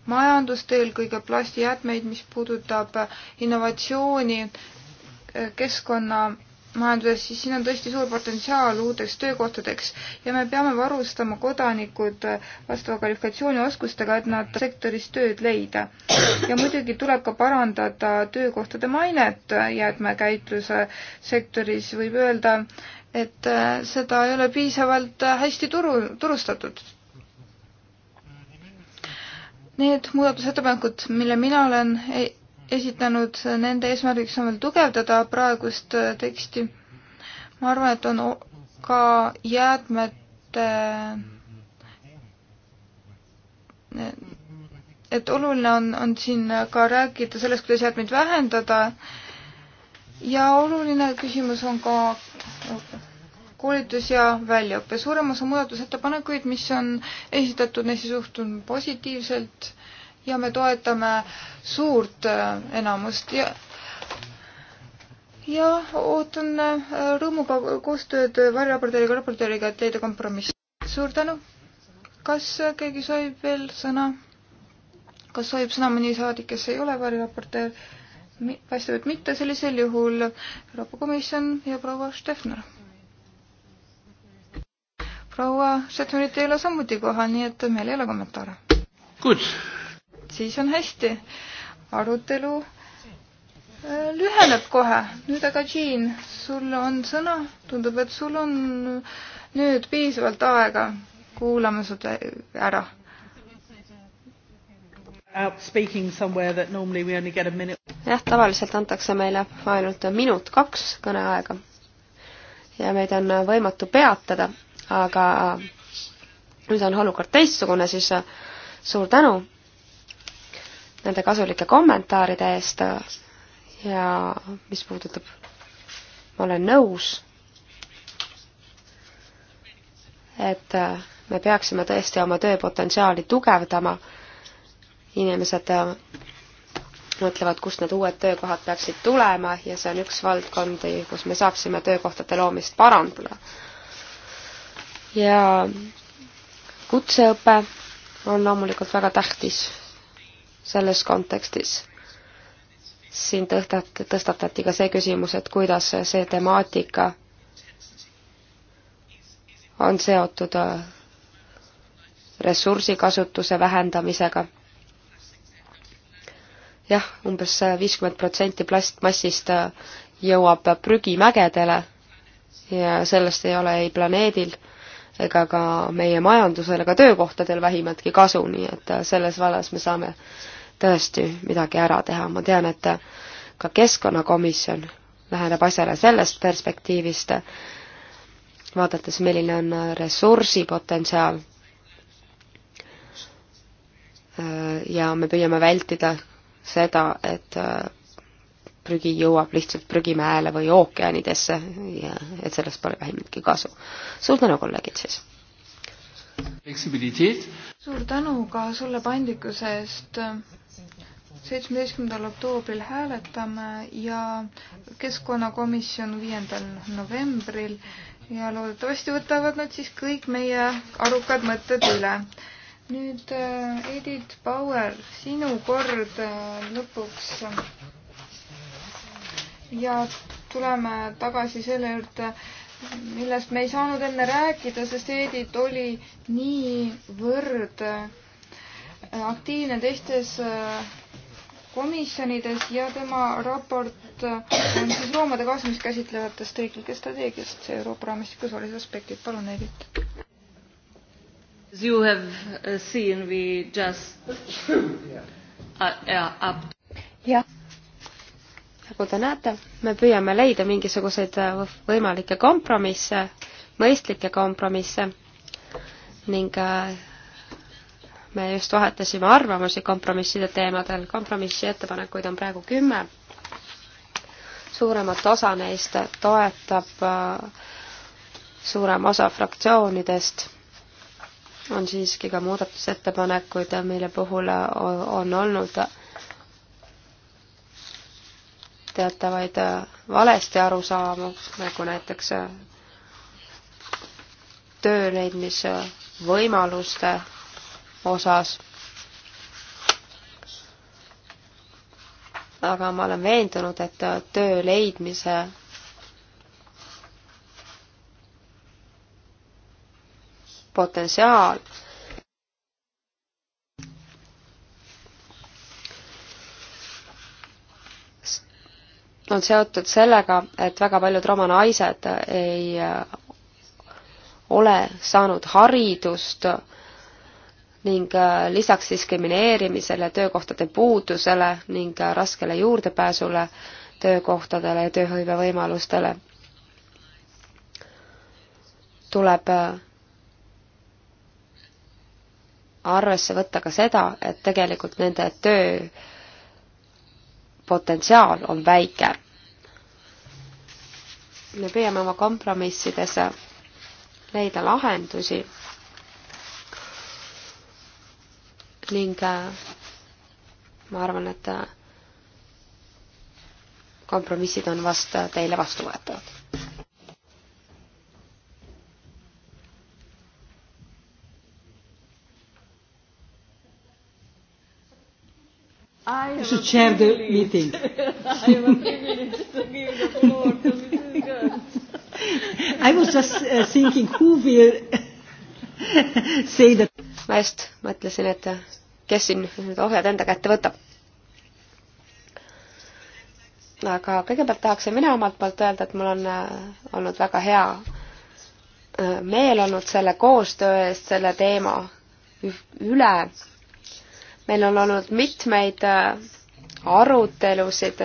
B: majandust, eelkõige plastijäätmeid, mis puudutab innovatsiooni, äh, keskkonna majanduses, siis siin on tõesti suur potentsiaal uuteks töökohtadeks ja me peame varustama kodanikud vastava kvalifikatsioonioskustega, et nad sektoris tööd leida. ja muidugi tuleb ka parandada töökohtade mainet jäätmekäitluse sektoris, võib öelda, et seda ei ole piisavalt hästi turu, turustatud. Need muudatusettepanekud, mille mina olen e- esitanud, nende eesmärgiks on veel tugevdada praegust äh, teksti. ma arvan, et on ka jäätmete, et oluline on, on siin ka rääkida sellest, kuidas jäätmeid vähendada ja oluline küsimus on ka koolitus ja väljaõpe. suurem osa muudatusettepanekuid, mis on esitatud, neisse suhtun positiivselt ja me toetame suurt äh, enamust ja ja ootan äh, rõõmuga koostööd variraportööriga, raportööriga, et leida kompromiss. suur tänu. kas keegi soovib veel sõna? kas soovib sõna mõni saadik, kes ei ole variraportöör? paistab, et mitte, sellisel juhul Euroopa Komisjon ja proua Stefner. proua Stefnerit ei ole samuti kohal, nii et meil ei ole kommentaare. Good siis on hästi. arutelu äh, lüheneb kohe. nüüd aga Jean, sul on sõna, tundub, et sul on nüüd piisavalt aega, kuulame su ära.
C: jah, tavaliselt antakse meile ainult minut-kaks kõneaega ja meid on võimatu peatada, aga nüüd on olukord teistsugune, siis suur tänu nende kasulike kommentaaride eest ja mis puudutab, ma olen nõus, et me peaksime tõesti oma tööpotentsiaali tugevdama, inimesed äh, mõtlevad, kust need uued töökohad peaksid tulema ja see on üks valdkondi, kus me saaksime töökohtade loomist parandada. ja kutseõpe on loomulikult väga tähtis selles kontekstis. siin tõstat-, tõstatati ka see küsimus, et kuidas see temaatika on seotud äh, ressursikasutuse vähendamisega jah umbes, umbes viiskümmend protsenti plastmassist äh, jõuab prügimägedele ja sellest ei ole ei planeedil ega ka meie majandusel ega töökohtadel vähimatki kasu, nii et äh, selles vallas me saame tõesti midagi ära teha, ma tean, et äh, ka keskkonnakomisjon läheneb asjale sellest perspektiivist, äh, vaadates, milline on ressursipotentsiaal. ja me püüame vältida seda, et prügi jõuab lihtsalt prügimäele või ookeanidesse ja et sellest pole vähimatki kasu. suur tänu, kolleegid siis!
B: suur tänu ka sulle paindlikkuse eest. seitsmeteistkümnendal oktoobril hääletame ja keskkonnakomisjon viiendal novembril ja loodetavasti võtavad nad siis kõik meie arukad mõtted üle nüüd äh, Edith Bauer, sinu kord äh, lõpuks ja tuleme tagasi selle juurde, millest me ei saanud enne rääkida, sest Edith oli niivõrd äh, aktiivne teistes äh, komisjonides ja tema raport äh, on siis loomade kaasamist käsitlevatest riiklikest strateegiast Euroopa raamistikus olulised aspektid. palun, Edith.
E: As you have uh, seen, we just
D: uh, yeah, up.
C: jah nagu te näete, me püüame leida mingisuguseid äh, võimalikke kompromisse, mõistlikke kompromisse ning äh, me just vahetasime arvamusi kompromisside teemadel, kompromissi ettepanekuid on praegu kümme. suuremat osa neist toetab äh, suurem osa fraktsioonidest, on siiski ka muudatusettepanekuid, mille puhul on olnud teatavaid äh, valesti arusaamu, nagu näiteks äh, töö leidmise võimaluste osas. aga ma olen veendunud, et äh, töö leidmise potentsiaal on seotud sellega, et väga paljud roma naised ei äh, ole saanud haridust ning äh, lisaks diskrimineerimisele, töökohtade puudusele ning äh, raskele juurdepääsule töökohtadele ja tööhõivevõimalustele tuleb arvesse võtta ka seda, et tegelikult nende töö potentsiaal on väike me püüame oma kompromissides leida lahendusi ning äh, ma arvan, et äh, kompromissid on vast äh, teile vastuvõetavad.
A: I am privileged. I am privileged to give the floor I was just uh, thinking
C: who will say that. ma just mõtlesin, et kes siin need ohjad enda kätte võtab. aga kõigepealt tahaksin mina omalt poolt öelda, et mul on äh, olnud väga hea äh, meel olnud selle koostöö eest, selle teema üle. meil on olnud mitmeid äh, arutelusid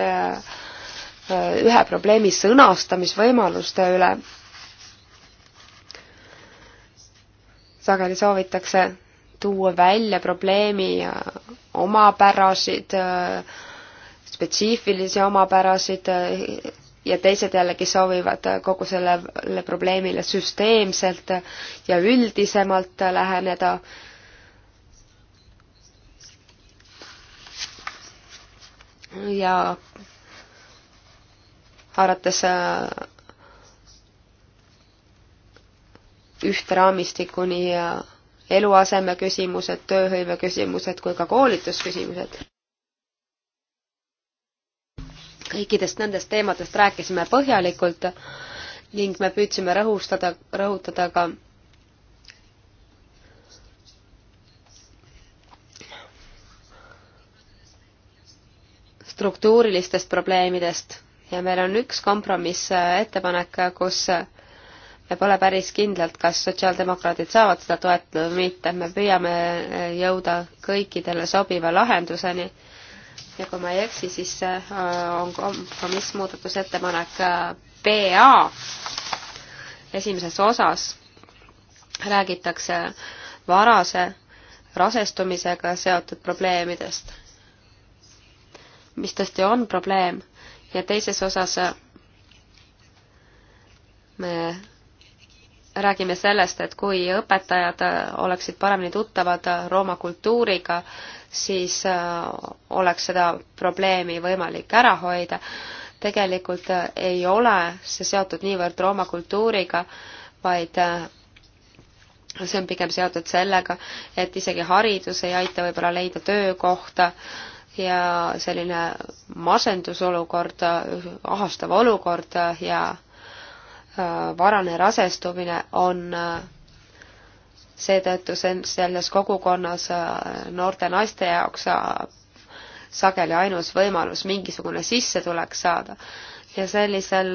C: ühe probleemi sõnastamisvõimaluste üle sageli soovitakse tuua välja probleemi omapärasid, spetsiifilisi omapärasid ja teised jällegi soovivad kogu sellele probleemile süsteemselt ja üldisemalt läheneda. ja haarates äh, ühte raamistikku nii eluaseme küsimused, tööhõive küsimused kui ka koolitusküsimused. kõikidest nendest teemadest rääkisime põhjalikult ning me püüdsime rõhustada, rõhutada ka struktuurilistest probleemidest ja meil on üks kompromissettepanek, äh, kus ja pole päris kindlalt, kas sotsiaaldemokraadid saavad seda toetada või mitte. me püüame eh, jõuda kõikidele sobiva lahenduseni ja kui ma ei eksi, siis eh, on kompromiss muudatusettepanek BA eh, esimeses osas räägitakse varase rasestumisega seotud probleemidest, mis tõesti on probleem ja teises osas me räägime sellest, et kui õpetajad äh, oleksid paremini tuttavad äh, Rooma kultuuriga, siis äh, oleks seda probleemi võimalik ära hoida. tegelikult ei ole see seotud niivõrd Rooma kultuuriga, vaid see on pigem seotud sellega, et isegi haridus ei aita võib-olla leida töökohta ja selline masendusolukord, ahastav olukord ja Äh, varane rasestumine on äh, seetõttu selles kogukonnas äh, noorte naiste jaoks sageli ainus võimalus mingisugune sissetulek saada. ja sellisel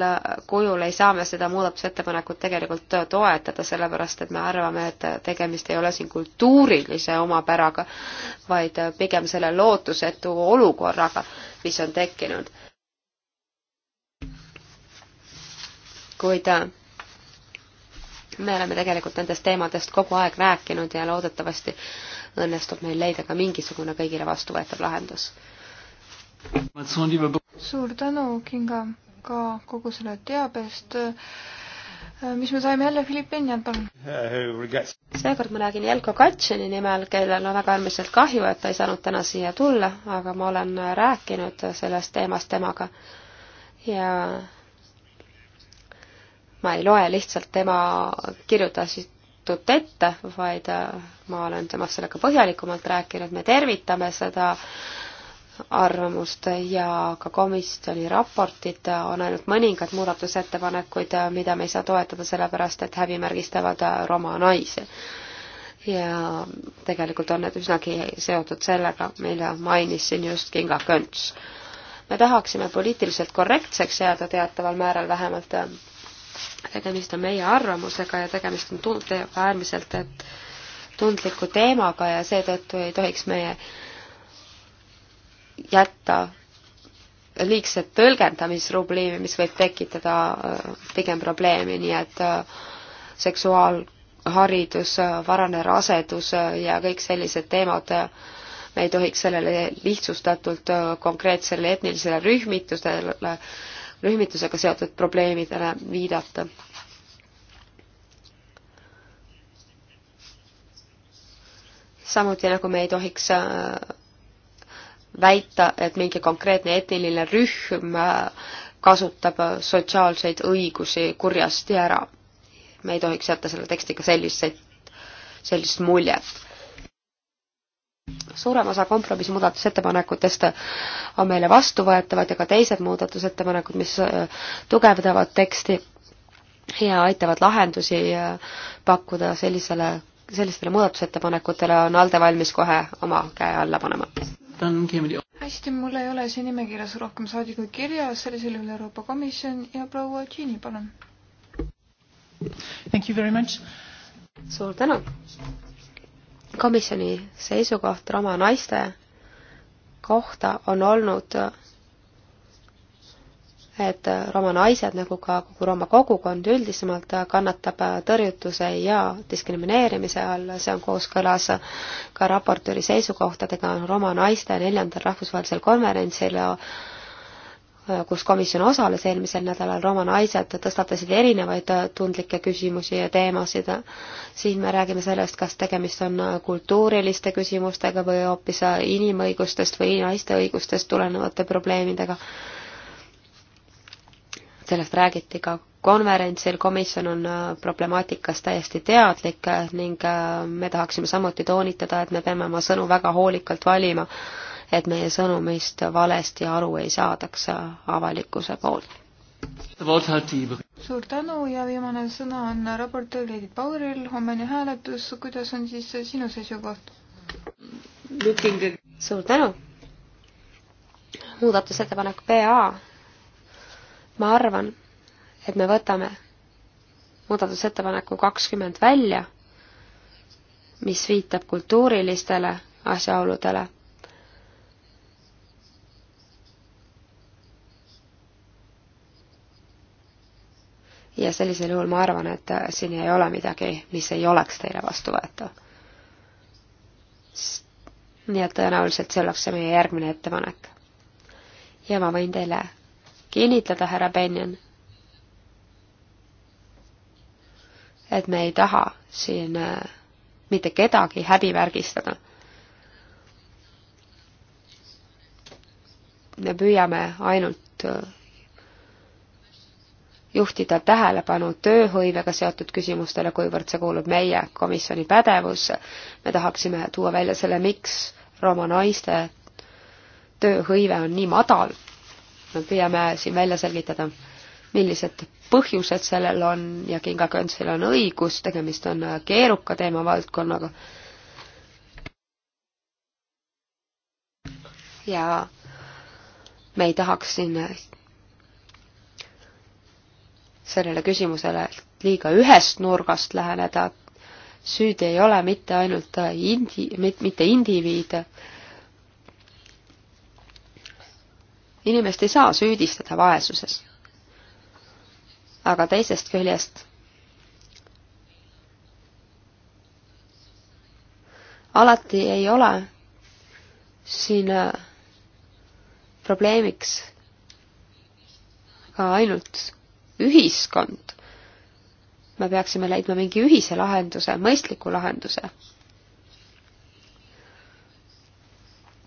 C: kujul ei saa me seda muudatusettepanekut tegelikult toetada, sellepärast et me arvame, et tegemist ei ole siin kultuurilise omapäraga, vaid pigem selle lootusetu olukorraga, mis on tekkinud. kuid äh, me oleme tegelikult nendest teemadest kogu aeg rääkinud ja loodetavasti õnnestub meil leida ka mingisugune kõigile vastuvõetav lahendus.
B: suur tänu, Kinga, ka kogu selle teabe eest, äh, mis me saime jälle Philipp Benjan, palun.
C: seekord ma räägin Jelko Katšini nimel, kellel on väga äärmiselt kahju, et ta ei saanud täna siia tulla, aga ma olen rääkinud sellest teemast temaga ja ma ei loe lihtsalt tema kirjutatud ette, vaid äh, ma olen temast sellega põhjalikumalt rääkinud, me tervitame seda arvamust ja ka komisjoni raportit on ainult mõningad muudatusettepanekuid, äh, mida me ei saa toetada, sellepärast et häbimärgistavad äh, roma naisi. ja tegelikult on need üsnagi seotud sellega, mille mainis siin just Kinga Könts. me tahaksime poliitiliselt korrektseks jääda teataval määral vähemalt tegemist on meie arvamusega ja tegemist on tund-, äärmiselt tundliku teemaga ja seetõttu ei tohiks meie jätta liigset tõlgendamisprobleemi, mis võib tekitada äh, pigem probleemi, nii et äh, seksuaalharidus, äh, varane rasedus ja kõik sellised teemad, me ei tohiks sellele lihtsustatult konkreetsele etnilisele rühmitusele rühmitusega seotud probleemidele viidata. samuti nagu me ei tohiks äh, väita, et mingi konkreetne etniline rühm äh, kasutab sotsiaalseid õigusi kurjasti ära. me ei tohiks jätta selle tekstiga selliseid, sellist muljet suurem osa kompromissi muudatusettepanekutest on meile vastuvõetavad ja ka teised muudatusettepanekud, mis äh, tugevdavad teksti ja aitavad lahendusi äh, pakkuda sellisele, sellistele muudatusettepanekutele, on ALDE valmis kohe oma käe alla panema.
B: hästi, mul ei ole siin nimekirjas rohkem saadikuid kirjas, sellisel juhul Euroopa Komisjon ja proua Tšiini, palun.
C: suur tänu komisjoni seisukoht roma naiste kohta on olnud, et roma naised, nagu ka kogu roma kogukond üldisemalt, kannatab tõrjutuse ja diskrimineerimise all, see on kooskõlas ka raportööri seisukohtadega roma naiste neljandal rahvusvahelisel konverentsil Äh, kus komisjon osales eelmisel nädalal, Roma naised tõstatasid erinevaid äh, tundlikke küsimusi ja teemasid. siin me räägime sellest, kas tegemist on äh, kultuuriliste küsimustega või hoopis inimõigustest või naiste õigustest tulenevate probleemidega. sellest räägiti ka konverentsil, komisjon on problemaatikast täiesti teadlik ning me tahaksime samuti toonitada, et me peame oma sõnu väga hoolikalt valima et meie sõnumist valesti aru ei saadaks avalikkuse poolt.
B: suur tänu ja viimane sõna on raportöör Edith Baueril, hommene hääletus, kuidas on siis sinu seisukoht?
C: suur tänu! muudatusettepanek PA. ma arvan, et me võtame muudatusettepaneku kakskümmend välja, mis viitab kultuurilistele asjaoludele ja sellisel juhul ma arvan, et äh, siin ei ole midagi, mis ei oleks teile vastuvõetav. nii et tõenäoliselt see oleks see meie järgmine ettepanek. ja ma võin teile kinnitada, härra Benjon, et me ei taha siin äh, mitte kedagi häbivärgistada. me püüame ainult äh, juhtida tähelepanu tööhõivega seotud küsimustele, kuivõrd see kuulub meie komisjoni pädevusse. me tahaksime tuua välja selle, miks Rooma naiste tööhõive on nii madal. me püüame siin välja selgitada, millised põhjused sellel on ja Kinga Köntsil on õigus, tegemist on keeruka teemavaldkonnaga. ja me ei tahaks siin sellele küsimusele liiga ühest nurgast läheneda. süüdi ei ole mitte ainult indi-, mitte indiviid. inimest ei saa süüdistada vaesuses. aga teisest küljest alati ei ole siin äh, probleemiks ka ainult ühiskond. me peaksime leidma mingi ühise lahenduse, mõistliku lahenduse.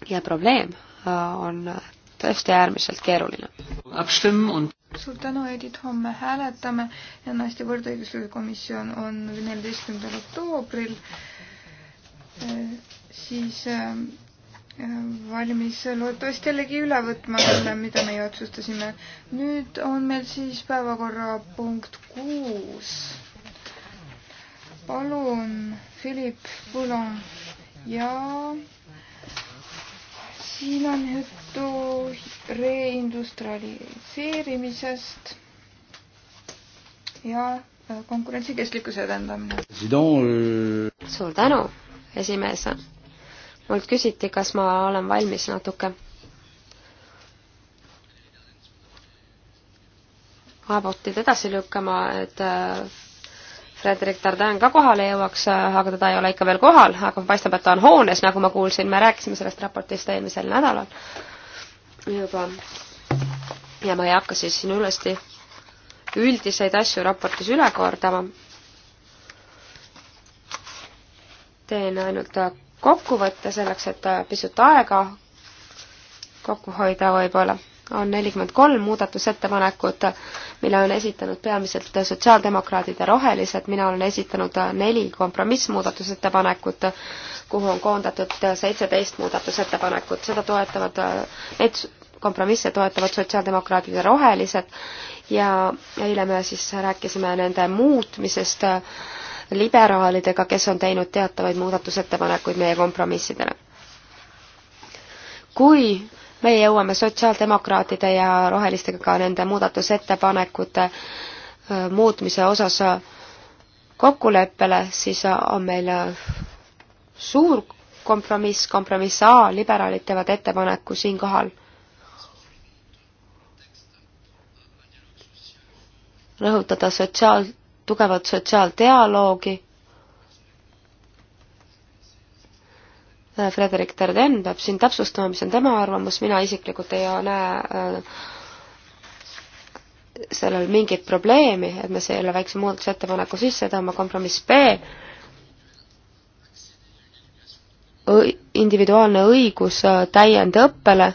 C: ja probleem äh, on tõesti äärmiselt keeruline.
B: suur tänu, Edith, homme hääletame ja naiste võrdõiguslikkuse komisjon on neljateistkümnendal oktoobril äh, siis ähm, valmis loodetavasti jällegi üle võtma selle, mida meie otsustasime. nüüd on meil siis päevakorrapunkt kuus. palun, Philip Poulan ja siin on juttu reindustrialiseerimisest ja äh, konkurentsikestlikkuse edendamine.
E: Euh- suur tänu,
C: esimees mult küsiti, kas ma olen valmis natuke abortid edasi lükkama, et äh, Frederik Dardan ka kohale jõuaks, äh, aga teda ei ole ikka veel kohal, aga paistab, et ta on hoones, nagu ma kuulsin, me rääkisime sellest raportist eelmisel nädalal juba. ja ma ei hakka siis siin uuesti üldiseid asju raportis üle kordama. teen ainult äh, kokku võtta, selleks et äh, pisut aega kokku hoida võib-olla, on nelikümmend kolm muudatusettepanekut, mille on esitanud peamiselt sotsiaaldemokraadid ja rohelised, mina olen esitanud äh, neli kompromissmuudatusettepanekut, kuhu on koondatud äh, seitseteist muudatusettepanekut, seda toetavad, need kompromisse toetavad sotsiaaldemokraadid ja rohelised ja eile me siis rääkisime nende muutmisest äh, liberaalidega, kes on teinud teatavaid muudatusettepanekuid meie kompromissidele. kui me jõuame sotsiaaldemokraatide ja rohelistega ka nende muudatusettepanekute äh, muutmise osas kokkuleppele, siis on meil äh, suur kompromiss, kompromiss A, liberaalid teevad ettepaneku siinkohal rõhutada sotsiaal- tugevat sotsiaaldialoogi. Frederik Terden peab siin täpsustama, mis on tema arvamus, mina isiklikult ei näe äh, sellel mingit probleemi, et me selle väikse muudatusettepaneku sisse toome, kompromiss B individuaalne õigus äh, täiendõppele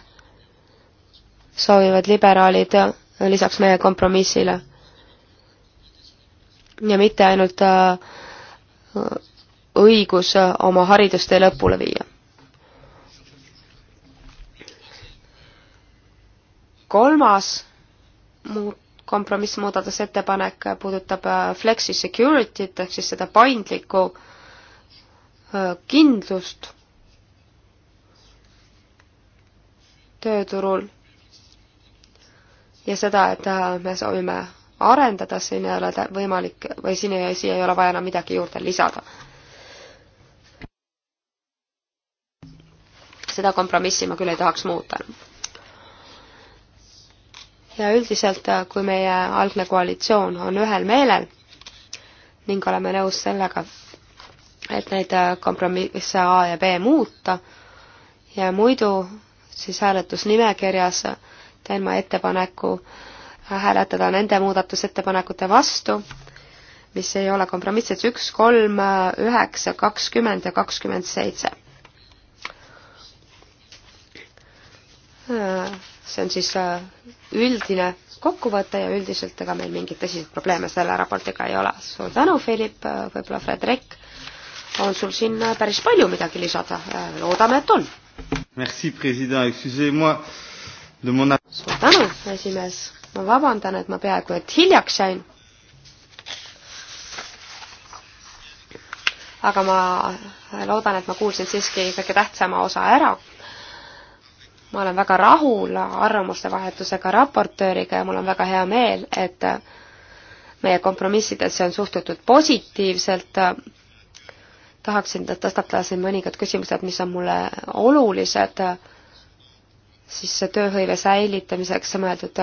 C: soovivad liberaalid äh, lisaks meie kompromissile ja mitte ainult äh, õigus äh, oma haridustee lõpule viia. kolmas muu-, kompromissmuudatusettepanek puudutab äh, flexi security't ehk siis seda paindlikku kindlust tööturul ja seda, et me soovime arendada, siin ei ole võimalik või siin ei, siia ei ole vaja enam midagi juurde lisada. seda kompromissi ma küll ei tahaks muuta. ja üldiselt, äh, kui meie algne koalitsioon on ühel meelel ning oleme nõus sellega, et neid äh, kompromisse A ja B muuta ja muidu siis hääletusnimekirjas teen ma ettepaneku äh, hääletada nende muudatusettepanekute vastu, mis ei ole kompromissid üks, kolm, üheksa, kakskümmend ja kakskümmend seitse. see on siis äh, üldine kokkuvõte ja üldiselt ega meil mingeid tõsiseid probleeme selle raportiga ei ole. suur tänu, Philip, äh, võib-olla Fredrik, on sul siin äh, päris palju midagi lisada, loodame, et on.
B: Merci, president, excusez-moi de mon suur tänu,
C: esimees ma vabandan, et ma peaaegu et hiljaks jäin. aga ma loodan, et ma kuulsin siiski kõige tähtsama osa ära. ma olen väga rahul arvamuste vahetusega raportööriga ja mul on väga hea meel, et meie kompromissidesse on suhtutud positiivselt. tahaksin tõstatada siin mõningad küsimused, mis on mulle olulised, siis tööhõive säilitamiseks mõeldud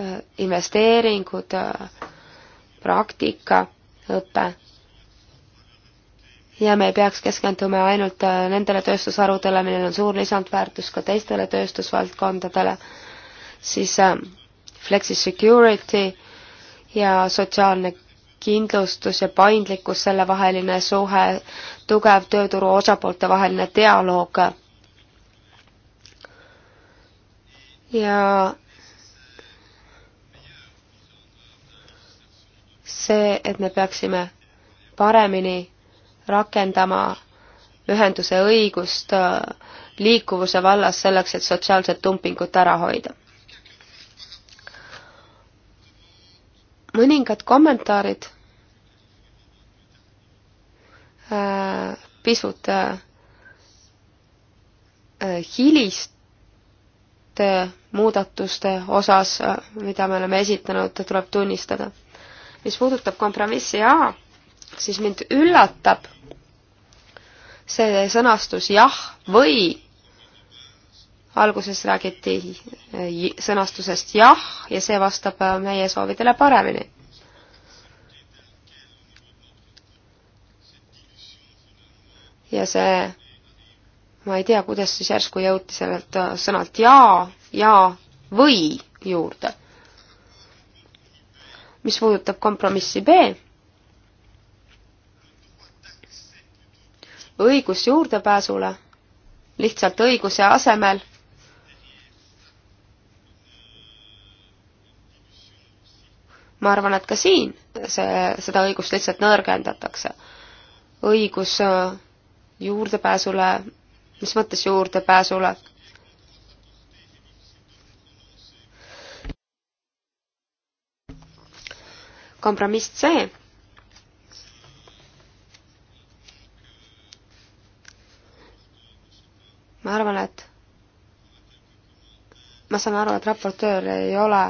C: Äh, investeeringud, äh, praktika, õpe. ja me ei peaks keskenduma ainult äh, nendele tööstusharudele, millel on suur lisandväärtus ka teistele tööstusvaldkondadele, siis flexi-security ja sotsiaalne kindlustus ja paindlikkus, sellevaheline suhe, tugev tööturu osapoolte vaheline dialoog. ja see, et me peaksime paremini rakendama ühenduse õigust äh, liikuvuse vallas selleks, et sotsiaalset dumpingut ära hoida. mõningad kommentaarid äh, pisut äh, äh hiliste muudatuste osas, äh, mida me oleme esitanud, tuleb tunnistada mis puudutab kompromissi A, siis mind üllatab see sõnastus jah või. alguses räägiti äh, sõnastusest jah ja see vastab äh, meie soovidele paremini. ja see, ma ei tea, kuidas siis järsku jõuti sellelt äh, sõnalt jaa, jaa või juurde mis puudutab kompromissi B, õigus juurdepääsule, lihtsalt õiguse asemel, ma arvan, et ka siin see, seda õigust lihtsalt nõrgendatakse. õigus äh, juurdepääsule, mis mõttes juurdepääsule, kompromiss C. ma arvan, et ma saan aru, et raportöör ei ole,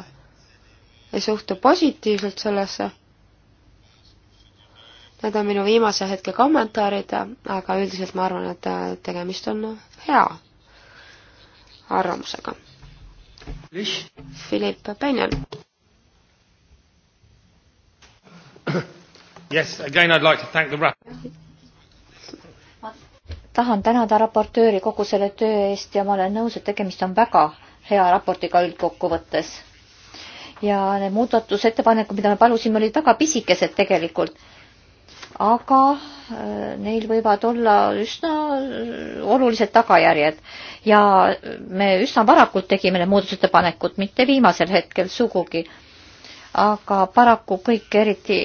C: ei suhtu positiivselt sellesse. Need on minu viimase hetke kommentaarid, aga üldiselt ma arvan, et tegemist on hea arvamusega. Philip Benjon. Yes, again I'd like to thank the
D: tahan tänada raportööri kogu selle töö eest ja ma olen nõus, et tegemist on väga hea raportiga üldkokkuvõttes. ja need muudatusettepanekud, mida me palusime, olid väga pisikesed tegelikult. aga äh, neil võivad olla üsna olulised tagajärjed ja me üsna varakult tegime need muudatusettepanekud, mitte viimasel hetkel sugugi aga paraku kõik eriti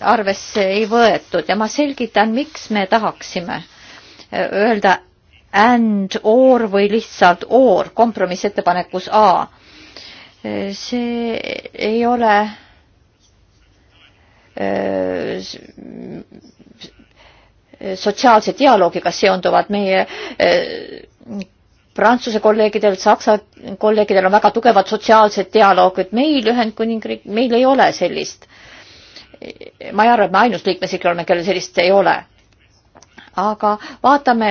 D: arvesse ei võetud ja ma selgitan, miks me tahaksime öelda and or või lihtsalt or kompromissettepanekus A. see ei ole äh, sotsiaalse dialoogiga seonduvad meie äh, Prantsuse kolleegidel, Saksa kolleegidel on väga tugevad sotsiaalsed dialoogid, meil Ühendkuningriik, meil ei ole sellist äh, ma ei arva, et me ainus liikmesriik oleme, kellel sellist ei ole. aga vaatame,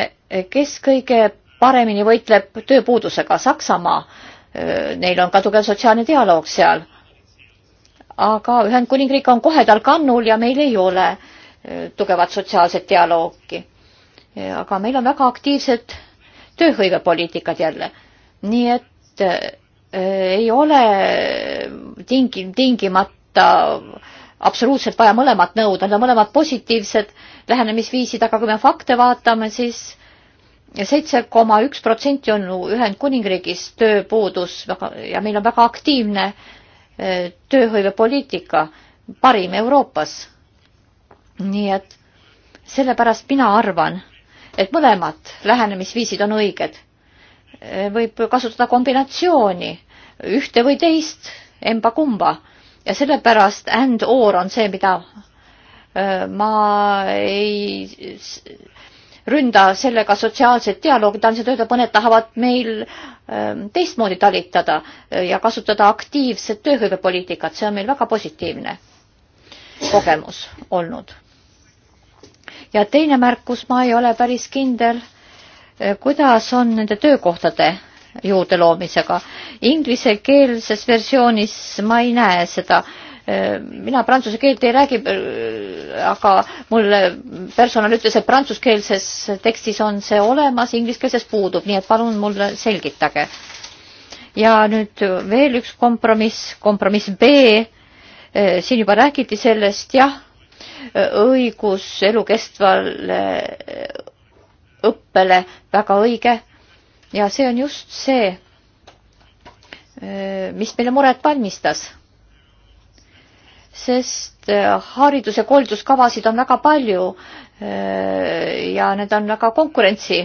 D: kes kõige paremini võitleb tööpuudusega, Saksamaa. Neil on ka tugev sotsiaalne dialoog seal. aga Ühendkuningriik on kohe tal kannul ja meil ei ole tugevat sotsiaalset dialoogi. aga meil on väga aktiivsed tööhõivepoliitikad jälle. nii et äh, ei ole tingi-, tingimata äh, absoluutselt vaja mõlemat nõuda, need on mõlemad positiivsed lähenemisviisid, aga kui me fakte vaatame siis, siis seitse koma üks protsenti on Ühendkuningriigis tööpuudus väga, ja meil on väga aktiivne eh, tööhõivepoliitika, parim Euroopas. nii et sellepärast mina arvan, et mõlemad lähenemisviisid on õiged. Eh, võib kasutada kombinatsiooni, ühte või teist, emba-kumba ja sellepärast and or on see, mida ma ei ründa sellega sotsiaalset dialoogi, tahan seda öelda, mõned tahavad meil teistmoodi talitada ja kasutada aktiivset tööhõivepoliitikat, see on meil väga positiivne kogemus olnud. ja teine märkus, ma ei ole päris kindel, kuidas on nende töökohtade juurde loomisega. Inglisekeelses versioonis ma ei näe seda. Äh, mina prantsuse keelt ei räägi, äh, aga mulle äh, personal ütles, et prantsuskeelses tekstis on see olemas, ingliskeelses puudub, nii et palun mulle selgitage. ja nüüd veel üks kompromiss, kompromiss B. siin juba räägiti sellest, jah, õigus elukestvale õppele, väga õige ja see on just see, äh, mis meile muret valmistas. sest äh, haridus- ja koolituskavasid on väga palju äh, ja need on väga konkurentsi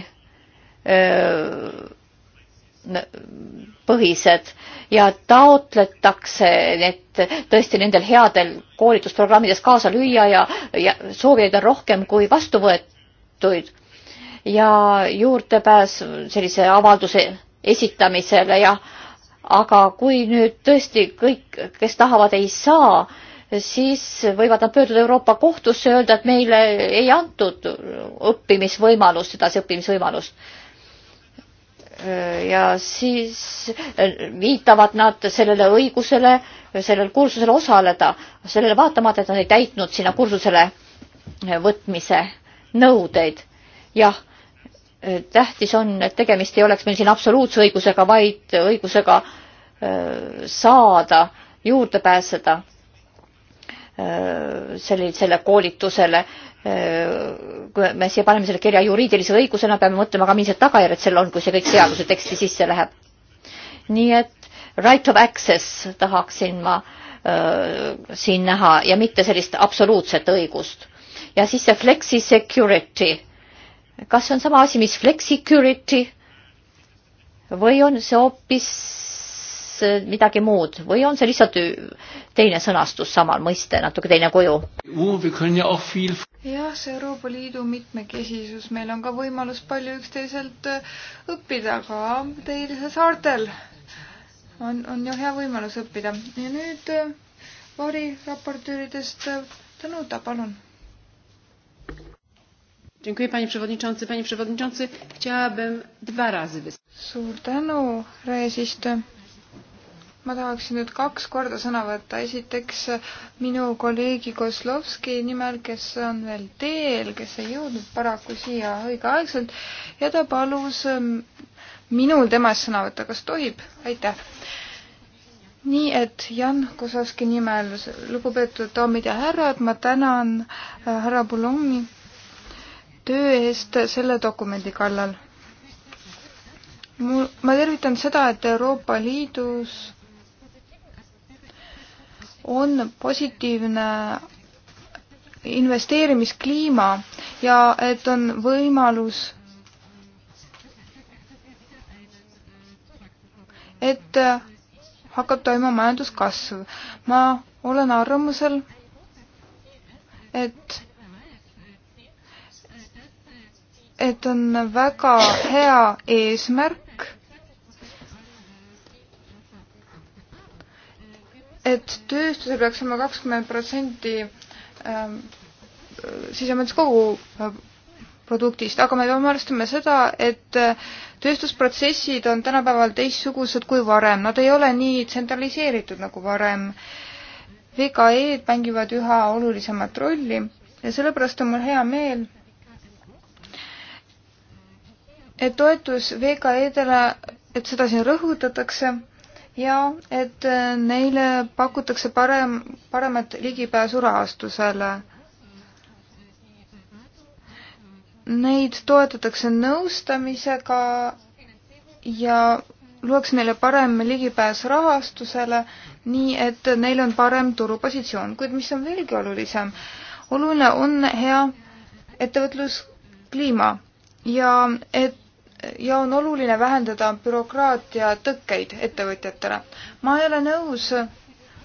D: põhised ja taotletakse need tõesti nendel headel koolitusprogrammides kaasa lüüa ja, ja soovijaid on rohkem kui vastuvõetuid ja juurdepääs sellise avalduse esitamisele ja aga kui nüüd tõesti kõik, kes tahavad, ei saa, siis võivad nad pöörduda Euroopa kohtusse ja öelda, et meile ei antud õppimisvõimalust, edasiõppimisvõimalust. ja siis viitavad nad sellele õigusele, sellel kursusel osaleda, sellele vaatamata, et nad ei täitnud sinna kursusele võtmise nõudeid. jah tähtis on, et tegemist ei oleks meil siin absoluutse õigusega, vaid õigusega saada, juurde pääseda sellisele koolitusele. kui me siia paneme selle kirja juriidilise õigusena, peame mõtlema ka, millised tagajärjed sellel on, kui see kõik seaduse teksti sisse läheb. nii et right of access tahaksin ma äh, siin näha ja mitte sellist absoluutset õigust. ja siis see flexi security kas see on sama asi, mis flexicurity või on see hoopis äh, midagi muud või on see lihtsalt teine sõnastus samal mõiste, natuke teine kuju?
B: jah, see Euroopa Liidu mitmekesisus, meil on ka võimalus palju üksteiselt äh, õppida, ka teil saartel on, on ju hea võimalus õppida. ja nüüd variraportööridest äh, Tõnu Ta, palun Dziękuję panie przewodniczący. Panie przewodniczący, chciałabym dwa razy wystąpić. Suur tänu, eesistuja. Ma tahaksin nüüd kaks korda sõna võtta. Esiteks minu kolleegi Koslovski nimel, kes on veel teel, kes ei jõudnud paraku siia õigeaegselt ja ta palus ähm, minul temast sõna võtta. Kas tohib? Aitäh! nii et Jan Kosovski nimel, lugupeetud daamid ja härrad, ma tänan äh, härra Buloni töö eest selle dokumendi kallal. mul, ma tervitan seda, et Euroopa Liidus on positiivne investeerimiskliima ja et on võimalus et hakkab toimuma majanduskasv. ma olen arvamusel, et et on väga hea eesmärk, et tööstusel peaks olema kakskümmend protsenti ähm, sisemajandus kogu äh, produktist, aga me peame arvestama seda, et äh, tööstusprotsessid on tänapäeval teistsugused kui varem, nad ei ole nii tsentraliseeritud nagu varem. VKE-d mängivad üha olulisemat rolli ja sellepärast on mul hea meel, et toetus VKE-dele, et seda siin rõhutatakse ja et äh, neile pakutakse parem, paremat ligipääsu rahastusele. Neid toetatakse nõustamisega ja luuakse neile parem ligipääs rahastusele, nii et neil on parem turupositsioon, kuid mis on veelgi olulisem, oluline on hea ettevõtluskliima ja et ja on oluline vähendada bürokraatia tõkkeid ettevõtjatele. ma ei ole nõus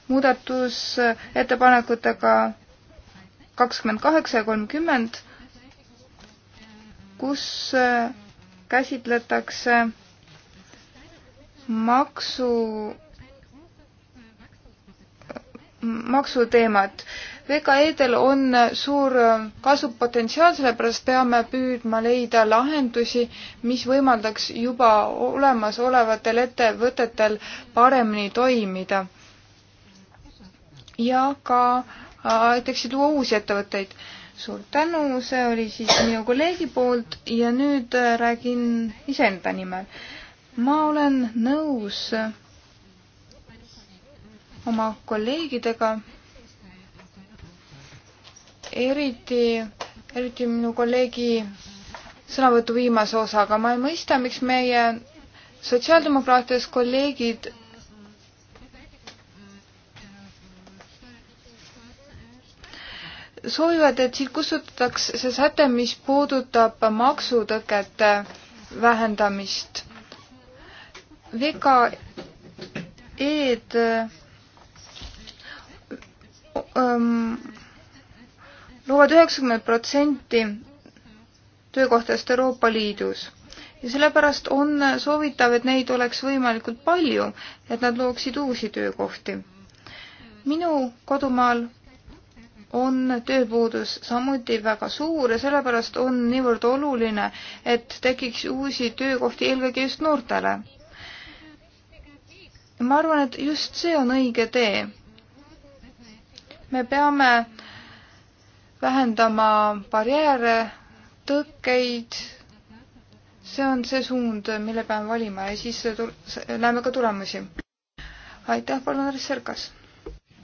B: muudatusettepanekutega kakskümmend kaheksa ja kolmkümmend, kus käsitletakse maksu, maksuteemat VKE-del on suur äh, kasvupotentsiaal, sellepärast peame püüdma leida lahendusi, mis võimaldaks juba olemasolevatel ettevõtetel paremini toimida. ja ka äh, aitaksid luua uusi ettevõtteid. suur tänu, see oli siis minu kolleegi poolt ja nüüd äh, räägin iseenda nimel. ma olen nõus oma kolleegidega eriti, eriti minu kolleegi sõnavõtu viimase osaga, ma ei mõista, miks meie sotsiaaldemokraatias kolleegid soovivad, et siit kustutatakse see säte, mis puudutab maksutõkete vähendamist. VKE-d um, ähm, loovad üheksakümmend protsenti töökohtadest Euroopa Liidus ja sellepärast on soovitav, et neid oleks võimalikult palju, et nad looksid uusi töökohti. minu kodumaal on tööpuudus samuti väga suur ja sellepärast on niivõrd oluline, et tekiks uusi töökohti eelkõige just noortele. ma arvan, et just see on õige tee. me peame vähendama barjääre, tõkkeid, see on see suund, mille peame valima ja siis näeme ka tulemusi. aitäh, palun, härra Serkas.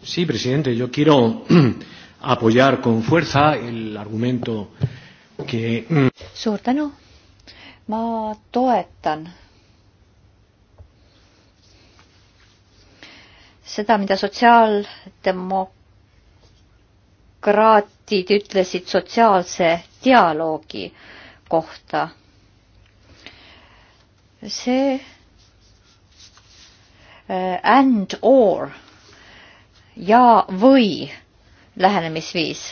A: Sí, presidente, yo quiero apoyar con fuerza el argumento que... Mm,
D: Suur tänu. Ma toetan seda, mida sotsiaaldemok-, sotsiaaldemokraatid ütlesid sotsiaalse dialoogi kohta. see eh, and or ja või lähenemisviis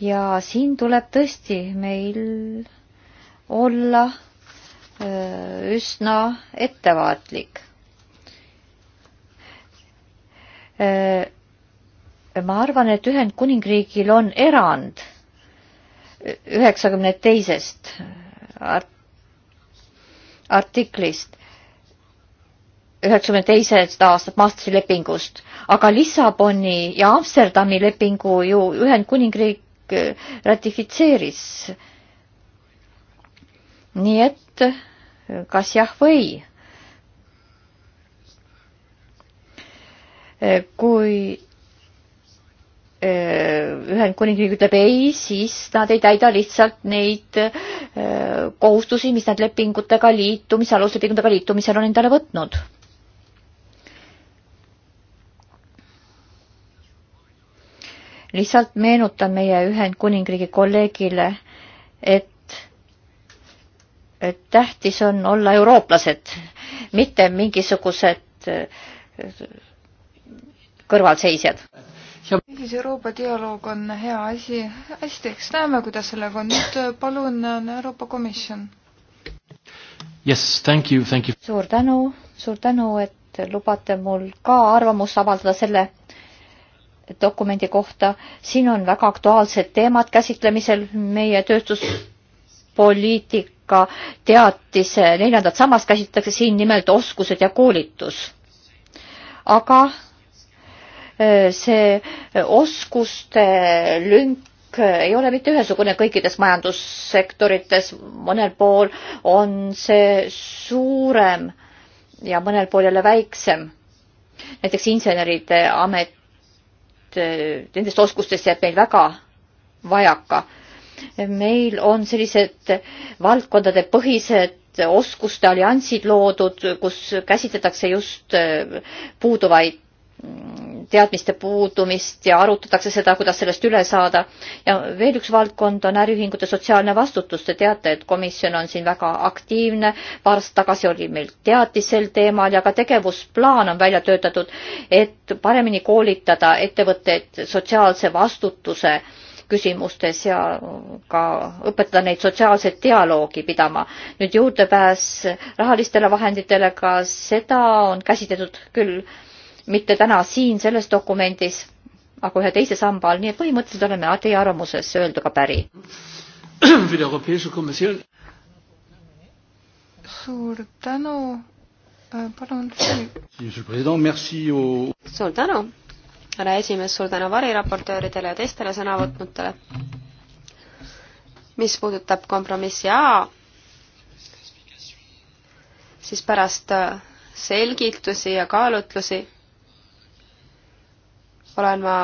D: ja siin tuleb tõesti meil olla eh, üsna ettevaatlik. Äh, ma arvan, et Ühendkuningriigil on erand üheksakümne teisest artiklist, üheksakümne teisest aastat Maastrichti lepingust, aga Lissaboni ja Amsterdami lepingu ju Ühendkuningriik äh, ratifitseeris. nii et kas jah või? Eh, kui eh, Ühendkuningriik ütleb ei, siis nad ei täida lihtsalt neid eh, kohustusi, mis nad lepingutega liitumise, aluslepingutega liitumisel on endale võtnud. lihtsalt meenutan meie Ühendkuningriigi kolleegile, et et tähtis on olla eurooplased, mitte mingisugused kõrvalseisjad.
B: mingis Euroopa dialoog on hea asi, hästi, eks näeme, kuidas sellega on, nüüd äh, palun äh, Euroopa Komisjon.
A: Yes, thank you, thank you.
D: suur tänu, suur tänu, et lubate mul ka arvamust avaldada selle dokumendi kohta. siin on väga aktuaalsed teemad käsitlemisel, meie tööstuspoliitika teatise neljandat sammast käsitletakse siin nimelt oskused ja koolitus. aga see oskuste lünk ei ole mitte ühesugune kõikides majandussektorites, mõnel pool on see suurem ja mõnel pool jälle väiksem. näiteks inseneride amet, nendest oskustest jääb meil väga vajaka. meil on sellised valdkondade põhised oskuste alliansid loodud, kus käsitletakse just puuduvaid teadmiste puudumist ja arutatakse seda, kuidas sellest üle saada. ja veel üks valdkond on äriühingute sotsiaalne vastutus. Te teate, et komisjon on siin väga aktiivne. paar aastat tagasi oli meil teatis sel teemal ja ka tegevusplaan on välja töötatud, et paremini koolitada ettevõtteid sotsiaalse vastutuse küsimustes ja ka õpetada neid sotsiaalset dialoogi pidama. nüüd juurdepääs rahalistele vahenditele, ka seda on käsitletud küll mitte täna siin selles dokumendis, aga ühe teise samba all, nii et põhimõtteliselt oleme teie arvamuses öelduga päri.
B: suur tänu,
C: äh, palun. suur tänu, härra esimees, suur tänu variraportööridele ja teistele sõnavõtnutele. mis puudutab kompromissi A, siis pärast äh, selgitusi ja kaalutlusi olen ma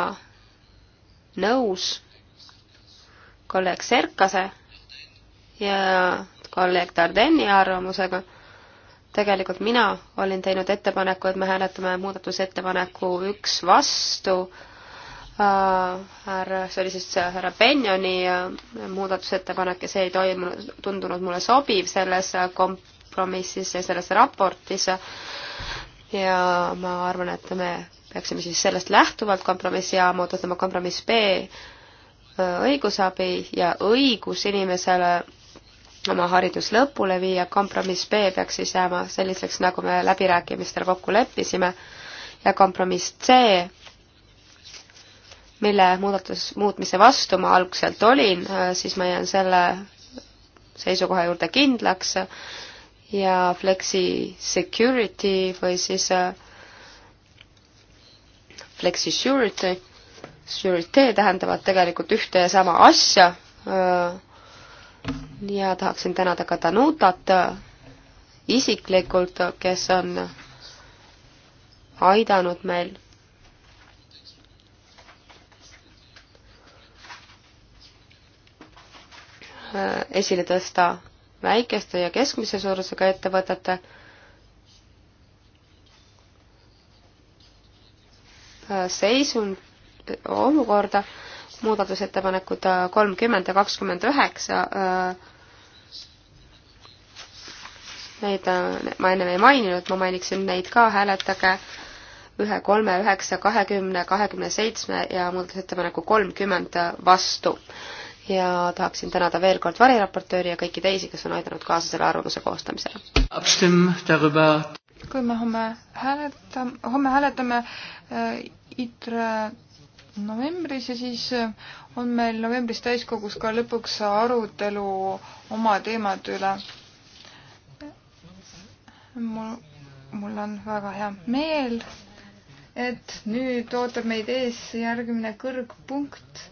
C: nõus kolleeg Serkase ja kolleeg Dardenni arvamusega. tegelikult mina olin teinud ettepaneku, et me hääletame muudatusettepaneku üks vastu äh, härra, see oli siis härra Benjoni äh, muudatusettepanek ja see ei toimunud, tundunud mulle sobiv selles kompromissis ja selles raportis. ja ma arvan, et me peaksime siis sellest lähtuvalt kompromissi A moodustama, kompromiss B äh, õigusabi ja õigus inimesele oma haridus lõpule viia, kompromiss B peaks siis jääma selliseks, nagu me läbirääkimistel kokku leppisime, ja kompromiss C, mille muudatus, muutmise vastu ma algselt olin, äh, siis ma jään selle seisukoha juurde kindlaks ja flexi security või siis äh, flexi-surety, surety tähendavad tegelikult ühte ja sama asja ja tahaksin tänada ka Danutat isiklikult, kes on aidanud meil esile tõsta väikeste ja keskmise suurusega ettevõtete seisund, olukorda, muudatusettepanekud äh, kolmkümmend ja kakskümmend üheksa, äh, neid äh, ma ennem ei maininud, ma mainiksin neid ka, hääletage ühe, kolme, üheksa, kahekümne, kahekümne seitsme ja muudatusettepaneku kolmkümmend vastu. ja tahaksin tänada veel kord variraportööri ja kõiki teisi, kes on aidanud kaasa selle arvamuse koostamisele
B: kui me homme hääletame, homme hääletame äh, ITRE novembris ja siis äh, on meil novembris täiskogus ka lõpuks arutelu oma teemade üle. mul, mul on väga hea meel, et nüüd ootab meid ees järgmine kõrgpunkt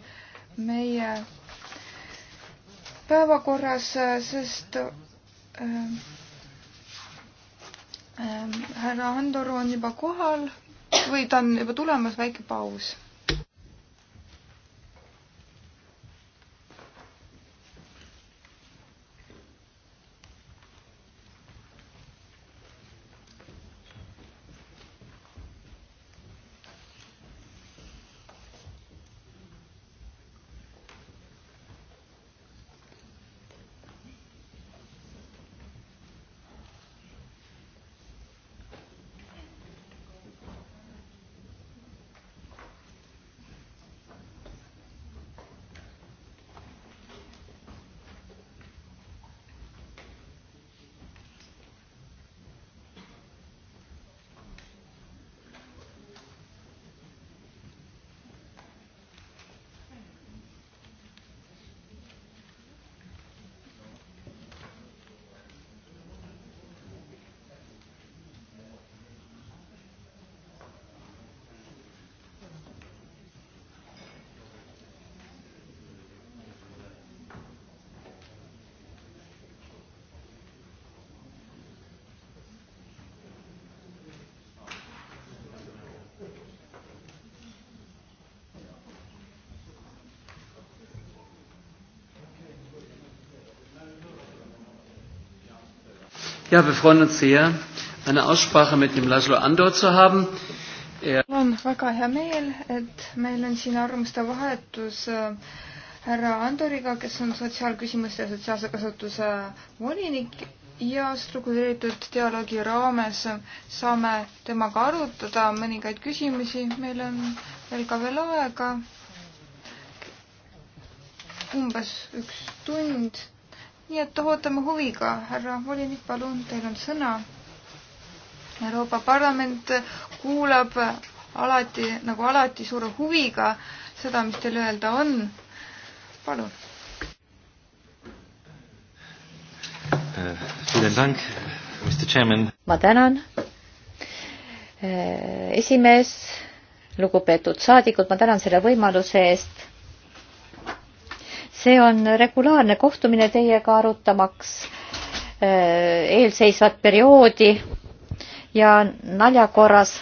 B: meie päevakorras, äh, sest äh, Ehm, härra Andoru on juba kohal või ta on juba tulemas, väike paus
A: Ja, wir freuen uns sehr, eine Aussprache mit dem Laszlo Andor zu haben. Ja. Er
B: mul on väga hea meel, et meil on siin arvamuste vahetus äh, härra Andoriga, kes on sotsiaalküsimuste ja sotsiaalse kasutuse volinik ja struktureeritud dialoogi raames saame temaga arutada mõningaid küsimusi, meil on veel ka veel aega. umbes üks tund nii et ootame huviga, härra volinik, palun, teil on sõna. Euroopa Parlament kuulab alati, nagu alati, suure huviga seda, mis teil öelda on.
D: palun uh,. ma tänan uh,. esimees, lugupeetud saadikud, ma tänan selle võimaluse eest see on regulaarne kohtumine teiega arutamaks äh, eelseisvat perioodi ja naljakorras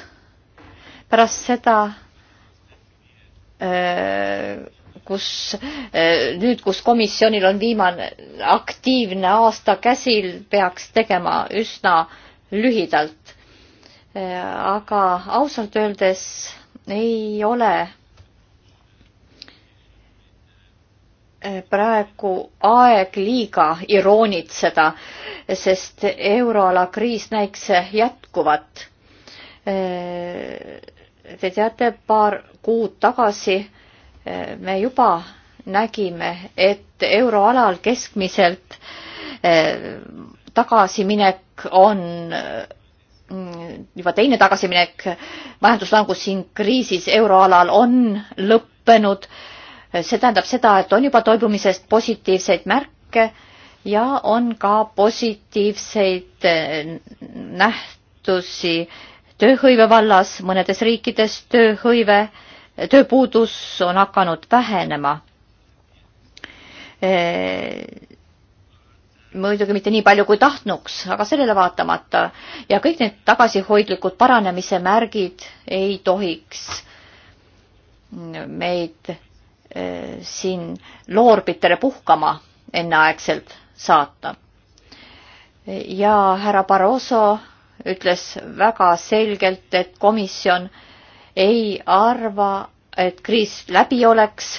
D: pärast seda, äh, kus äh, nüüd, kus komisjonil on viimane aktiivne aasta käsil, peaks tegema üsna lühidalt. aga ausalt öeldes ei ole praegu aeg liiga iroonitseda, sest euroala kriis näiks jätkuvat. Te teate, paar kuud tagasi me juba nägime, et euroalal keskmiselt eh, tagasiminek on mm, juba teine tagasiminek majanduslangus siin kriisis euroalal on lõppenud see tähendab seda, et on juba toibumisest positiivseid märke ja on ka positiivseid eh, nähtusi tööhõive vallas, mõnedes riikides tööhõive, tööpuudus on hakanud vähenema eh, muidugi mitte nii palju kui tahtnuks, aga sellele vaatamata ja kõik need tagasihoidlikud paranemise märgid ei tohiks meid Eh, siin loorbitele puhkama enneaegselt saata. ja härra Barroso ütles väga selgelt, et komisjon ei arva, et kriis läbi oleks,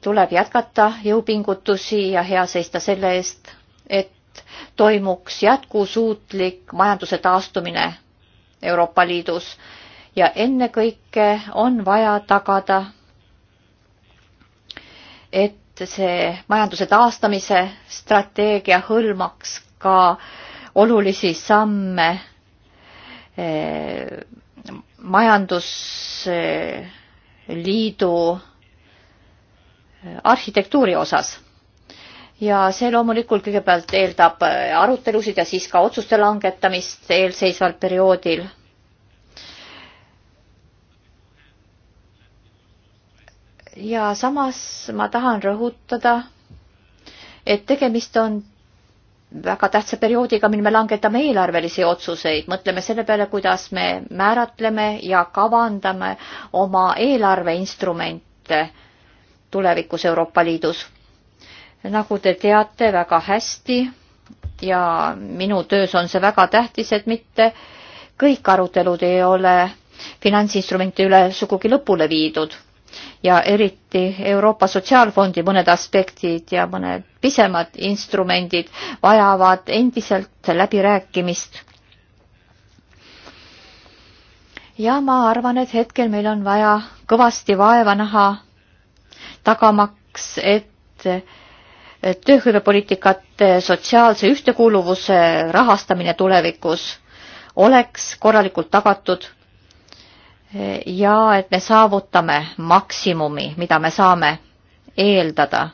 D: tuleb jätkata jõupingutusi ja hea seista selle eest, et toimuks jätkusuutlik majanduse taastumine Euroopa Liidus ja ennekõike on vaja tagada et see majanduse taastamise strateegia hõlmaks ka olulisi samme eh, majandusliidu eh, arhitektuuri osas ja see loomulikult kõigepealt eeldab eh, arutelusid ja siis ka otsuste langetamist eelseisval perioodil ja samas ma tahan rõhutada, et tegemist on väga tähtsa perioodiga, mil me langetame eelarvelisi otsuseid, mõtleme selle peale, kuidas me määratleme ja kavandame oma eelarveinstrumente tulevikus Euroopa Liidus. nagu te teate väga hästi ja minu töös on see väga tähtis, et mitte kõik arutelud ei ole finantsinstrumente üle sugugi lõpule viidud ja eriti Euroopa Sotsiaalfondi mõned aspektid ja mõned pisemad instrumendid vajavad endiselt läbirääkimist. ja ma arvan, et hetkel meil on vaja kõvasti vaeva näha, tagamaks, et tööhõivepoliitikate sotsiaalse ühtekuuluvuse rahastamine tulevikus oleks korralikult tagatud ja et me saavutame maksimumi, mida me saame eeldada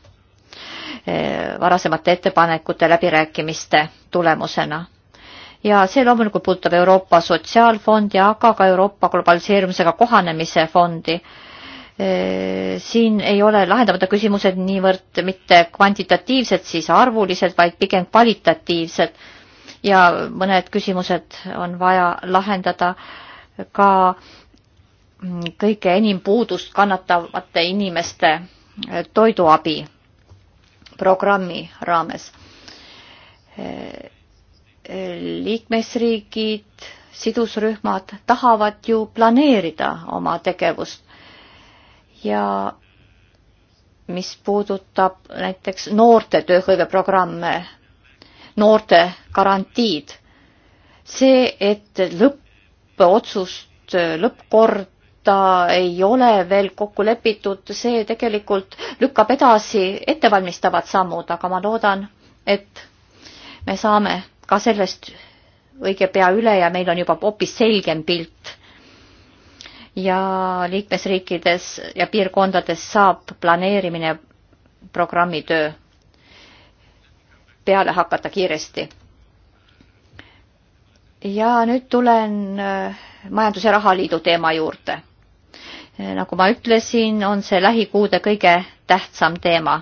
D: eh, varasemate ettepanekute läbirääkimiste tulemusena. ja see loomulikult puudutab Euroopa Sotsiaalfondi, aga ka Euroopa globaliseerumisega kohanemise fondi. Eh, siin ei ole lahendamata küsimused niivõrd mitte kvantitatiivsed, siis arvulised, vaid pigem kvalitatiivsed. ja mõned küsimused on vaja lahendada ka äh, kõige enim puudust kannatavate inimeste eh, toiduabi programmi raames. Eh, liikmesriigid, sidusrühmad tahavad ju planeerida oma tegevust ja mis puudutab näiteks noorte tööhõiveprogramme, noorte garantiid, see, et lõppotsust, lõppkord kohta ei ole veel kokku lepitud, see tegelikult lükkab edasi ettevalmistavad sammud, aga ma loodan, et me saame ka sellest õige pea üle ja meil on juba hoopis selgem pilt. ja liikmesriikides ja piirkondades saab planeerimine programmi töö peale hakata kiiresti. ja nüüd tulen äh, Majandus- ja Rahaliidu teema juurde Eh, nagu ma ütlesin, on see lähikuude kõige tähtsam teema.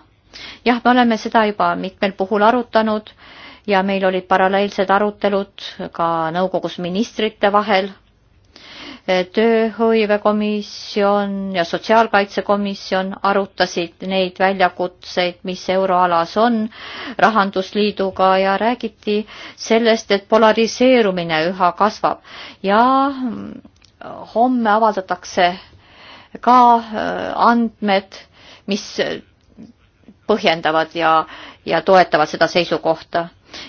D: jah, me oleme seda juba mitmel puhul arutanud ja meil olid paralleelsed arutelud ka nõukogus ministrite vahel. Eh, tööhõivekomisjon ja sotsiaalkaitsekomisjon arutasid neid väljakutseid, mis euroalas on Rahandusliiduga ja räägiti sellest, et polariseerumine üha kasvab ja mm, homme avaldatakse ka äh, andmed, mis äh, põhjendavad ja, ja toetavad seda seisukohta.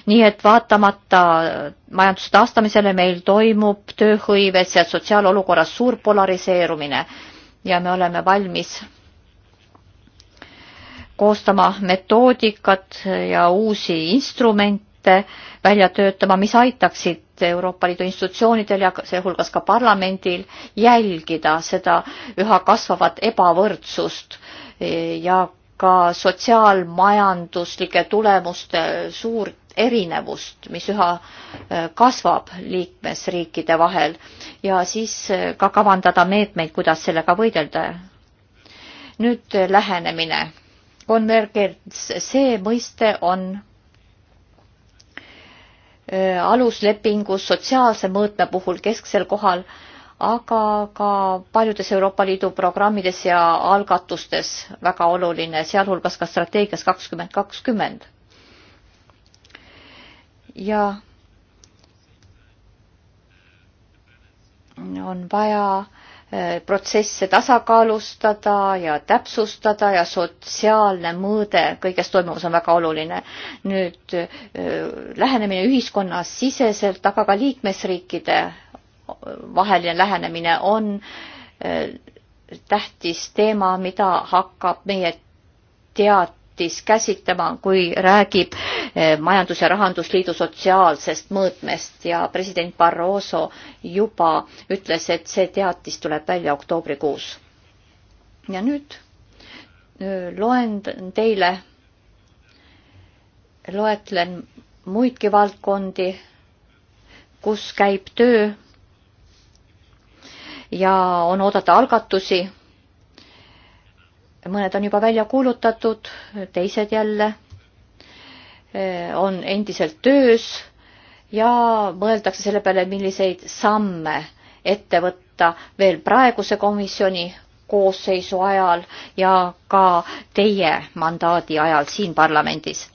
D: nii et vaatamata äh, majanduse taastamisele meil toimub tööhõives ja sotsiaalolukorras suur polariseerumine ja me oleme valmis koostama metoodikat ja uusi instrumente, ette välja töötama, mis aitaksid Euroopa Liidu institutsioonidel ja sealhulgas ka parlamendil jälgida seda üha kasvavat ebavõrdsust ja ka sotsiaalmajanduslike tulemuste suurt erinevust, mis üha äh, kasvab liikmesriikide vahel ja siis äh, ka kavandada meetmeid, kuidas sellega võidelda. nüüd lähenemine. konvergents, see mõiste on Äh, aluslepingus sotsiaalse mõõtme puhul kesksel kohal, aga ka paljudes Euroopa Liidu programmides ja algatustes väga oluline, sealhulgas ka strateegias kakskümmend kakskümmend. ja on vaja äh, Eh, protsesse tasakaalustada ja täpsustada ja sotsiaalne mõõde kõiges toimuvas on väga oluline. nüüd eh, lähenemine ühiskonnas siseselt, aga ka liikmesriikide vaheline lähenemine on eh, tähtis teema, mida hakkab meie tead-, hakatis käsitlema, kui räägib eh, Majandus- ja Rahandusliidu sotsiaalsest mõõtmest ja president Barroso juba ütles, et see teatis tuleb välja oktoobrikuus. ja nüüd eh, loen teile, loetlen muidki valdkondi, kus käib töö ja on oodata algatusi mõned on juba välja kuulutatud, teised jälle eh, on endiselt töös ja mõeldakse selle peale, milliseid samme ette võtta veel praeguse komisjoni koosseisu ajal ja ka teie mandaadi ajal siin parlamendis.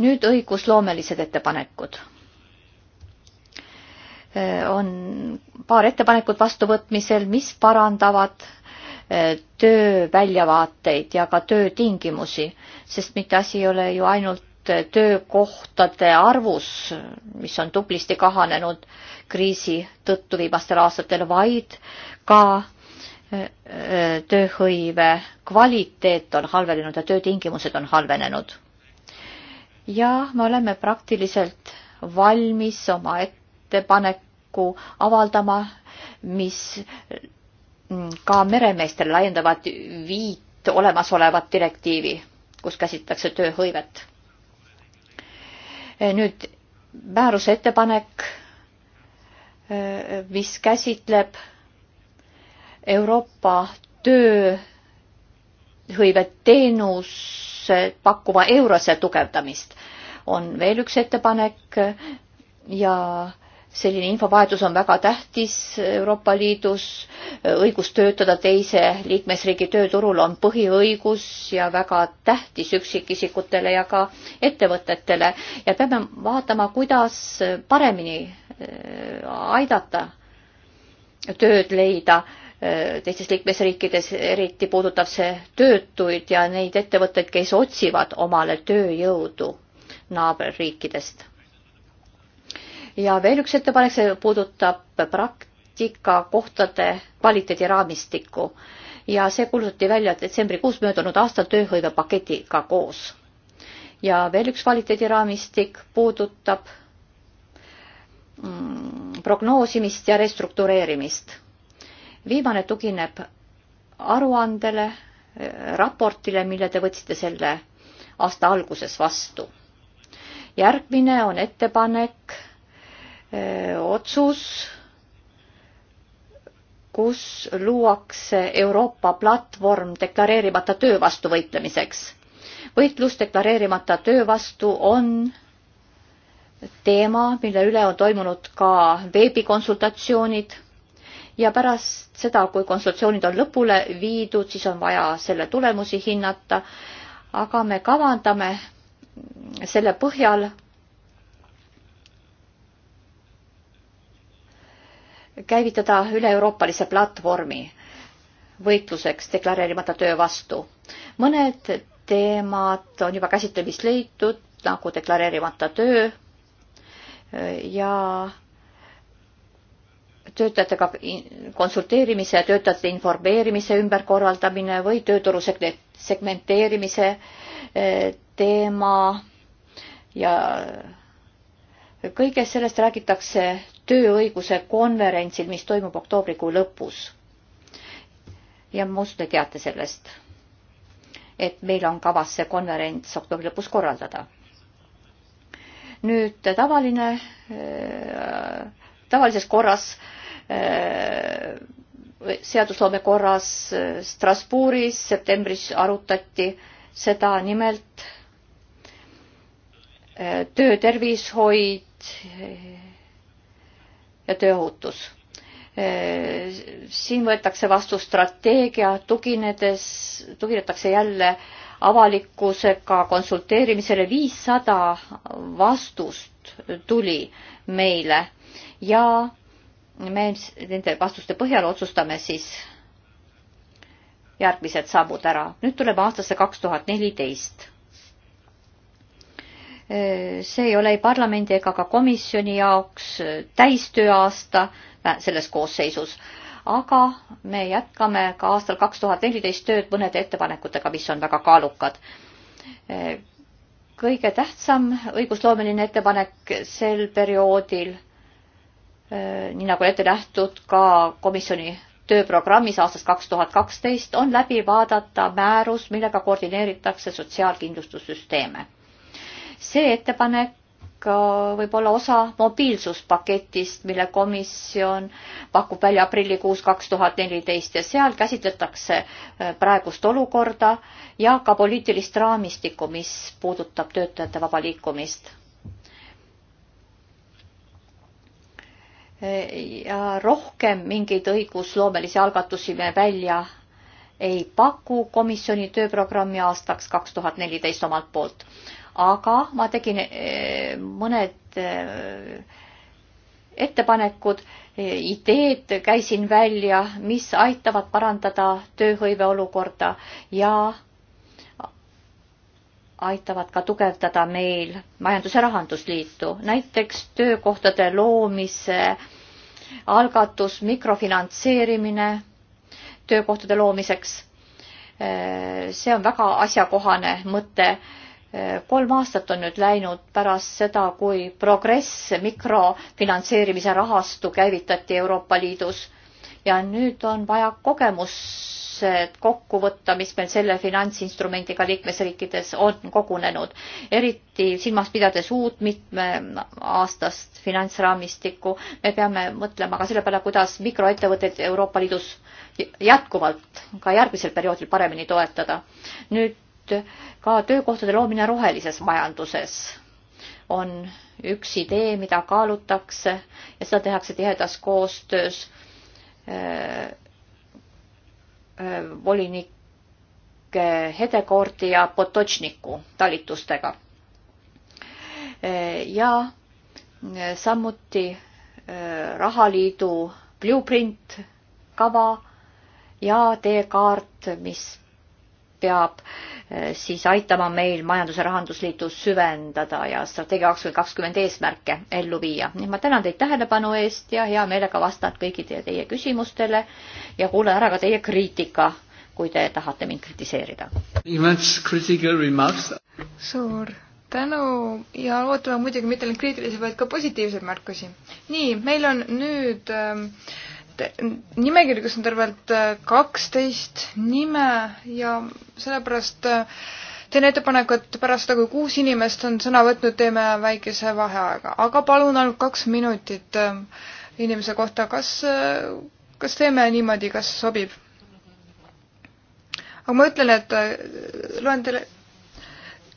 D: nüüd õigusloomelised ettepanekud. Eh, on paar ettepanekut vastuvõtmisel, mis parandavad Eh, töö väljavaateid ja ka töötingimusi, sest mitte asi ei ole ju ainult eh, töökohtade arvus, mis on tublisti kahanenud kriisi tõttu viimastel aastatel, vaid ka eh, tööhõive kvaliteet on halvenenud ja töötingimused on halvenenud. ja me oleme praktiliselt valmis oma ettepaneku avaldama, mis ka meremeestele laiendavad viit olemasolevat direktiivi, kus käsitletakse tööhõivet. nüüd määruse ettepanek, eh, mis käsitleb Euroopa tööhõiveteenuse pakkuva Eurose tugevdamist, on veel üks ettepanek ja äh, selline infovahetus on väga tähtis Euroopa Liidus, õigus töötada teise liikmesriigi tööturul on põhiõigus ja väga tähtis üksikisikutele ja ka ettevõtetele ja peame vaatama, kuidas paremini äh, aidata tööd leida äh, teistes liikmesriikides, eriti puudutab see töötuid ja neid ettevõtteid, kes otsivad omale tööjõudu naaberriikidest ja veel üks ettepanek, see puudutab praktikakohtade kvaliteediraamistikku ja see kuulutati välja detsembrikuus möödunud aastal tööhõivepaketiga koos. ja veel üks kvaliteediraamistik puudutab mm, prognoosimist ja restruktureerimist. viimane tugineb aruandele, eh, raportile, mille te võtsite selle aasta alguses vastu. järgmine on ettepanek otsus, kus luuakse Euroopa platvorm deklareerimata töö vastu võitlemiseks. võitlus deklareerimata töö vastu on teema, mille üle on toimunud ka veebikonsultatsioonid ja pärast seda, kui konsultatsioonid on lõpule viidud, siis on vaja selle tulemusi hinnata. aga me kavandame selle põhjal käivitada üle-euroopalise platvormi võitluseks deklareerimata töö vastu. mõned teemad on juba käsitlemist leitud, nagu deklareerimata töö ja töötajatega konsulteerimise ja töötajate informeerimise ümberkorraldamine või tööturu segmenteerimise eh, teema ja kõigest sellest räägitakse tööõiguse konverentsil, mis toimub oktoobrikuu lõpus. ja ma usun, te teate sellest, et meil on kavas see konverents oktoobri lõpus korraldada. nüüd tavaline, tavalises korras, seadusloome korras Strasbourgis septembris arutati seda nimelt töötervishoid ja tööohutus. siin võetakse vastu strateegia, tuginedes, tuginetakse jälle avalikkusega konsulteerimisele, viissada vastust tuli meile ja me nende vastuste põhjal otsustame siis järgmised sammud ära. nüüd tuleme aastasse kaks tuhat neliteist Äh, see ei ole ei parlamendi ega ka komisjoni jaoks äh, täistööaasta äh, selles koosseisus, aga me jätkame ka aastal kaks tuhat neliteist tööd mõnede ettepanekutega, mis on väga kaalukad. kõige tähtsam õigusloomeline ettepanek sel perioodil, nii nagu ette nähtud ka komisjoni tööprogrammis aastast kaks tuhat kaksteist, on läbi vaadata määrus, millega koordineeritakse sotsiaalkindlustussüsteeme see ettepanek äh, võib olla osa mobiilsuspaketist, mille komisjon pakub välja aprillikuus kaks tuhat neliteist ja seal käsitletakse äh, praegust olukorda ja ka poliitilist raamistikku, mis puudutab töötajate vaba liikumist. Äh, ja rohkem mingeid õigusloomelisi algatusi me välja ei paku komisjoni tööprogrammi aastaks kaks tuhat neliteist omalt poolt aga ma tegin eh, mõned eh, ettepanekud, eh, ideed käisin välja, mis aitavad parandada tööhõive olukorda ja aitavad ka tugevdada meil Majandus- ja Rahandusliitu, näiteks töökohtade loomise algatus, mikrofinantseerimine töökohtade loomiseks. see on väga asjakohane mõte kolm aastat on nüüd läinud pärast seda, kui progress mikrofinantseerimise rahastu käivitati Euroopa Liidus ja nüüd on vaja kogemused kokku võtta, mis meil selle finantsinstrumendiga liikmesriikides on kogunenud, eriti silmas pidades uut mitmeaastast finantsraamistikku. me peame mõtlema ka selle peale, kuidas mikroettevõtteid Euroopa Liidus jätkuvalt ka järgmisel perioodil paremini toetada. nüüd nüüd ka töökohtade loomine rohelises majanduses on üks idee, mida kaalutakse ja seda tehakse tihedas koostöös äh, äh, volinik Hedekoorti ja Potočniku talitustega äh,. ja äh, samuti äh, rahaliidu blueprint kava ja teekaart, mis peab eh, siis aitama meil majandus- ja rahandusliitu süvendada ja strateegia kakskümmend kakskümmend eesmärke ellu viia. nii et ma tänan teid tähelepanu eest ja hea meelega vastan kõikidele teie küsimustele ja kuulan ära ka teie kriitika, kui te tahate mind kritiseerida.
B: suur tänu ja ootame muidugi mitte ainult kriitilisi, vaid ka positiivseid märkusi. nii, meil on nüüd ähm, nimekirju, kus on tervelt äh, kaksteist nime ja sellepärast äh, teen ettepaneku, et pärast seda, kui kuus inimest on sõna võtnud, teeme väikese vaheaega, aga palun ainult kaks minutit äh, inimese kohta, kas, kas teeme niimoodi, kas sobib? aga ma ütlen, et loen teile,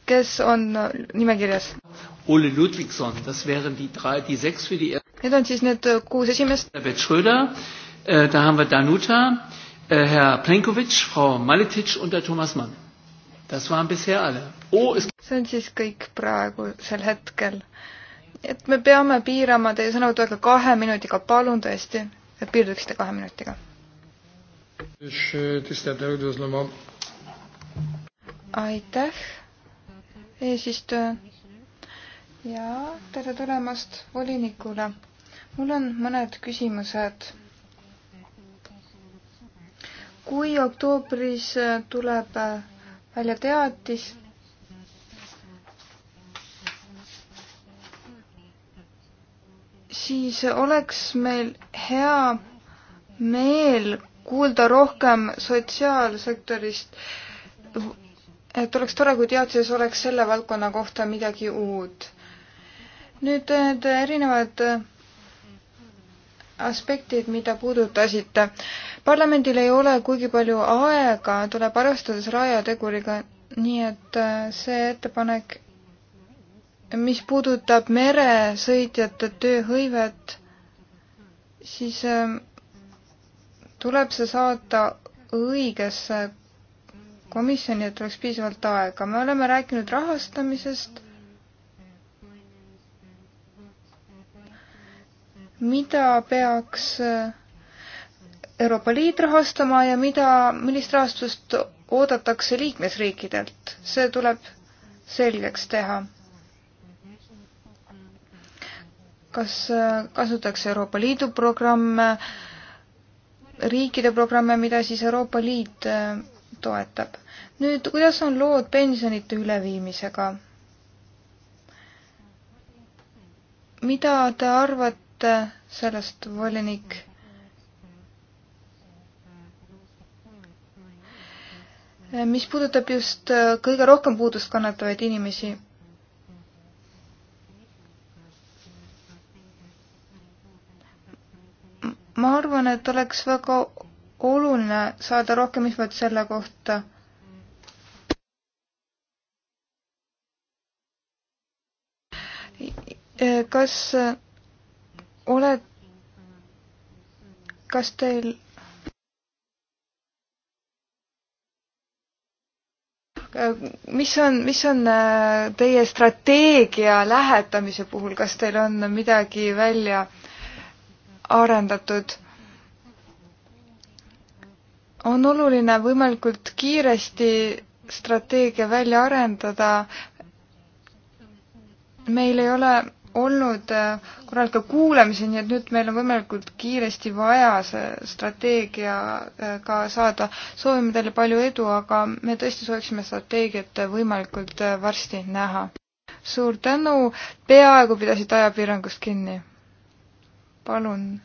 B: kes on nimekirjas.
A: Ole Ludvigson, das wären die drei, die sechs für die
B: Need on siis need äh, kuus esimest.
A: Äh, da haben wir Danuta, äh, Herr Plenkovic, Frau Maletic und Herr Thomas Mann. Das waren bisher alle.
B: Oh, es... see on siis kõik praegusel hetkel. et me peame piirama teie sõnavõttu aega kahe minutiga, palun tõesti, et piirduksite kahe minutiga. aitäh, eesistuja ja tere tulemast volinikule mul on mõned küsimused. kui oktoobris äh, tuleb äh, välja teatis, siis oleks meil hea meel kuulda rohkem sotsiaalsektorist, et oleks tore, kui teadses oleks selle valdkonna kohta midagi uut. nüüd äh, need erinevad aspektid, mida puudutasite. parlamendil ei ole kuigi palju aega, tuleb arvestades rajateguriga, nii et äh, see ettepanek, mis puudutab meresõitjate tööhõivet, siis äh, tuleb see saata õigesse komisjoni, et oleks piisavalt aega. me oleme rääkinud rahastamisest mida peaks äh, Euroopa Liit rahastama ja mida, millist rahastust oodatakse liikmesriikidelt, see tuleb selgeks teha. kas äh, kasutatakse Euroopa Liidu programme, riikide programme, mida siis Euroopa Liit äh, toetab? nüüd, kuidas on lood pensionite üleviimisega? mida te arvate rääkisite äh, sellest, volinik. Äh, mis puudutab just äh, kõige rohkem puudust kannatavaid inimesi. ma arvan, et oleks väga oluline saada rohkem infot selle kohta kas oled, kas teil mis on, mis on äh, teie strateegia lähetamise puhul, kas teil on midagi välja arendatud? on oluline võimalikult kiiresti strateegia välja arendada. meil ei ole olnud äh, korralikke kuulamisi, nii et nüüd meil on võimalikult kiiresti vaja see strateegia äh, ka saada. soovime teile palju edu, aga me tõesti sooviksime strateegiat võimalikult äh, varsti näha. suur tänu, peaaegu pidasite ajapiirangust kinni. palun.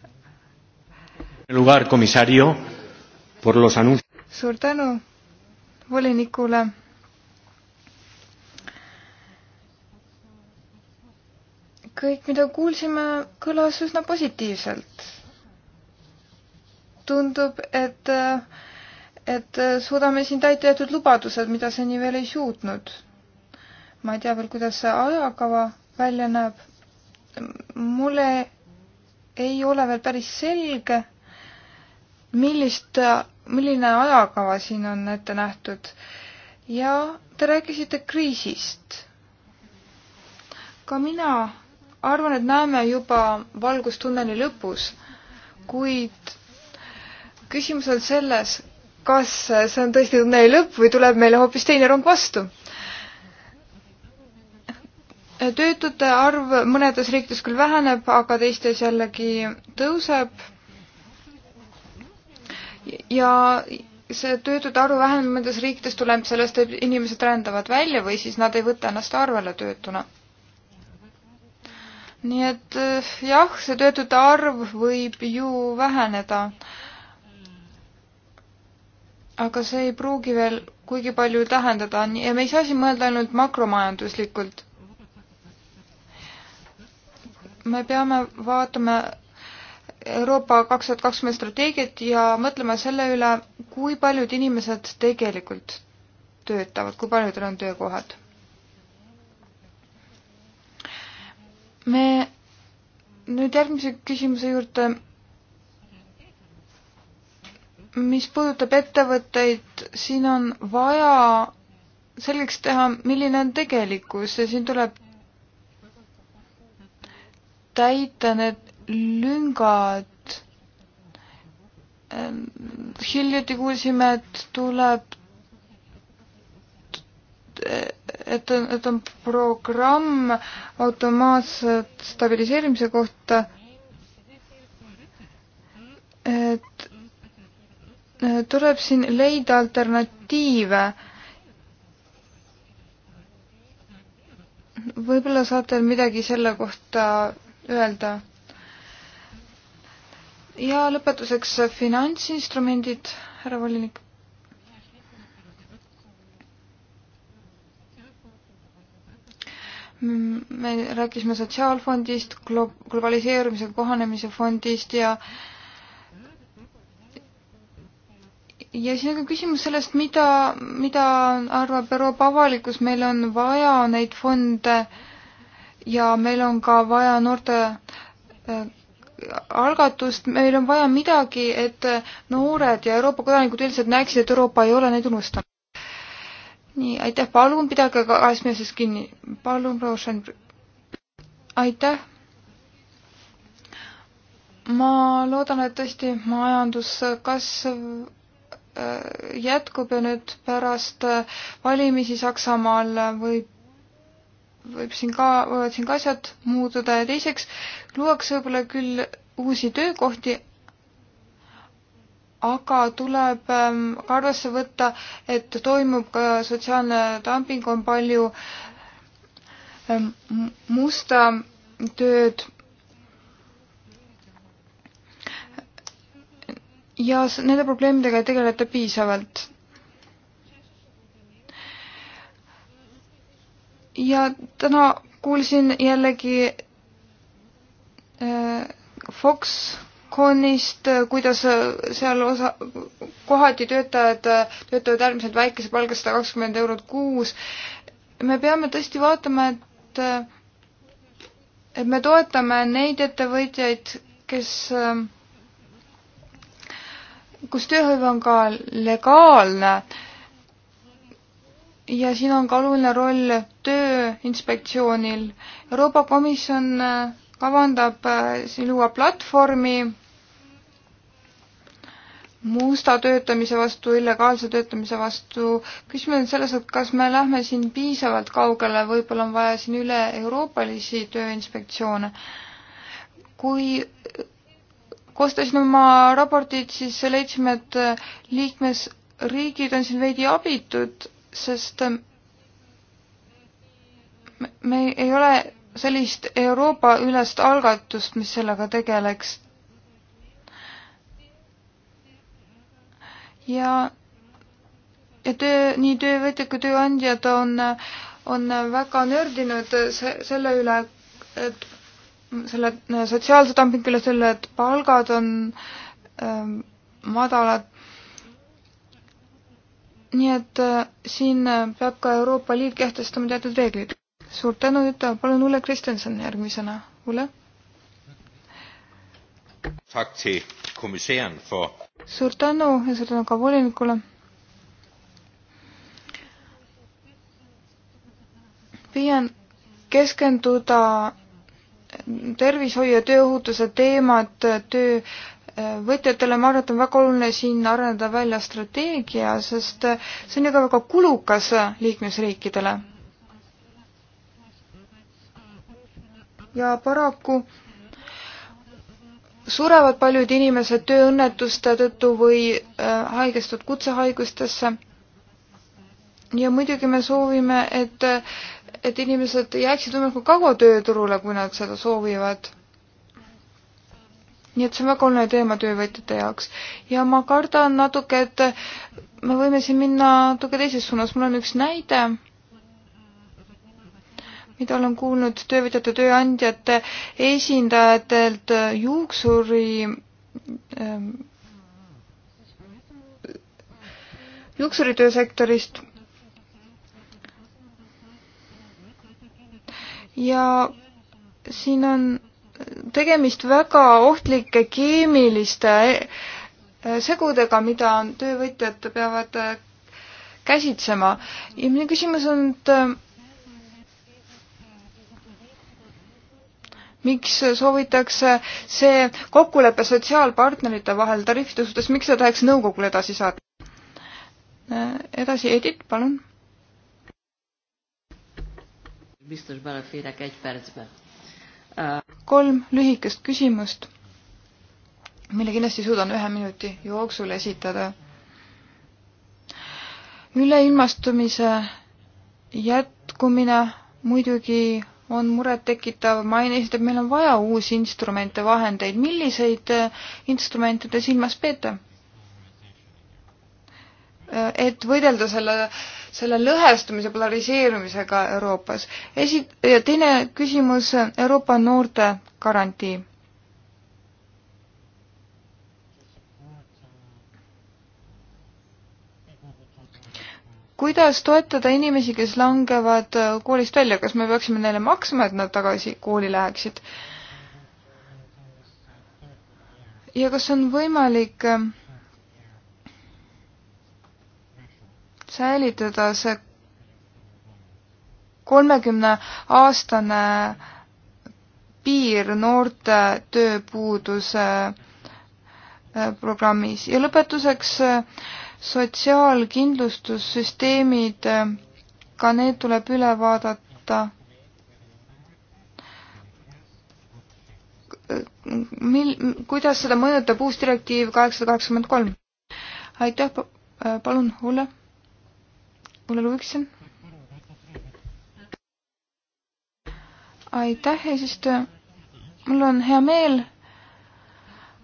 B: suur tänu volinikule kõik, mida kuulsime, kõlas üsna positiivselt. tundub, et, et suudame siin täita jäetud lubadused, mida seni veel ei suutnud. ma ei tea veel, kuidas see ajakava välja näeb. mulle ei ole veel päris selge, millist, milline ajakava siin on ette nähtud. ja te rääkisite kriisist. ka mina arvan, et näeme juba valgust tunneli lõpus, kuid küsimus on selles, kas see on tõesti tunneli lõpp või tuleb meile hoopis teine rong vastu. töötute arv mõnedes riikides küll väheneb, aga teistes jällegi tõuseb. ja see töötute arvu vähenev mõnedes riikides tuleb sellest, et inimesed rändavad välja või siis nad ei võta ennast arvele töötuna nii et eh, jah, see töötute arv võib ju väheneda. aga see ei pruugi veel kuigi palju tähendada ja me ei saa siin mõelda ainult makromajanduslikult. me peame vaatama Euroopa kaks tuhat kakskümmend strateegiat ja mõtlema selle üle, kui paljud inimesed tegelikult töötavad, kui paljudel on töökohad me nüüd järgmise küsimuse juurde, mis puudutab ettevõtteid, siin on vaja selgeks teha, milline on tegelikkus ja siin tuleb täita need lüngad. Ehm, hiljuti kuulsime, et tuleb et on, et on programm automaatse stabiliseerimise kohta, et tuleb siin leida alternatiive. võib-olla saate midagi selle kohta öelda? ja lõpetuseks finantsinstrumendid, härra volinik Mm, me rääkisime sotsiaalfondist, glo-, globaliseerumise kohanemise fondist ja ja siin on ka küsimus sellest, mida, mida arvab Euroopa avalikkus, meil on vaja neid fonde ja meil on ka vaja noorte äh, algatust, meil on vaja midagi, et noored ja Euroopa kodanikud üldiselt näeksid, et Euroopa ei ole neid unustanud nii, aitäh, palun pidage kahest minutist kinni. palun, proua Schönberg. aitäh. ma loodan, et tõesti majanduskasv äh, jätkub ja nüüd pärast äh, valimisi Saksamaal äh, võib, võib siin ka, võivad siin ka asjad muutuda ja teiseks luuakse võib-olla küll uusi töökohti, aga tuleb ähm, ka arvesse võtta, et toimub ka sotsiaalne dumping, on palju ähm, musta tööd. ja nende probleemidega ei tegeleta piisavalt. ja täna kuulsin jällegi äh, Fox konist, äh, kuidas äh, seal osa, kohati töötajad äh, töötavad äärmiselt väikese palga, sada kakskümmend eurot kuus. me peame tõesti vaatama, et, et me toetame neid ettevõtjaid, kes, kus tööhõive on ka legaalne. ja siin on ka oluline roll Tööinspektsioonil. Euroopa Komisjon kavandab äh, siin luua platvormi musta töötamise vastu, illegaalse töötamise vastu. küsimus on selles, et kas me lähme siin piisavalt kaugele, võib-olla on vaja siin üle-euroopalisi tööinspektsioone. kui koostasin oma raportit, siis leidsime, et liikmesriigid on siin veidi abitud, sest me ei ole sellist Euroopa-ülest algatust, mis sellega tegeleks. ja, ja töö, nii töövõtjad kui tööandjad on, on väga nördinud se selle üle, et selle sotsiaalse dumpingu üle, selle, et palgad on ähm, madalad. nii et äh, siin peab ka Euroopa Liit kehtestama teatud reeglid suur tänu, Juta, palun Ulle Kristjanson järgmisena, Ulle. suur tänu ja suur tänu ka volinikule. püüan keskenduda tervishoiu ja tööohutuse teemad töö äh, võtjatele, ma arvan, et on väga oluline siin arendada välja strateegia, sest see on ju ka väga kulukas liikmesriikidele. ja paraku surevad paljud inimesed tööõnnetuste tõttu või äh, haigestud kutsehaigustesse. ja muidugi me soovime, et, et inimesed jääksid võimalikult kaua tööturule, kui nad seda soovivad. nii et see on väga oluline teema töövõtjate jaoks ja ma kardan natuke, et me võime siin minna natuke teises suunas, mul on üks näide mida olen kuulnud töövõtjate tööandjate esindajatelt äh, juuksuri ähm, juuksuritöösektorist. ja siin on tegemist väga ohtlike keemiliste äh, segudega, mida töövõtjad peavad äh, käsitsema ja minu küsimus on, et miks soovitakse see kokkulepe sotsiaalpartnerite vahel tariifide suhtes, miks seda tahaks nõukogule edasi saata? edasi, Edith, palun. kolm lühikest küsimust, mille kindlasti suudan ühe minuti jooksul esitada. üleilmastumise jätkumine muidugi on murettekitav, mainisite, et meil on vaja uusi instrumente, vahendeid, milliseid äh, instrumente te silmas peete? Äh, et võidelda selle, selle lõhestumise, polariseerumisega Euroopas. esi-, teine küsimus, Euroopa noorte garantii kuidas toetada inimesi, kes langevad äh, koolist välja, kas me peaksime neile maksma, et nad tagasi kooli läheksid? ja kas on võimalik äh, säilitada see kolmekümne aastane piir noorte tööpuuduse äh, programmis ja lõpetuseks äh, sotsiaalkindlustussüsteemid, äh, ka need tuleb üle vaadata. mil, kuidas seda mõjutab uus direktiiv kaheksasada kaheksakümmend kolm? aitäh, äh, palun, Ulle. Ulle Luikson. aitäh, eesistuja. mul on hea meel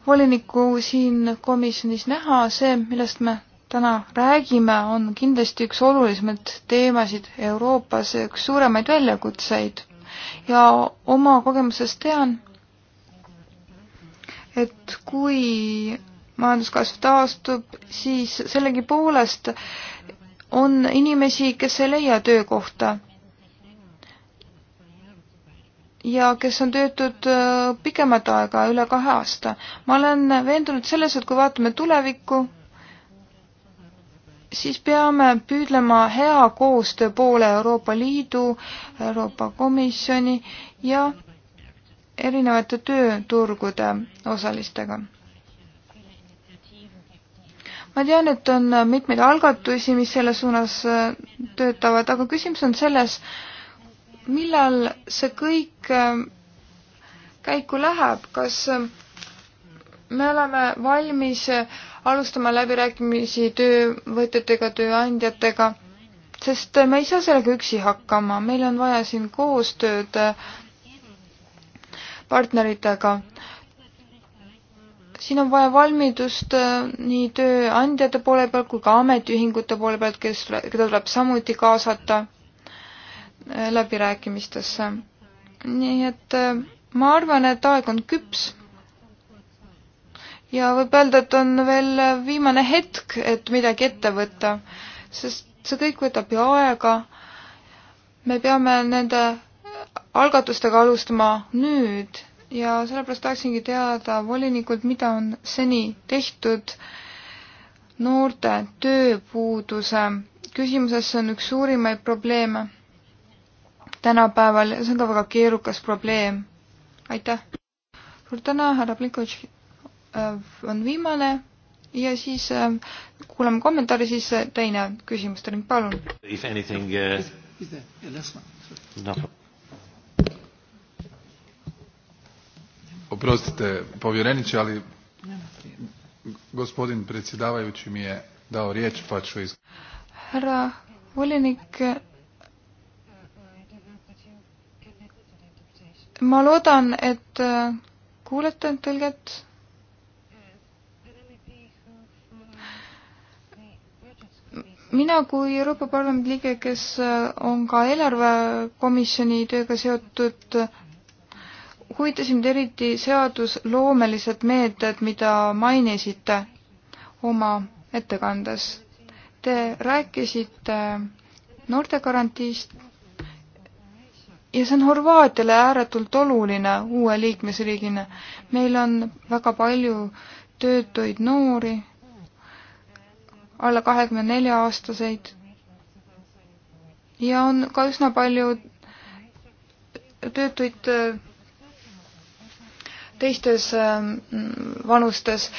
B: volinikku siin komisjonis näha, see, millest me täna räägime, on kindlasti üks olulisemaid teemasid Euroopas, üks suuremaid väljakutseid. ja oma kogemusest tean, et kui majanduskasv taastub, siis sellegipoolest on inimesi, kes ei leia töökohta ja kes on töötud äh, pikemat aega, üle kahe aasta. ma olen veendunud selles, et kui vaatame tulevikku, siis peame püüdlema hea koostöö poole Euroopa Liidu, Euroopa Komisjoni ja erinevate tööturgude osalistega. ma tean, et on mitmeid algatusi, mis selles suunas äh, töötavad, aga küsimus on selles, millal see kõik äh, käiku läheb, kas äh, me oleme valmis äh, alustama läbirääkimisi töövõtjatega, tööandjatega, sest me ei saa sellega üksi hakkama, meil on vaja siin koostööd partneritega. siin on vaja valmidust äh, nii tööandjate poole pealt kui ka ametiühingute poole pealt, kes, keda tuleb samuti kaasata äh, läbirääkimistesse. nii et äh, ma arvan, et aeg on küps ja võib öelda, et on veel viimane hetk, et midagi ette võtta, sest see kõik võtab ju aega. me peame nende algatustega alustama nüüd ja sellepärast tahaksingi teada volinikult, mida on seni tehtud noorte tööpuuduse küsimuses, see on üks suurimaid probleeme tänapäeval ja see on ka väga keerukas probleem. aitäh! suur tänu, härra Plinkovitš! Äh, on viimane ja siis äh, kuulame kommentaari, siis äh, teine küsimuste ring, palun.
A: If anything uh.... Is there a last one? No. Oprostite, povjereniče, ali gospodin predsjedavajući mi je dao riječ, pa ću iz...
B: Härra volinik, ma loodan, et kuulete tõlget mina kui Euroopa Parlamendi liige, kes äh, on ka eelarvekomisjoni tööga seotud, huvitasid mind eriti seadusloomelised meetmed, mida mainisite oma ettekandes. Te rääkisite noortegarantiist ja see on Horvaatiale ääretult oluline uue liikmesriigina. meil on väga palju töötuid noori alla kahekümne nelja aastaseid ja on ka üsna palju töötuid äh, teistes äh, vanustes.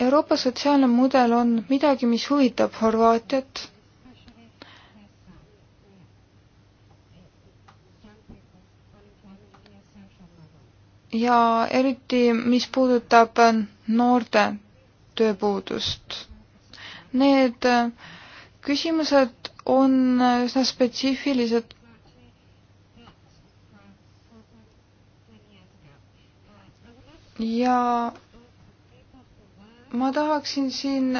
B: Euroopa sotsiaalne mudel on midagi, mis huvitab Horvaatiat. ja eriti, mis puudutab äh, noorte tööpuudust. Need äh, küsimused on üsna spetsiifilised. ja ma tahaksin siin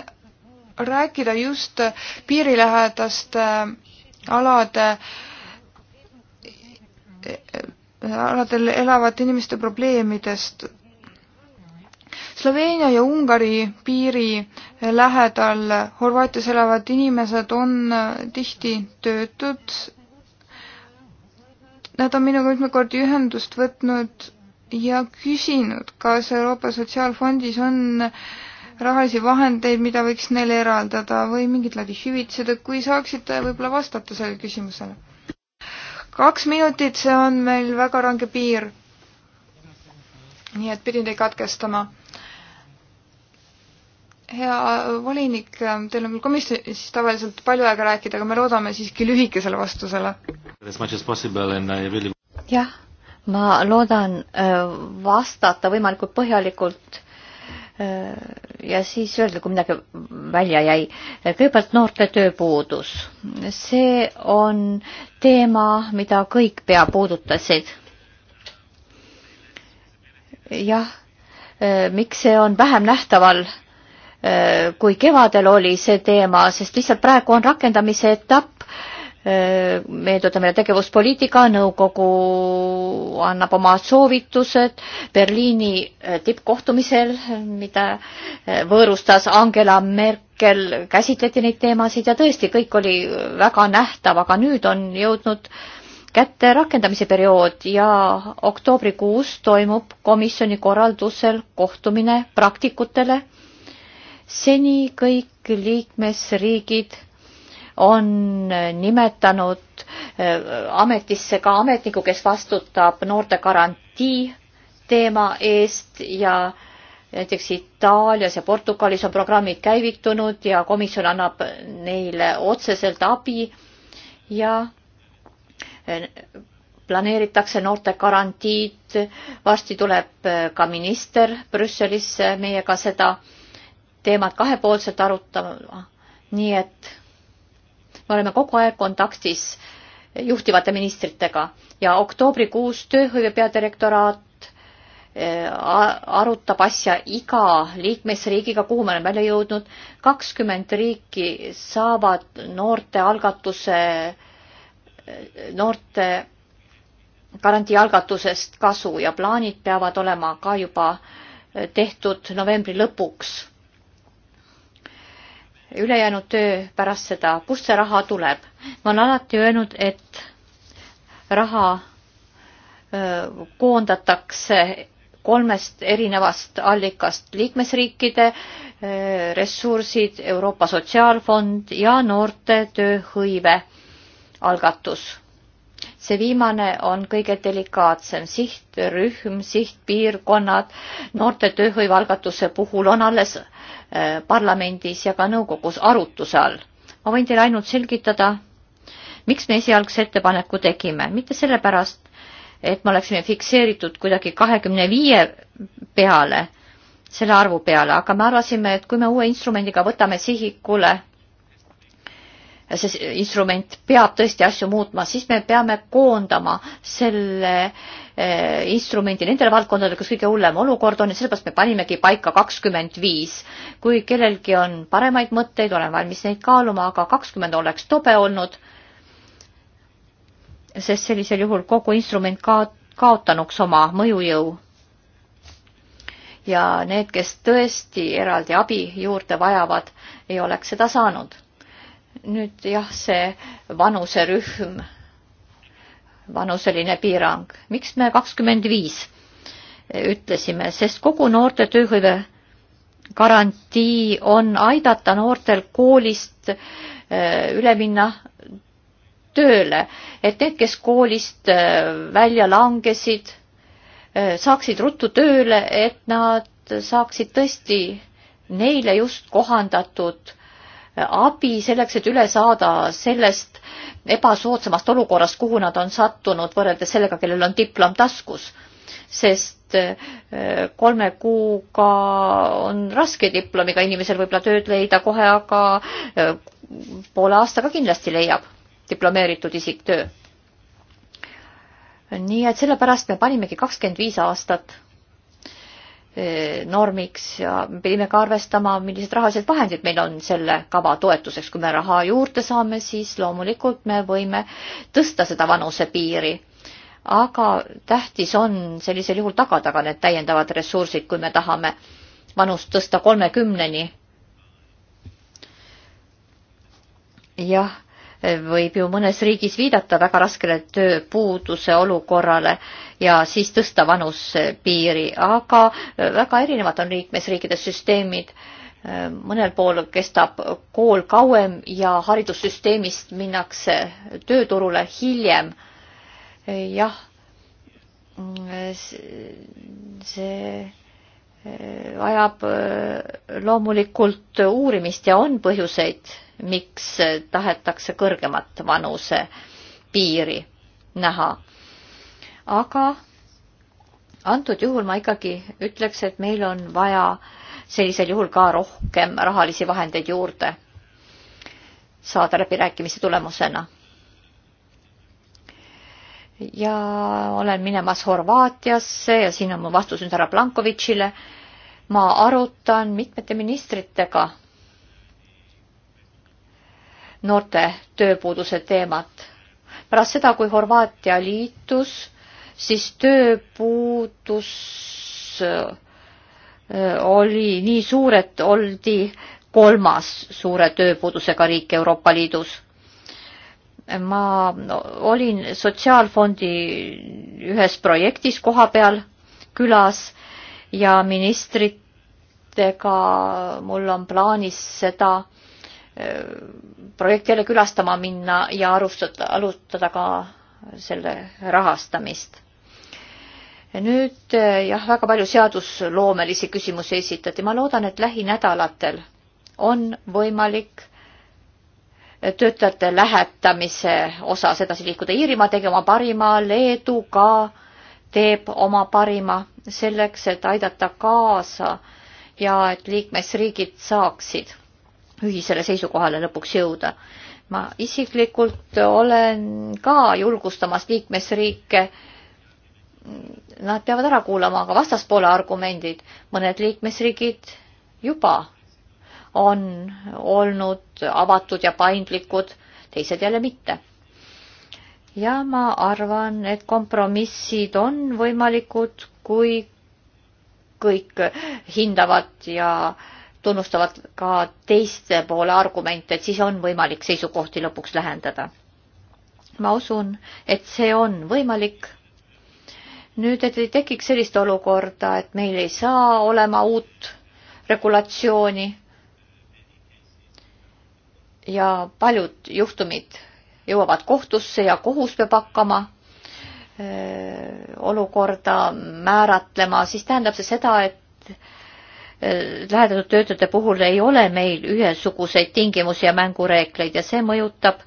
B: rääkida just piirilähedaste äh, alade, äh, aladel elavate inimeste probleemidest Sloveenia ja Ungari piiri lähedal Horvaatias elavad inimesed on äh, tihti töötud. Nad on minuga mitmeid kordi ühendust võtnud ja küsinud, kas Euroopa Sotsiaalfondis on rahalisi vahendeid, mida võiks neile eraldada või mingid läbi hüvitised, et kui saaksite võib-olla vastata sellele küsimusele. kaks minutit, see on meil väga range piir. nii et pidin teid katkestama hea volinik, teil on küll komisjonis tavaliselt
D: palju aega rääkida, aga me loodame siiski lühikesele vastusele. jah, ma loodan äh, vastata võimalikult põhjalikult äh, ja siis öelda, kui midagi välja jäi. kõigepealt noorte tööpuudus. see on teema, mida kõik pea puudutasid. jah, äh, miks see on vähem nähtaval Äh, kui kevadel oli see teema, sest lihtsalt praegu on rakendamise etapp. meenutada äh, meile tegevuspoliitika, nõukogu annab oma soovitused Berliini äh, tippkohtumisel, mida võõrustas Angela Merkel, käsitleti neid teemasid ja tõesti, kõik oli väga nähtav, aga nüüd on jõudnud kätte rakendamise periood ja oktoobrikuus toimub komisjoni korraldusel kohtumine praktikutele seni kõik liikmesriigid on nimetanud äh, ametisse ka ametniku, kes vastutab noorte garantii teema eest ja näiteks Itaalias ja Portugalis on programmid käivitunud ja komisjon annab neile otseselt abi ja äh, planeeritakse noorte garantiid. varsti tuleb äh, ka minister Brüsselisse meiega seda teemat kahepoolselt arutama. nii et me oleme kogu aeg kontaktis juhtivate ministritega ja oktoobrikuus tööhõive peadirektoraat eh, arutab asja iga liikmesriigiga, kuhu me oleme välja jõudnud. kakskümmend riiki saavad noorte algatuse, noorte garantii algatusest kasu ja plaanid peavad olema ka juba tehtud novembri lõpuks ülejäänud töö pärast seda, kust see raha tuleb. ma olen alati öelnud, et raha öö, koondatakse kolmest erinevast allikast liikmesriikide öö, ressursid, Euroopa Sotsiaalfond ja noorte tööhõive algatus see viimane on kõige delikaatsem sihtrühm, sihtpiirkonnad noorte tööhõivealgatuse puhul on alles äh, parlamendis ja ka nõukogus arutluse all. ma võin teile ainult selgitada, miks me esialgse ettepaneku tegime, mitte sellepärast, et me oleksime fikseeritud kuidagi kahekümne viie peale, selle arvu peale, aga me arvasime, et kui me uue instrumendiga võtame sihikule see instrument peab tõesti asju muutma, siis me peame koondama selle eh, instrumendi nendele valdkondadele, kus kõige hullem olukord on ja sellepärast me panimegi paika kakskümmend viis. kui kellelgi on paremaid mõtteid, olen valmis neid kaaluma, aga kakskümmend oleks tobe olnud, sest sellisel juhul kogu instrument ka-, kaotanuks oma mõjujõu. ja need, kes tõesti eraldi abi juurde vajavad, ei oleks seda saanud nüüd jah, see vanuserühm, vanuseline piirang, miks me kakskümmend viis ütlesime, sest kogu noorte tööhõive garantii on aidata noortel koolist eh, üle minna tööle, et need, kes koolist eh, välja langesid, eh, saaksid ruttu tööle, et nad saaksid tõesti neile just kohandatud abi selleks, et üle saada sellest ebasoodsamast olukorrast, kuhu nad on sattunud võrreldes sellega, kellel on diplom taskus. sest äh, kolme kuuga on raske diplomiga inimesel võib-olla tööd leida kohe, aga äh, poole aastaga kindlasti leiab diplomeeritud isik töö. nii et sellepärast me panimegi kakskümmend viis aastat Eh, normiks ja me pidime ka arvestama, millised rahalised vahendid meil on selle kava toetuseks. kui me raha juurde saame, siis loomulikult me võime tõsta seda vanusepiiri. aga tähtis on sellisel juhul tagada ka need täiendavad ressursid, kui me tahame vanust tõsta kolmekümneni. jah võib ju mõnes riigis viidata väga raskele tööpuuduse olukorrale ja siis tõsta vanuspiiri, aga väga erinevad on liikmesriikide süsteemid. mõnel pool kestab kool kauem ja haridussüsteemist minnakse tööturule hiljem. jah, see vajab loomulikult uurimist ja on põhjuseid miks tahetakse kõrgemat vanusepiiri näha. aga antud juhul ma ikkagi ütleks, et meil on vaja sellisel juhul ka rohkem rahalisi vahendeid juurde saada läbirääkimise tulemusena. ja olen minemas Horvaatiasse ja siin on mu vastus nüüd härra Plankovitšile. ma arutan mitmete ministritega noorte tööpuuduse teemat. pärast seda, kui Horvaatia liitus, siis tööpuudus äh, oli nii suur, et oldi kolmas suure tööpuudusega riik Euroopa Liidus. ma olin Sotsiaalfondi ühes projektis kohapeal külas ja ministritega mul on plaanis seda projekti jälle külastama minna ja arustada, arutada ka selle rahastamist. nüüd jah, väga palju seadusloomelisi küsimusi esitati, ma loodan, et lähinädalatel on võimalik töötajate lähetamise osas edasi liikuda. Iirimaa tegi oma parima, Leedu ka teeb oma parima selleks, et aidata kaasa ja et liikmesriigid saaksid ühisele seisukohale lõpuks jõuda. ma isiklikult olen ka julgustamas liikmesriike Nad peavad ära kuulama ka vastaspoole argumendid. mõned liikmesriigid juba on olnud avatud ja paindlikud, teised jälle mitte. ja ma arvan, et kompromissid on võimalikud, kui kõik hindavad ja äh, tunnustavad ka teiste poole argumente, et siis on võimalik seisukohti lõpuks lähendada. ma usun, et see on võimalik. nüüd, et ei tekiks sellist olukorda, et meil ei saa olema uut regulatsiooni. ja paljud juhtumid jõuavad kohtusse ja kohus peab hakkama öö, äh, olukorda määratlema, siis tähendab see seda, et Äh, lähedatud töötajate puhul ei ole meil ühesuguseid tingimusi ja mängureegleid ja see mõjutab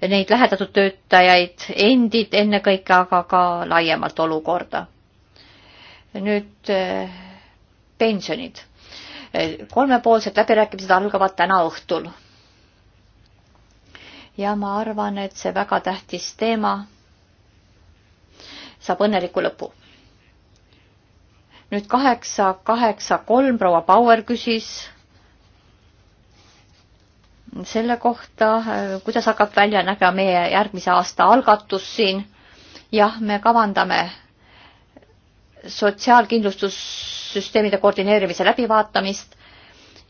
D: neid lähedatud töötajaid endid ennekõike, aga ka laiemalt olukorda. nüüd äh, pensionid. Äh, kolmepoolsed läbirääkimised algavad täna õhtul. ja ma arvan, et see väga tähtis teema saab õnneliku lõpu nüüd kaheksa, kaheksa, kolm proua Bauer küsis selle kohta, kuidas hakkab välja nägema meie järgmise aasta algatus siin. jah, me kavandame sotsiaalkindlustussüsteemide koordineerimise läbivaatamist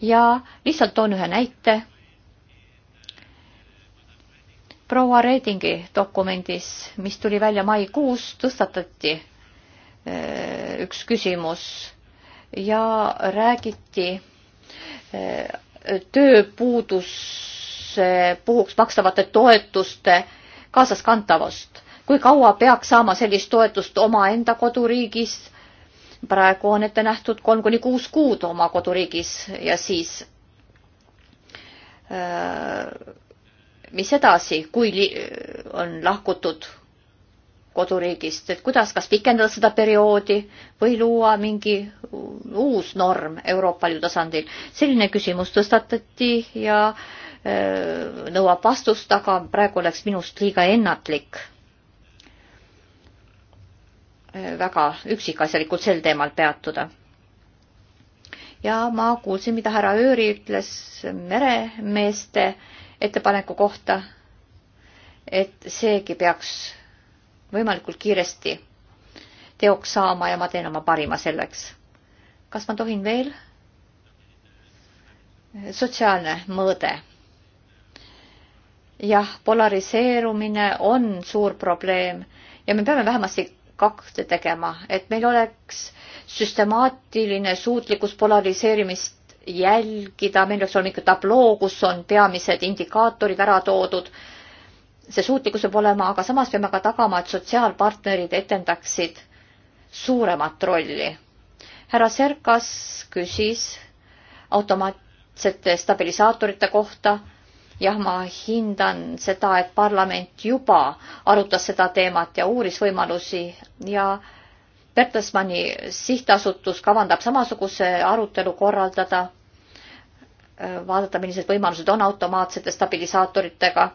D: ja lihtsalt toon ühe näite. proua Redingi dokumendis, mis tuli välja maikuus, tõstatati Äh, üks küsimus ja räägiti äh, tööpuuduse puhuks makstavate toetuste kaasaskantavust. kui kaua peaks saama sellist toetust omaenda koduriigis? praegu on ette nähtud kolm kuni kuus kuud oma koduriigis ja siis äh, mis edasi, kui on lahkutud koduriigist, et kuidas, kas pikendada seda perioodi või luua mingi uus norm Euroopa Liidu tasandil. selline küsimus tõstatati ja öö, äh, nõuab vastust, aga praegu oleks minust liiga ennatlik äh, väga üksikasjalikult sel teemal peatuda. ja ma kuulsin, mida härra Ööri ütles meremeeste ettepaneku kohta, et seegi peaks võimalikult kiiresti teoks saama ja ma teen oma parima selleks. kas ma tohin veel? sotsiaalne mõõde. jah, polariseerumine on suur probleem ja me peame vähemasti kakte tegema, et meil oleks süstemaatiline suutlikkus polariseerimist jälgida, meil peaks olema ikka tabloo, kus on peamised indikaatorid ära toodud see suutlikkus peab olema, aga samas peame ka tagama, et sotsiaalpartnerid etendaksid suuremat rolli. härra Serkas küsis automaatsete stabilisaatorite kohta. jah, ma hindan seda, et parlament juba arutas seda teemat ja uuris võimalusi ja Bertelsmanni sihtasutus kavandab samasuguse arutelu korraldada, vaadata, millised võimalused on automaatsete stabilisaatoritega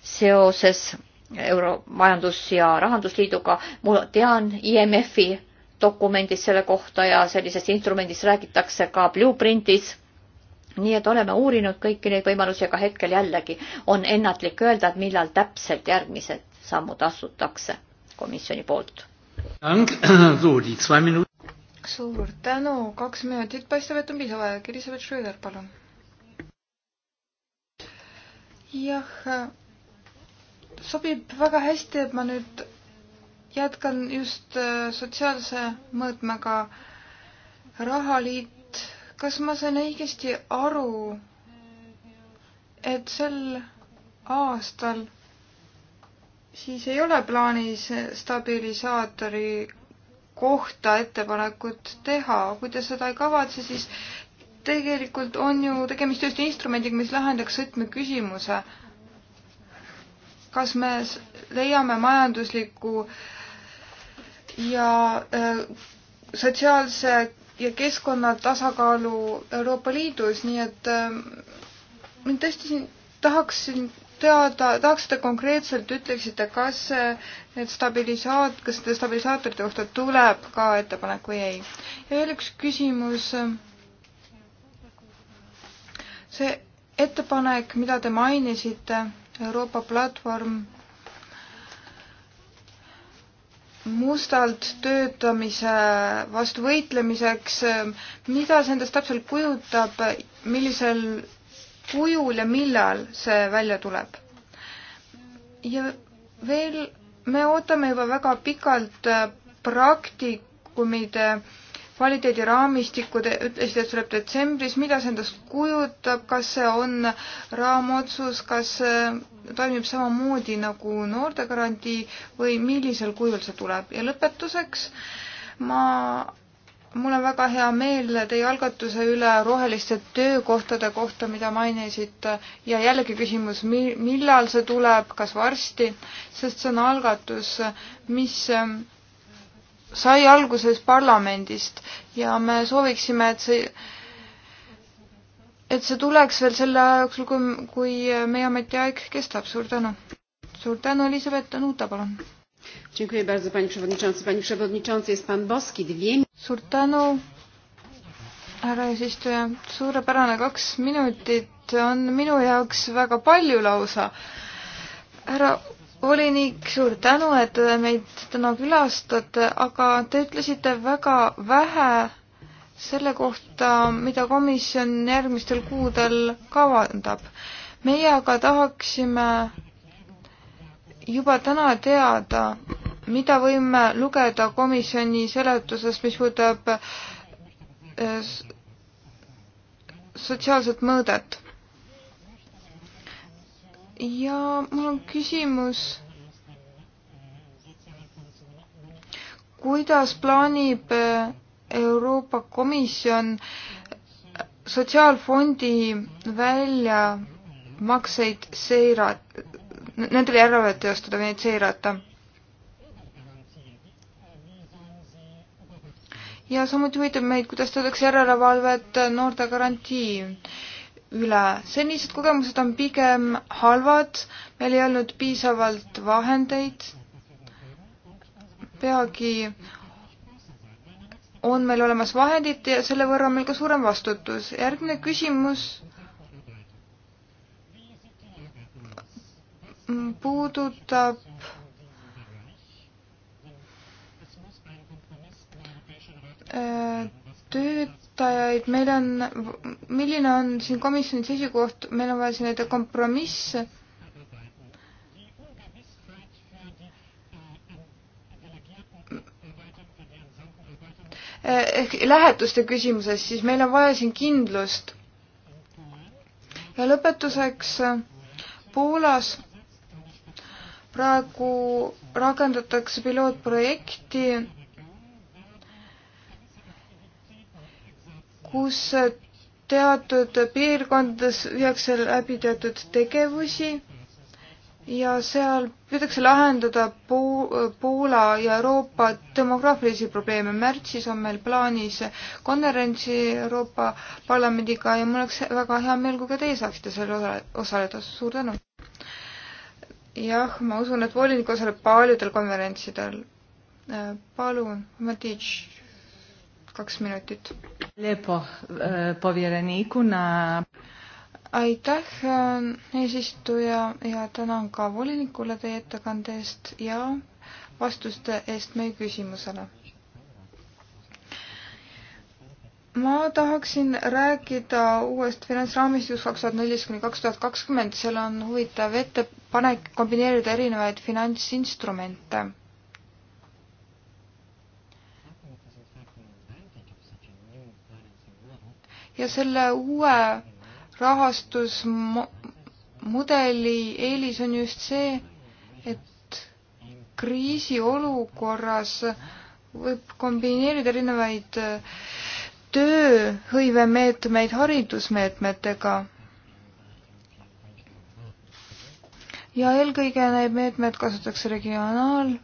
D: seoses Euro-, Majandus- ja Rahandusliiduga. ma tean IMF-i dokumendis selle kohta ja sellisest instrumendist räägitakse ka blueprintis. nii et oleme uurinud kõiki neid võimalusi, aga hetkel jällegi on ennatlik öelda, et millal täpselt järgmised sammud astutakse komisjoni poolt.
B: suur tänu, kaks minutit paistab, et on piisav aeg. Elisabeth Schröder, palun. jah sobib väga hästi, et ma nüüd jätkan just äh, sotsiaalse mõõtmega rahaliit. kas ma sain õigesti aru, et sel aastal siis ei ole plaanis stabilisaatori kohta ettepanekut teha, kui te seda ei kavatse, siis tegelikult on ju tegemist just instrumendiga, mis lahendaks sõtmeküsimuse kas me leiame majandusliku ja äh, sotsiaalse ja keskkonna tasakaalu Euroopa Liidus, nii et äh, mind tõesti tahaksin teada, tahaks te konkreetselt ütleksite, kas need stabilisaat-, kas nende stabilisaatorite kohta tuleb ka ettepanek või ei? ja veel üks küsimus. see ettepanek, mida te mainisite Euroopa platvorm mustalt töötamise vastu võitlemiseks, mida see endast täpselt kujutab, millisel kujul ja millal see välja tuleb? ja veel me ootame juba väga pikalt praktikumide kvaliteediraamistikku, te ütlesite, et see tuleb detsembris, mida see endast kujutab, kas see on raamotsus, kas toimib samamoodi nagu noortegarantii või millisel kujul see tuleb ja lõpetuseks ma mul on väga hea meel teie algatuse üle roheliste töökohtade kohta, mida mainisite ja jällegi küsimus, millal see tuleb, kas varsti, sest see on algatus, mis ähm, sai alguses parlamendist ja me sooviksime, et see et see tuleks veel selle aja jooksul, kui, kui meie ametiaeg kestab. suur tänu. suur tänu, Elisabeth Anuta, palun. suur tänu, härra eesistuja. suurepärane kaks minutit on minu jaoks väga palju lausa. härra volinik, suur tänu, et meid täna külastate, aga te ütlesite väga vähe selle kohta, mida komisjon järgmistel kuudel kavandab. meie aga tahaksime juba täna teada, mida võime lugeda komisjoni seletusest, mis puudutab äh, sotsiaalset mõõdet. ja mul on küsimus. kuidas plaanib äh, Euroopa Komisjon sotsiaalfondi väljamakseid seira-, nendele järelevalvet teostada või neid seirata. ja samuti huvitab meid, kuidas tehakse järelevalvet noortegarantii üle. senised kogemused on pigem halvad, meil ei olnud piisavalt vahendeid. peagi on meil olemas vahendid ja selle võrra on meil ka suurem vastutus. järgmine küsimus puudutab töötajaid, meil on, milline on siin komisjoni seisukoht, meil on vaja siin leida kompromiss ehk lähetuste küsimuses, siis meil on vaja siin kindlust. ja lõpetuseks Poolas praegu rakendatakse pilootprojekti, kus teatud piirkondades viiakse läbi teatud tegevusi ja seal püütakse lahendada Poola ja Euroopa demograafilisi probleeme. märtsis on meil plaanis konverentsi Euroopa Parlamendiga ja mul oleks väga hea meel, kui ka teie saaksite sellel osaleda. suur tänu! jah, ma usun, et volinik osaleb paljudel konverentsidel. Äh, palun, Matič, kaks minutit.
E: Lepo, äh, povjereniku na
B: aitäh, äh, eesistuja, ja tänan ka volinikule teie ettekande eest ja vastuste eest meie küsimusele. ma tahaksin rääkida uuest finantsraamistikust kaks tuhat neliteist kuni kaks tuhat kakskümmend, seal on huvitav ettepanek kombineerida erinevaid finantsinstrumente ja selle uue rahastusmudeli eelis on just see, et kriisiolukorras võib kombineerida erinevaid äh, tööhõivemeetmeid haridusmeetmetega. ja eelkõige neid meetmeid kasutatakse regionaalfondis,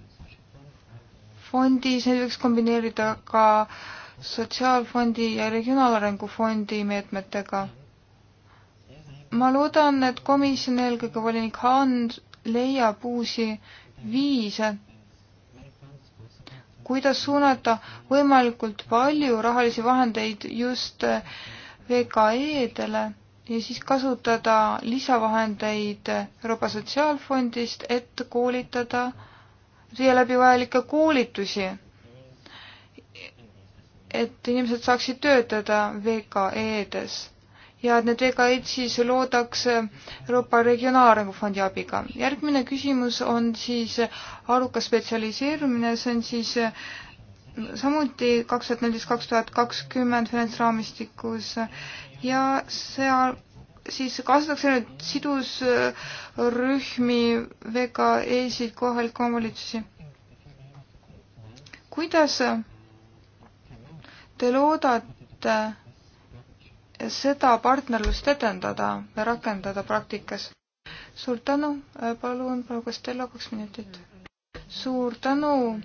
B: neid võiks kombineerida ka sotsiaalfondi ja regionaalarengu fondi meetmetega ma loodan, et komisjon, eelkõige volinik Haan leiab uusi viise, kuidas suunata võimalikult palju rahalisi vahendeid just VKE-dele ja siis kasutada lisavahendeid Euroopa Sotsiaalfondist, et koolitada, viia läbi vajalikke koolitusi, et inimesed saaksid töötada VKE-des ja et need VKE-d siis loodakse Euroopa Regionaalarengu Fondi abiga. järgmine küsimus on siis arukas spetsialiseerumine, see on siis äh, samuti kaks tuhat neliteist, kaks tuhat kakskümmend finantsraamistikus ja seal siis kaasatakse nüüd sidusrühmi VKE-sid, kohalikke omavalitsusi. kuidas te loodate seda partnerlust edendada ja rakendada praktikas. suur tänu, äh, palun, proua Costello, kaks minutit. suur tänu,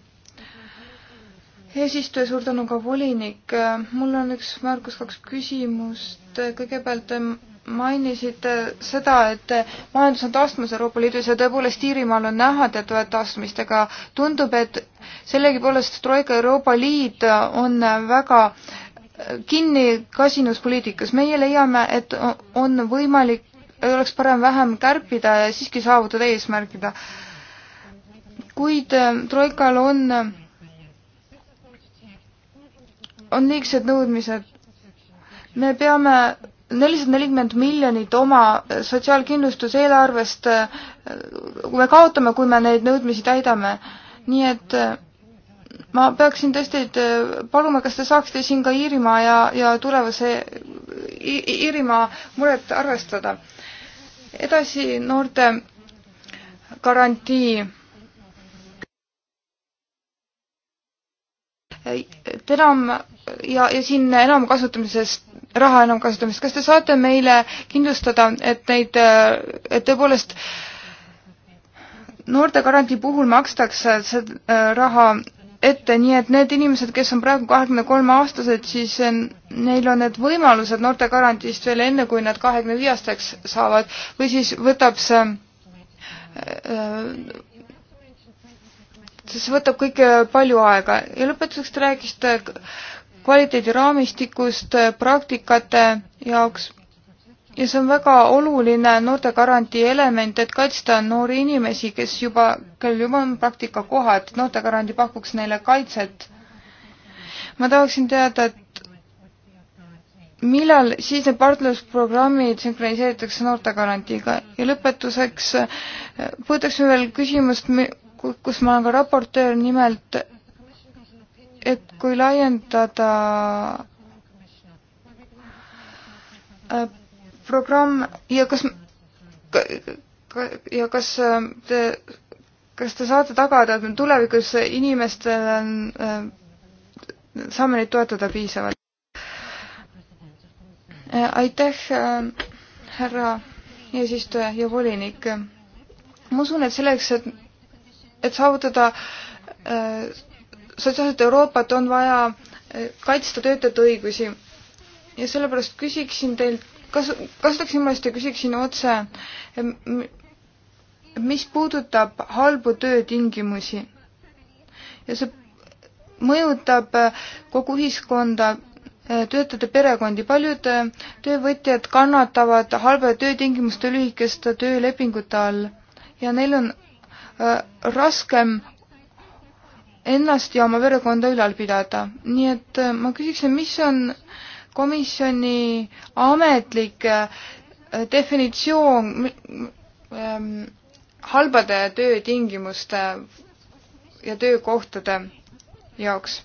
B: eesistuja, suur tänu ka volinik. Äh, mul on üks märkus, kaks küsimust. Äh, kõigepealt te mainisite seda, et majandus on taastumas Euroopa Liidus ja tõepoolest Iirimaal on näha teatavat taastumist, aga tundub, et sellegipoolest Troika Euroopa Liit on väga äh, kinni kasinuspoliitikas. meie leiame, et on võimalik, oleks parem vähem kärpida ja siiski saavutada eesmärgida. kuid äh, Troikal on, on liigsed nõudmised. me peame nelisada nelikümmend miljonit oma sotsiaalkindlustuseelarvest äh, me kaotame, kui me neid nõudmisi täidame. nii et äh, ma peaksin tõesti teid äh, paluma, kas te saaksite siin ka Iirimaa ja, ja tulevase Iirimaa muret arvestada. edasi noorte garantii. et enam ja, ja siin enam kasutamisest, raha enam kasutamist, kas te saate meile kindlustada, et neid, äh, et tõepoolest noorte garantii puhul makstakse see äh, raha ette, nii et need inimesed, kes on praegu kahekümne kolme aastased, siis eh, neil on need võimalused noortegarantiist veel enne, kui nad kahekümne viie aastaks saavad või siis võtab see eh, eh, see võtab kõik palju aega ja lõpetuseks te rääkisite kvaliteediraamistikust praktikate jaoks ja see on väga oluline noortegarantii element, et kaitsta noori inimesi, kes juba, kellel juba on praktikakohad, noortegarantii pakuks neile kaitset. ma tahaksin teada, et millal siis need partnerlusprogrammid sünkroniseeritakse noortegarantiiga ja lõpetuseks puudutaksin veel küsimust, kus ma olen ka raportöör, nimelt et kui laiendada äh, programm ja kas ka, ja kas ähm, te, kas te saate tagada, et tulevikus inimestel on, äh, saame neid toetada piisavalt? Äh, aitäh, äh, härra eesistuja ja volinik. ma usun, et selleks, et, et saavutada sotsiaalset Euroopat, on vaja kaitsta töötajate õigusi. ja sellepärast küsiksin teilt kas, kasutaksin võimalust ja küsiksin otse, mis puudutab halbu töötingimusi ja see mõjutab eh, kogu ühiskonda, eh, töötajate perekondi, paljud eh, töövõtjad kannatavad halbade töötingimuste lühikeste töölepingute all ja neil on raskem ennast ja oma perekonda ülal pidada. nii et ma küsiksin, mis on äh, komisjoni ametlik äh, definitsioon ähm, halbade töötingimuste ja töökohtade jaoks.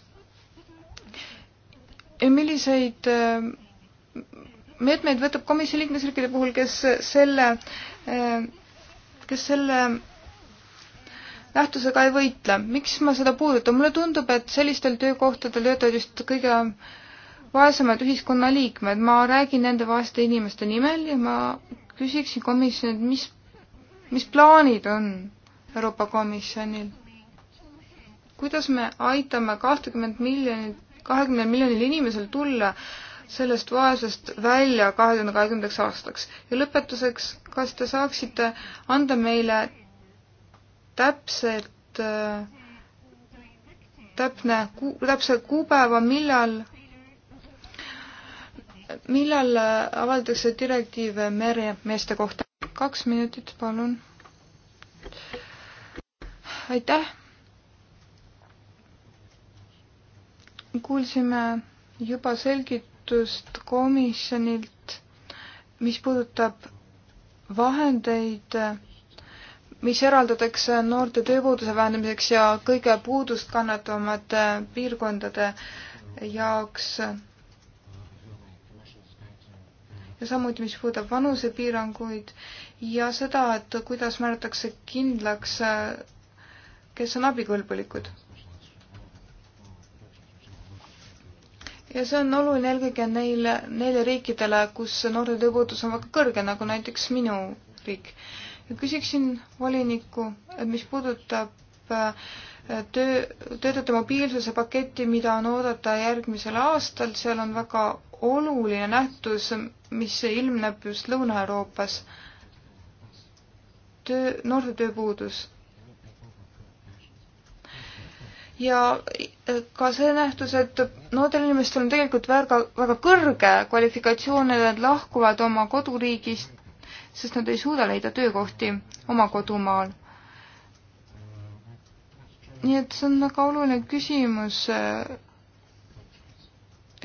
B: milliseid äh, meetmeid võtab komisjoni liikmesriikide puhul, kes selle, äh, kes selle nähtusega ei võitle, miks ma seda puudutan, mulle tundub, et sellistel töökohtadel töötavad just kõige vaesemad ühiskonnaliikmed. ma räägin nende vaeste inimeste nimel ja ma küsiksin komisjonilt, mis, mis plaanid on Euroopa Komisjonil? kuidas me aitame kahtekümmend miljonit, kahekümnel miljonil inimesel tulla sellest vaesusest välja kahe tuhande kahekümnendaks aastaks? ja lõpetuseks, kas te saaksite anda meile täpselt äh, täpne, täpse kuupäeva, millal millal äh, avaldatakse direktiiv meremeeste kohta? kaks minutit, palun. aitäh. kuulsime juba selgitust komisjonilt, mis puudutab vahendeid, mis eraldatakse noorte tööpuuduse vähendamiseks ja kõige puudust kannatavamate piirkondade jaoks ja samuti, mis puudutab vanusepiiranguid ja seda, et kuidas määratakse kindlaks, kes on abikõlbulikud. ja see on oluline eelkõige neile, neile riikidele, kus noorte tööpuudus on väga kõrge, nagu näiteks minu riik. ja küsiksin volinikku, et mis puudutab äh, töö, töötajate mobiilsuse paketti, mida on oodata järgmisel aastal, seal on väga oluline nähtus, mis ilmneb just Lõuna-Euroopas. töö, noorte tööpuudus. ja e, ka see nähtus, et noortel inimestel on tegelikult väga, väga kõrge kvalifikatsioon ja nad lahkuvad oma koduriigist, sest nad ei suuda leida töökohti oma kodumaal nii et see on väga oluline küsimus e,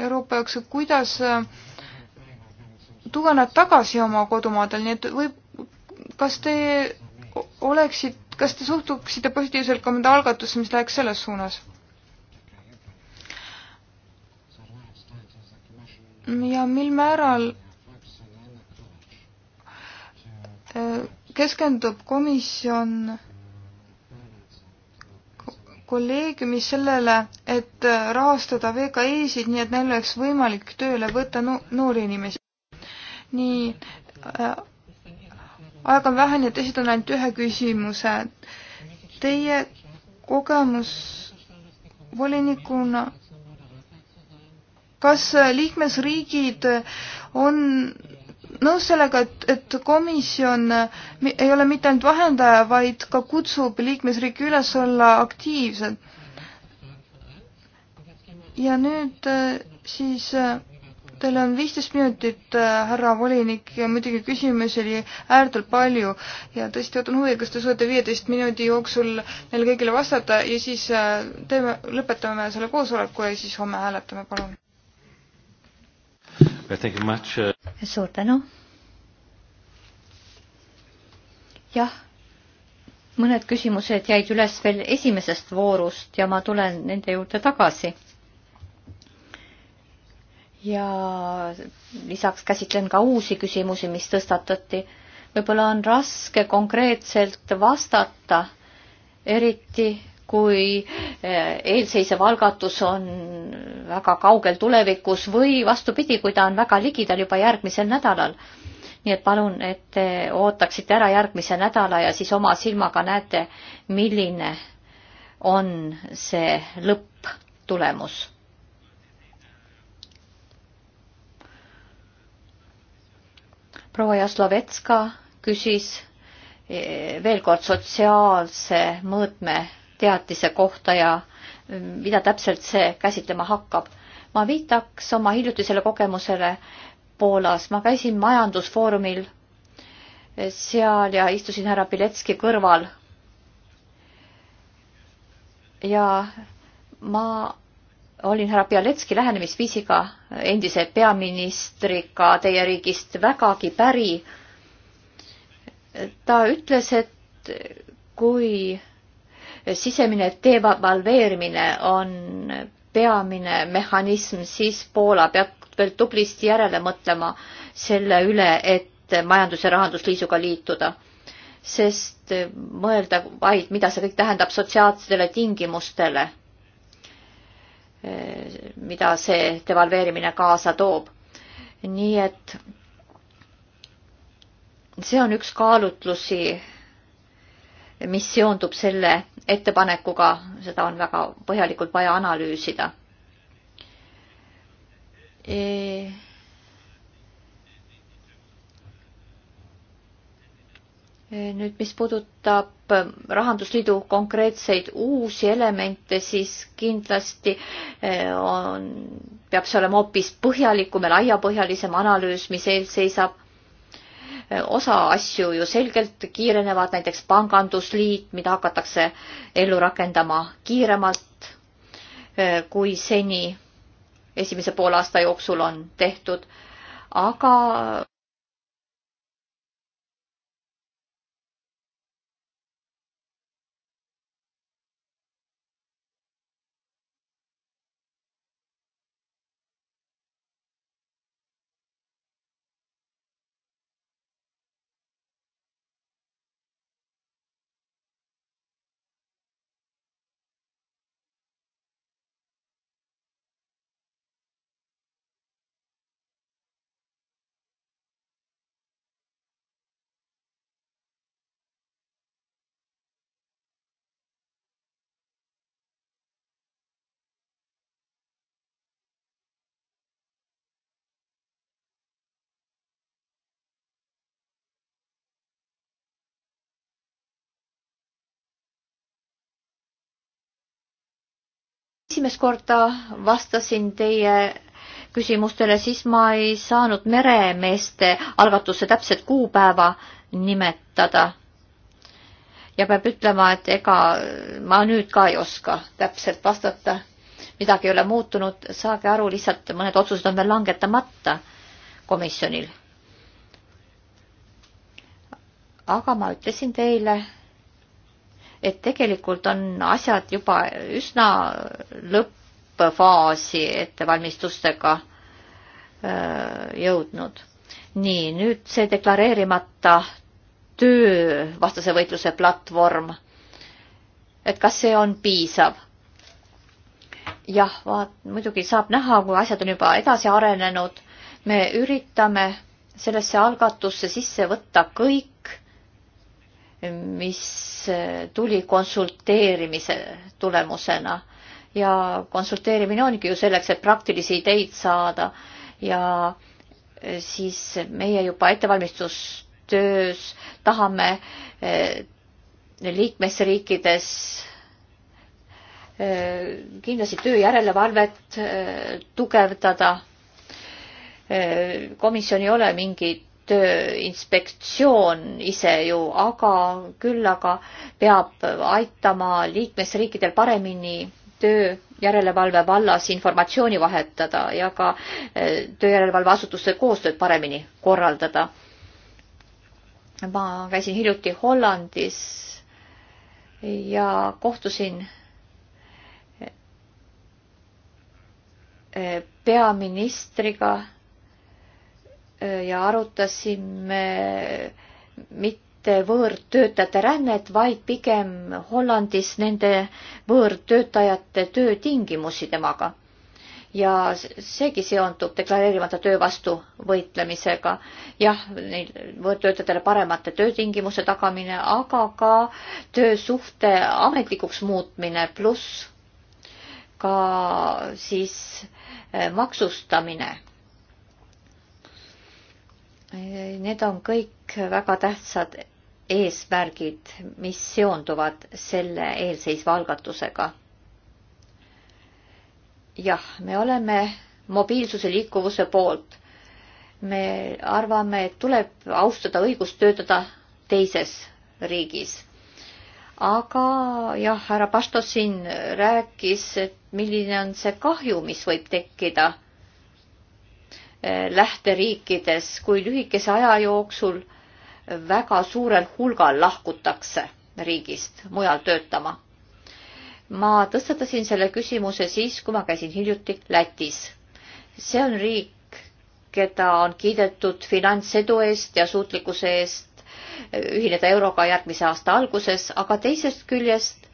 B: Euroopa jaoks, et kuidas e, tuua nad tagasi oma kodumaadel, nii et võib, kas te oleksid, kas te suhtuksite positiivselt ka nende algatusse, mis läheks selles suunas? ja mil määral äh, keskendub komisjon kolleegiumis sellele, et äh, rahastada VKE-sid, nii et neil oleks võimalik tööle võtta noori inimesi nii äh,, aega on vähe, nii et esitan ainult ühe küsimuse. Teie kogemus volinikuna, kas liikmesriigid on nõus sellega, et, et komisjon ei ole mitte ainult vahendaja, vaid ka kutsub liikmesriike üles olla aktiivsed. ja nüüd äh, siis äh, Teil on viisteist minutit, äh, härra volinik, ja muidugi küsimusi oli ääretult palju ja tõesti ootan huvi, kas te suudate viieteist minuti jooksul neile kõigile vastata ja siis äh, teeme, lõpetame selle koosoleku ja siis homme hääletame, palun.
A: Uh,
D: suur tänu. jah, mõned küsimused jäid üles veel esimesest voorust ja ma tulen nende juurde tagasi ja lisaks käsitlen ka uusi küsimusi, mis tõstatati. võib-olla on raske konkreetselt vastata, eriti kui eh, eelseisev algatus on väga kaugel tulevikus või vastupidi, kui ta on väga ligidal juba järgmisel nädalal. nii et palun, et te ootaksite ära järgmise nädala ja siis oma silmaga näete, milline on see lõpptulemus proua Jaslovetska küsis e, veel kord sotsiaalse mõõtme teatise kohta ja mida täpselt see käsitlema hakkab. ma viitaks oma hiljutisele kogemusele Poolas, ma käisin majandusfoorumil e, seal ja istusin härra Piletski kõrval. ja ma olin härra Bialetski lähenemisviisiga endise peaministriga teie riigist vägagi päri. ta ütles, et kui sisemine devalveerimine on peamine mehhanism, siis Poola peab veel tublisti järele mõtlema selle üle, et majandus- ja rahandusliisuga liituda. sest mõelda vaid, mida see kõik tähendab sotsiaalsetele tingimustele mida see devalveerimine kaasa toob. nii et see on üks kaalutlusi, mis seondub selle ettepanekuga, seda on väga põhjalikult vaja analüüsida e nüüd, mis puudutab Rahandusliidu konkreetseid uusi elemente, siis kindlasti eh, on, peab see olema hoopis põhjalikum ja laiapõhjalisem analüüs, mis ees seisab. Eh, osa asju ju selgelt kiirenevad, näiteks pangandusliit, mida hakatakse ellu rakendama kiiremalt eh, kui seni esimese poolaasta jooksul on tehtud, aga esimest korda vastasin teie küsimustele, siis ma ei saanud meremeeste algatuse täpset kuupäeva nimetada. ja peab ütlema, et ega ma nüüd ka ei oska täpselt vastata, midagi ei ole muutunud, saage aru, lihtsalt mõned otsused on veel langetamata komisjonil. aga ma ütlesin teile et tegelikult on asjad juba üsna lõppfaasi ettevalmistustega äh, jõudnud. nii, nüüd see deklareerimata töö vastase võitluse platvorm. et kas see on piisav? jah, vaat muidugi saab näha, kui asjad on juba edasi arenenud, me üritame sellesse algatusse sisse võtta kõik mis tuli konsulteerimise tulemusena ja konsulteerimine ongi ju selleks, et praktilisi ideid saada ja siis meie juba ettevalmistustöös tahame eh, liikmesriikides eh, kindlasti töö järelevalvet eh, tugevdada. komisjon ei ole mingit tööinspektsioon ise ju, aga küll aga peab aitama liikmesriikidel paremini töö järelevalve vallas informatsiooni vahetada ja ka äh, tööjärelevalveasutuste koostööd paremini korraldada. ma käisin hiljuti Hollandis ja kohtusin äh, peaministriga ja arutasime mitte võõrtöötajate rännet, vaid pigem Hollandis nende võõrtöötajate töötingimusi temaga. ja seegi seondub deklareerimata töö vastu võitlemisega. jah, neil võõrtöötajatele paremate töötingimuse tagamine, aga ka töösuhte ametlikuks muutmine pluss ka siis eh, maksustamine Need on kõik väga tähtsad eesmärgid, mis seonduvad selle eelseisva algatusega. jah, me oleme mobiilsuse liikuvuse poolt. me arvame, et tuleb austada õigust töötada teises riigis. aga jah, härra Pastos siin rääkis, et milline on see kahju, mis võib tekkida Eh, lähteriikides, kui lühikese aja jooksul väga suurel hulgal lahkutakse riigist mujal töötama. ma tõstatasin selle küsimuse siis, kui ma käisin hiljuti Lätis. see on riik, keda on kiidetud finantsedu eest ja suutlikkuse eest ühineda euroga järgmise aasta alguses, aga teisest küljest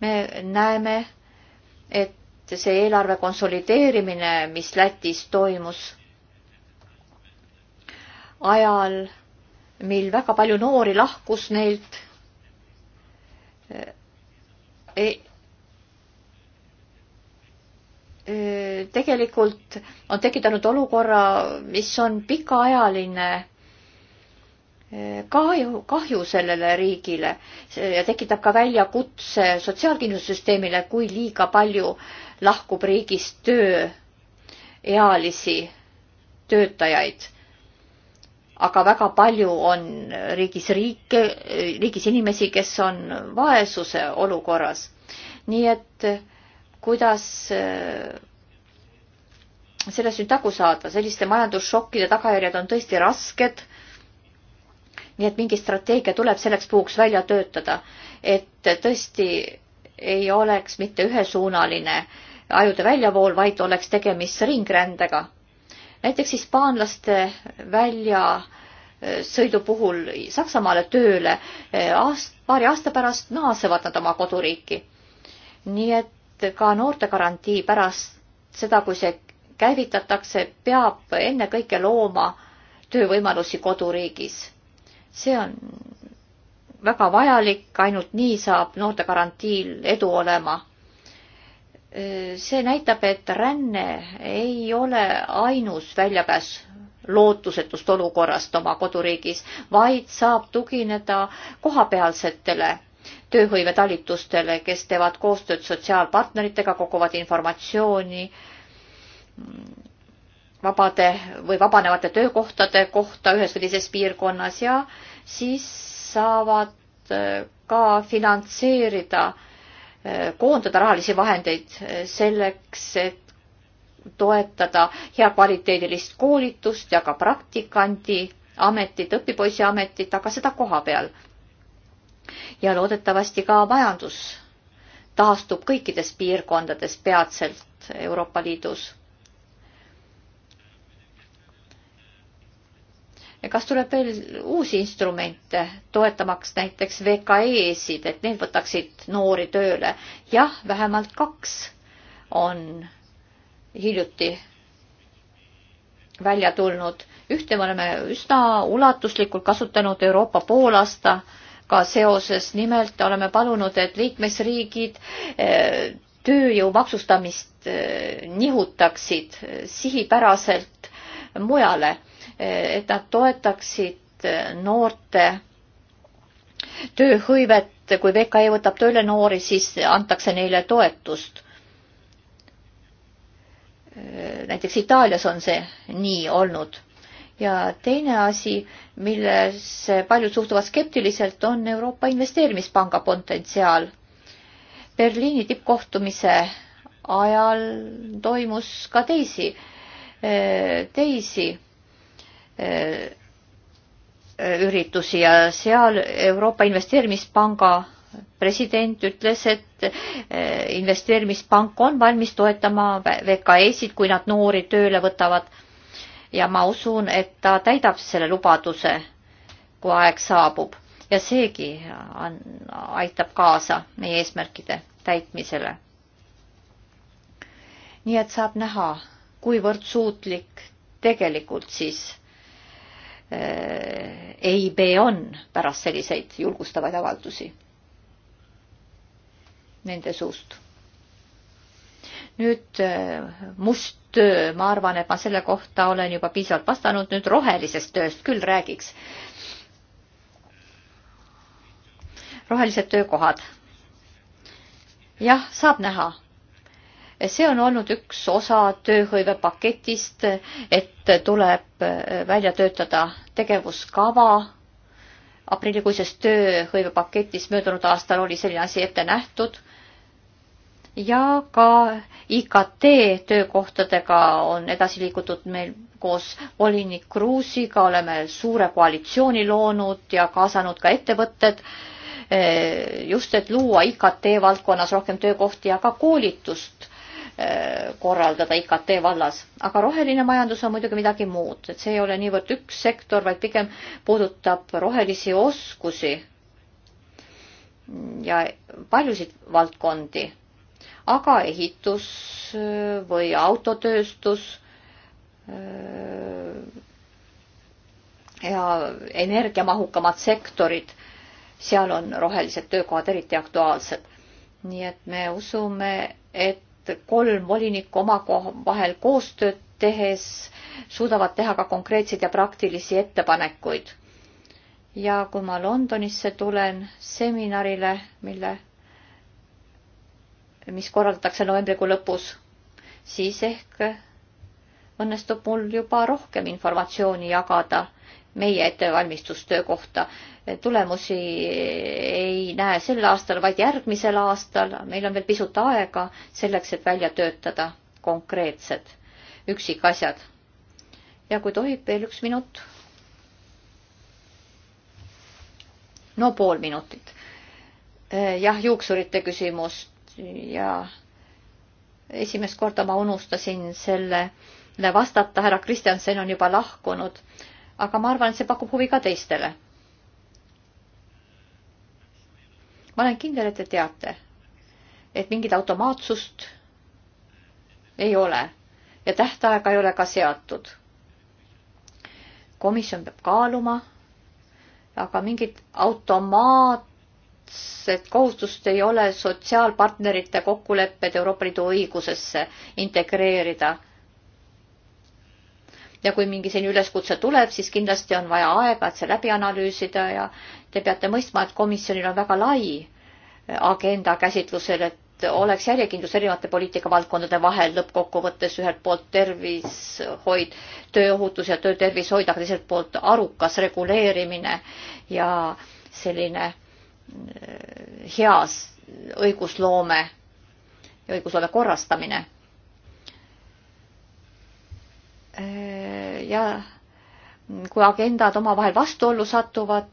D: me näeme, et see eelarve konsolideerimine, mis Lätis toimus, ajal, mil väga palju noori lahkus neilt e, e, tegelikult on tekitanud olukorra, mis on pikaajaline e, kahju, kahju sellele riigile ja tekitab ka väljakutse sotsiaalkindlustussüsteemile, kui liiga palju lahkub riigist tööealisi töötajaid aga väga palju on riigis riike, riigis inimesi, kes on vaesuse olukorras. nii et kuidas äh, sellest nüüd tagu saada, selliste majandusšokkide tagajärjed on tõesti rasked. nii et mingi strateegia tuleb selleks puhuks välja töötada, et tõesti ei oleks mitte ühesuunaline ajude väljavool, vaid oleks tegemist ringrändega näiteks hispaanlaste välja e, sõidu puhul Saksamaale tööle e, aast-, paari aasta pärast naasevad nad oma koduriiki. nii et ka noortegarantii pärast seda, kui see käivitatakse, peab ennekõike looma töövõimalusi koduriigis. see on väga vajalik, ainult nii saab noortegarantiil edu olema see näitab, et ränne ei ole ainus väljapääs lootusetust olukorrast oma koduriigis, vaid saab tugineda kohapealsetele tööhõivetalitustele, kes teevad koostööd sotsiaalpartneritega, koguvad informatsiooni vabade või vabanevate töökohtade kohta ühes või teises piirkonnas ja siis saavad ka finantseerida äh, koondada rahalisi vahendeid eh, selleks, et toetada heakvaliteedilist koolitust ja ka praktikandi ametit, õpipoisi ametit, aga seda koha peal. ja loodetavasti ka majandus taastub kõikides piirkondades peatselt Euroopa Liidus ja kas tuleb veel uusi instrumente toetamaks näiteks VKE-sid, et need võtaksid noori tööle? jah, vähemalt kaks on hiljuti välja tulnud. ühte me oleme üsna ulatuslikult kasutanud Euroopa poolaasta ka seoses, nimelt oleme palunud, et liikmesriigid eh, tööjõu maksustamist eh, nihutaksid sihipäraselt mujale et nad toetaksid noorte tööhõivet, kui VKE võtab tööle noori, siis antakse neile toetust. näiteks Itaalias on see nii olnud. ja teine asi, millesse paljud suhtuvad skeptiliselt, on Euroopa Investeerimispanga potentsiaal. Berliini tippkohtumise ajal toimus ka teisi, teisi Äh, üritusi ja seal Euroopa Investeerimispanga president ütles, et äh, investeerimispank on valmis toetama VKE-sid, kui nad noori tööle võtavad. ja ma usun, et ta täidab selle lubaduse, kui aeg saabub ja seegi on, aitab kaasa meie eesmärkide täitmisele. nii et saab näha, kuivõrd suutlik tegelikult siis Äh, EIB on pärast selliseid julgustavaid avaldusi nende suust. nüüd äh, must töö, ma arvan, et ma selle kohta olen juba piisavalt vastanud, nüüd rohelisest tööst küll räägiks. rohelised töökohad. jah, saab näha. see on olnud üks osa tööhõivepaketist, et tuleb välja töötada tegevuskava. aprillikuises tööhõivepaketis möödunud aastal oli selline asi ette nähtud ja ka IKT töökohtadega on edasi liigutud meil koos volinik Kruusiga, oleme suure koalitsiooni loonud ja kaasanud ka ettevõtted eh, just, et luua IKT valdkonnas rohkem töökohti ja ka koolitust Äh, korraldada IKT vallas. aga roheline majandus on muidugi midagi muud, et see ei ole niivõrd üks sektor, vaid pigem puudutab rohelisi oskusi ja paljusid valdkondi, aga ehitus äh, või autotööstus äh, ja energiamahukamad sektorid, seal on rohelised töökohad eriti aktuaalsed. nii et me usume, et et kolm volinikku omavahel koostööd tehes suudavad teha ka konkreetseid ja praktilisi ettepanekuid. ja kui ma Londonisse tulen seminarile, mille, mis korraldatakse novembrikuu lõpus, siis ehk õnnestub mul juba rohkem informatsiooni jagada meie ettevalmistustöö kohta tulemusi ei näe sel aastal, vaid järgmisel aastal. meil on veel pisut aega selleks, et välja töötada konkreetsed üksikasjad. ja kui tohib, veel üks minut. no pool minutit. Eh, jah, juuksurite küsimust ja esimest korda ma unustasin sellele vastata, härra Kristjanson on juba lahkunud, aga ma arvan, et see pakub huvi ka teistele ma olen kindel, et te teate, et mingit automaatsust ei ole ja tähtaega ei ole ka seatud. komisjon peab kaaluma, aga mingit automaatset kohustust ei ole sotsiaalpartnerite kokkulepped Euroopa Liidu õigusesse integreerida ja kui mingi selline üleskutse tuleb, siis kindlasti on vaja aega, et see läbi analüüsida ja te peate mõistma, et komisjonil on väga lai agenda käsitlusel, et oleks järjekindlus erinevate poliitikavaldkondade vahel lõppkokkuvõttes ühelt poolt tervishoid, tööohutus ja töötervishoid, aga teiselt poolt arukas reguleerimine ja selline äh, heas õigusloome ja õigusloome korrastamine äh, ja kui agendad omavahel vastuollu satuvad,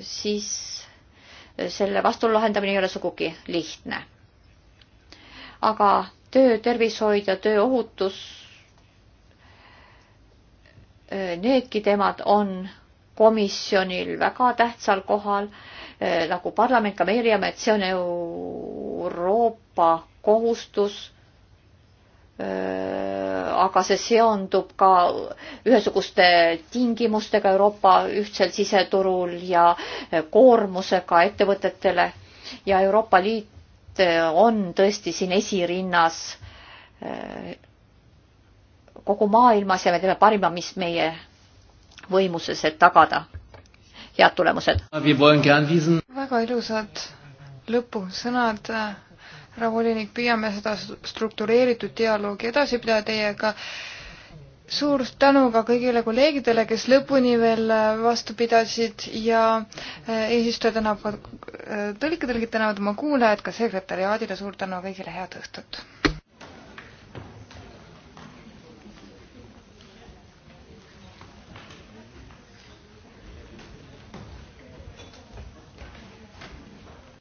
D: siis selle vastuolu lahendamine ei ole sugugi lihtne. aga töötervishoid ja tööohutus, needki teemad on komisjonil väga tähtsal kohal, nagu parlament, ka meie leiame, et see on Euroopa kohustus Äh, aga see seondub ka ühesuguste tingimustega Euroopa ühtsel siseturul ja äh, koormusega ettevõtetele ja Euroopa Liit äh, on tõesti siin esirinnas kogu maailmas ja me teeme parima, mis meie võimuses, et tagada head tulemused.
B: väga ilusad lõpusõnad härra volinik, püüame seda struktureeritud dialoogi edasi pidada teiega. suur tänu ka kõigile kolleegidele, kes lõpuni veel vastu pidasid ja eh, eesistuja tänab ka eh, tõlketõlgid tänavad oma kuulajad, ka sekretäriaadile suur tänu kõigile, head õhtut!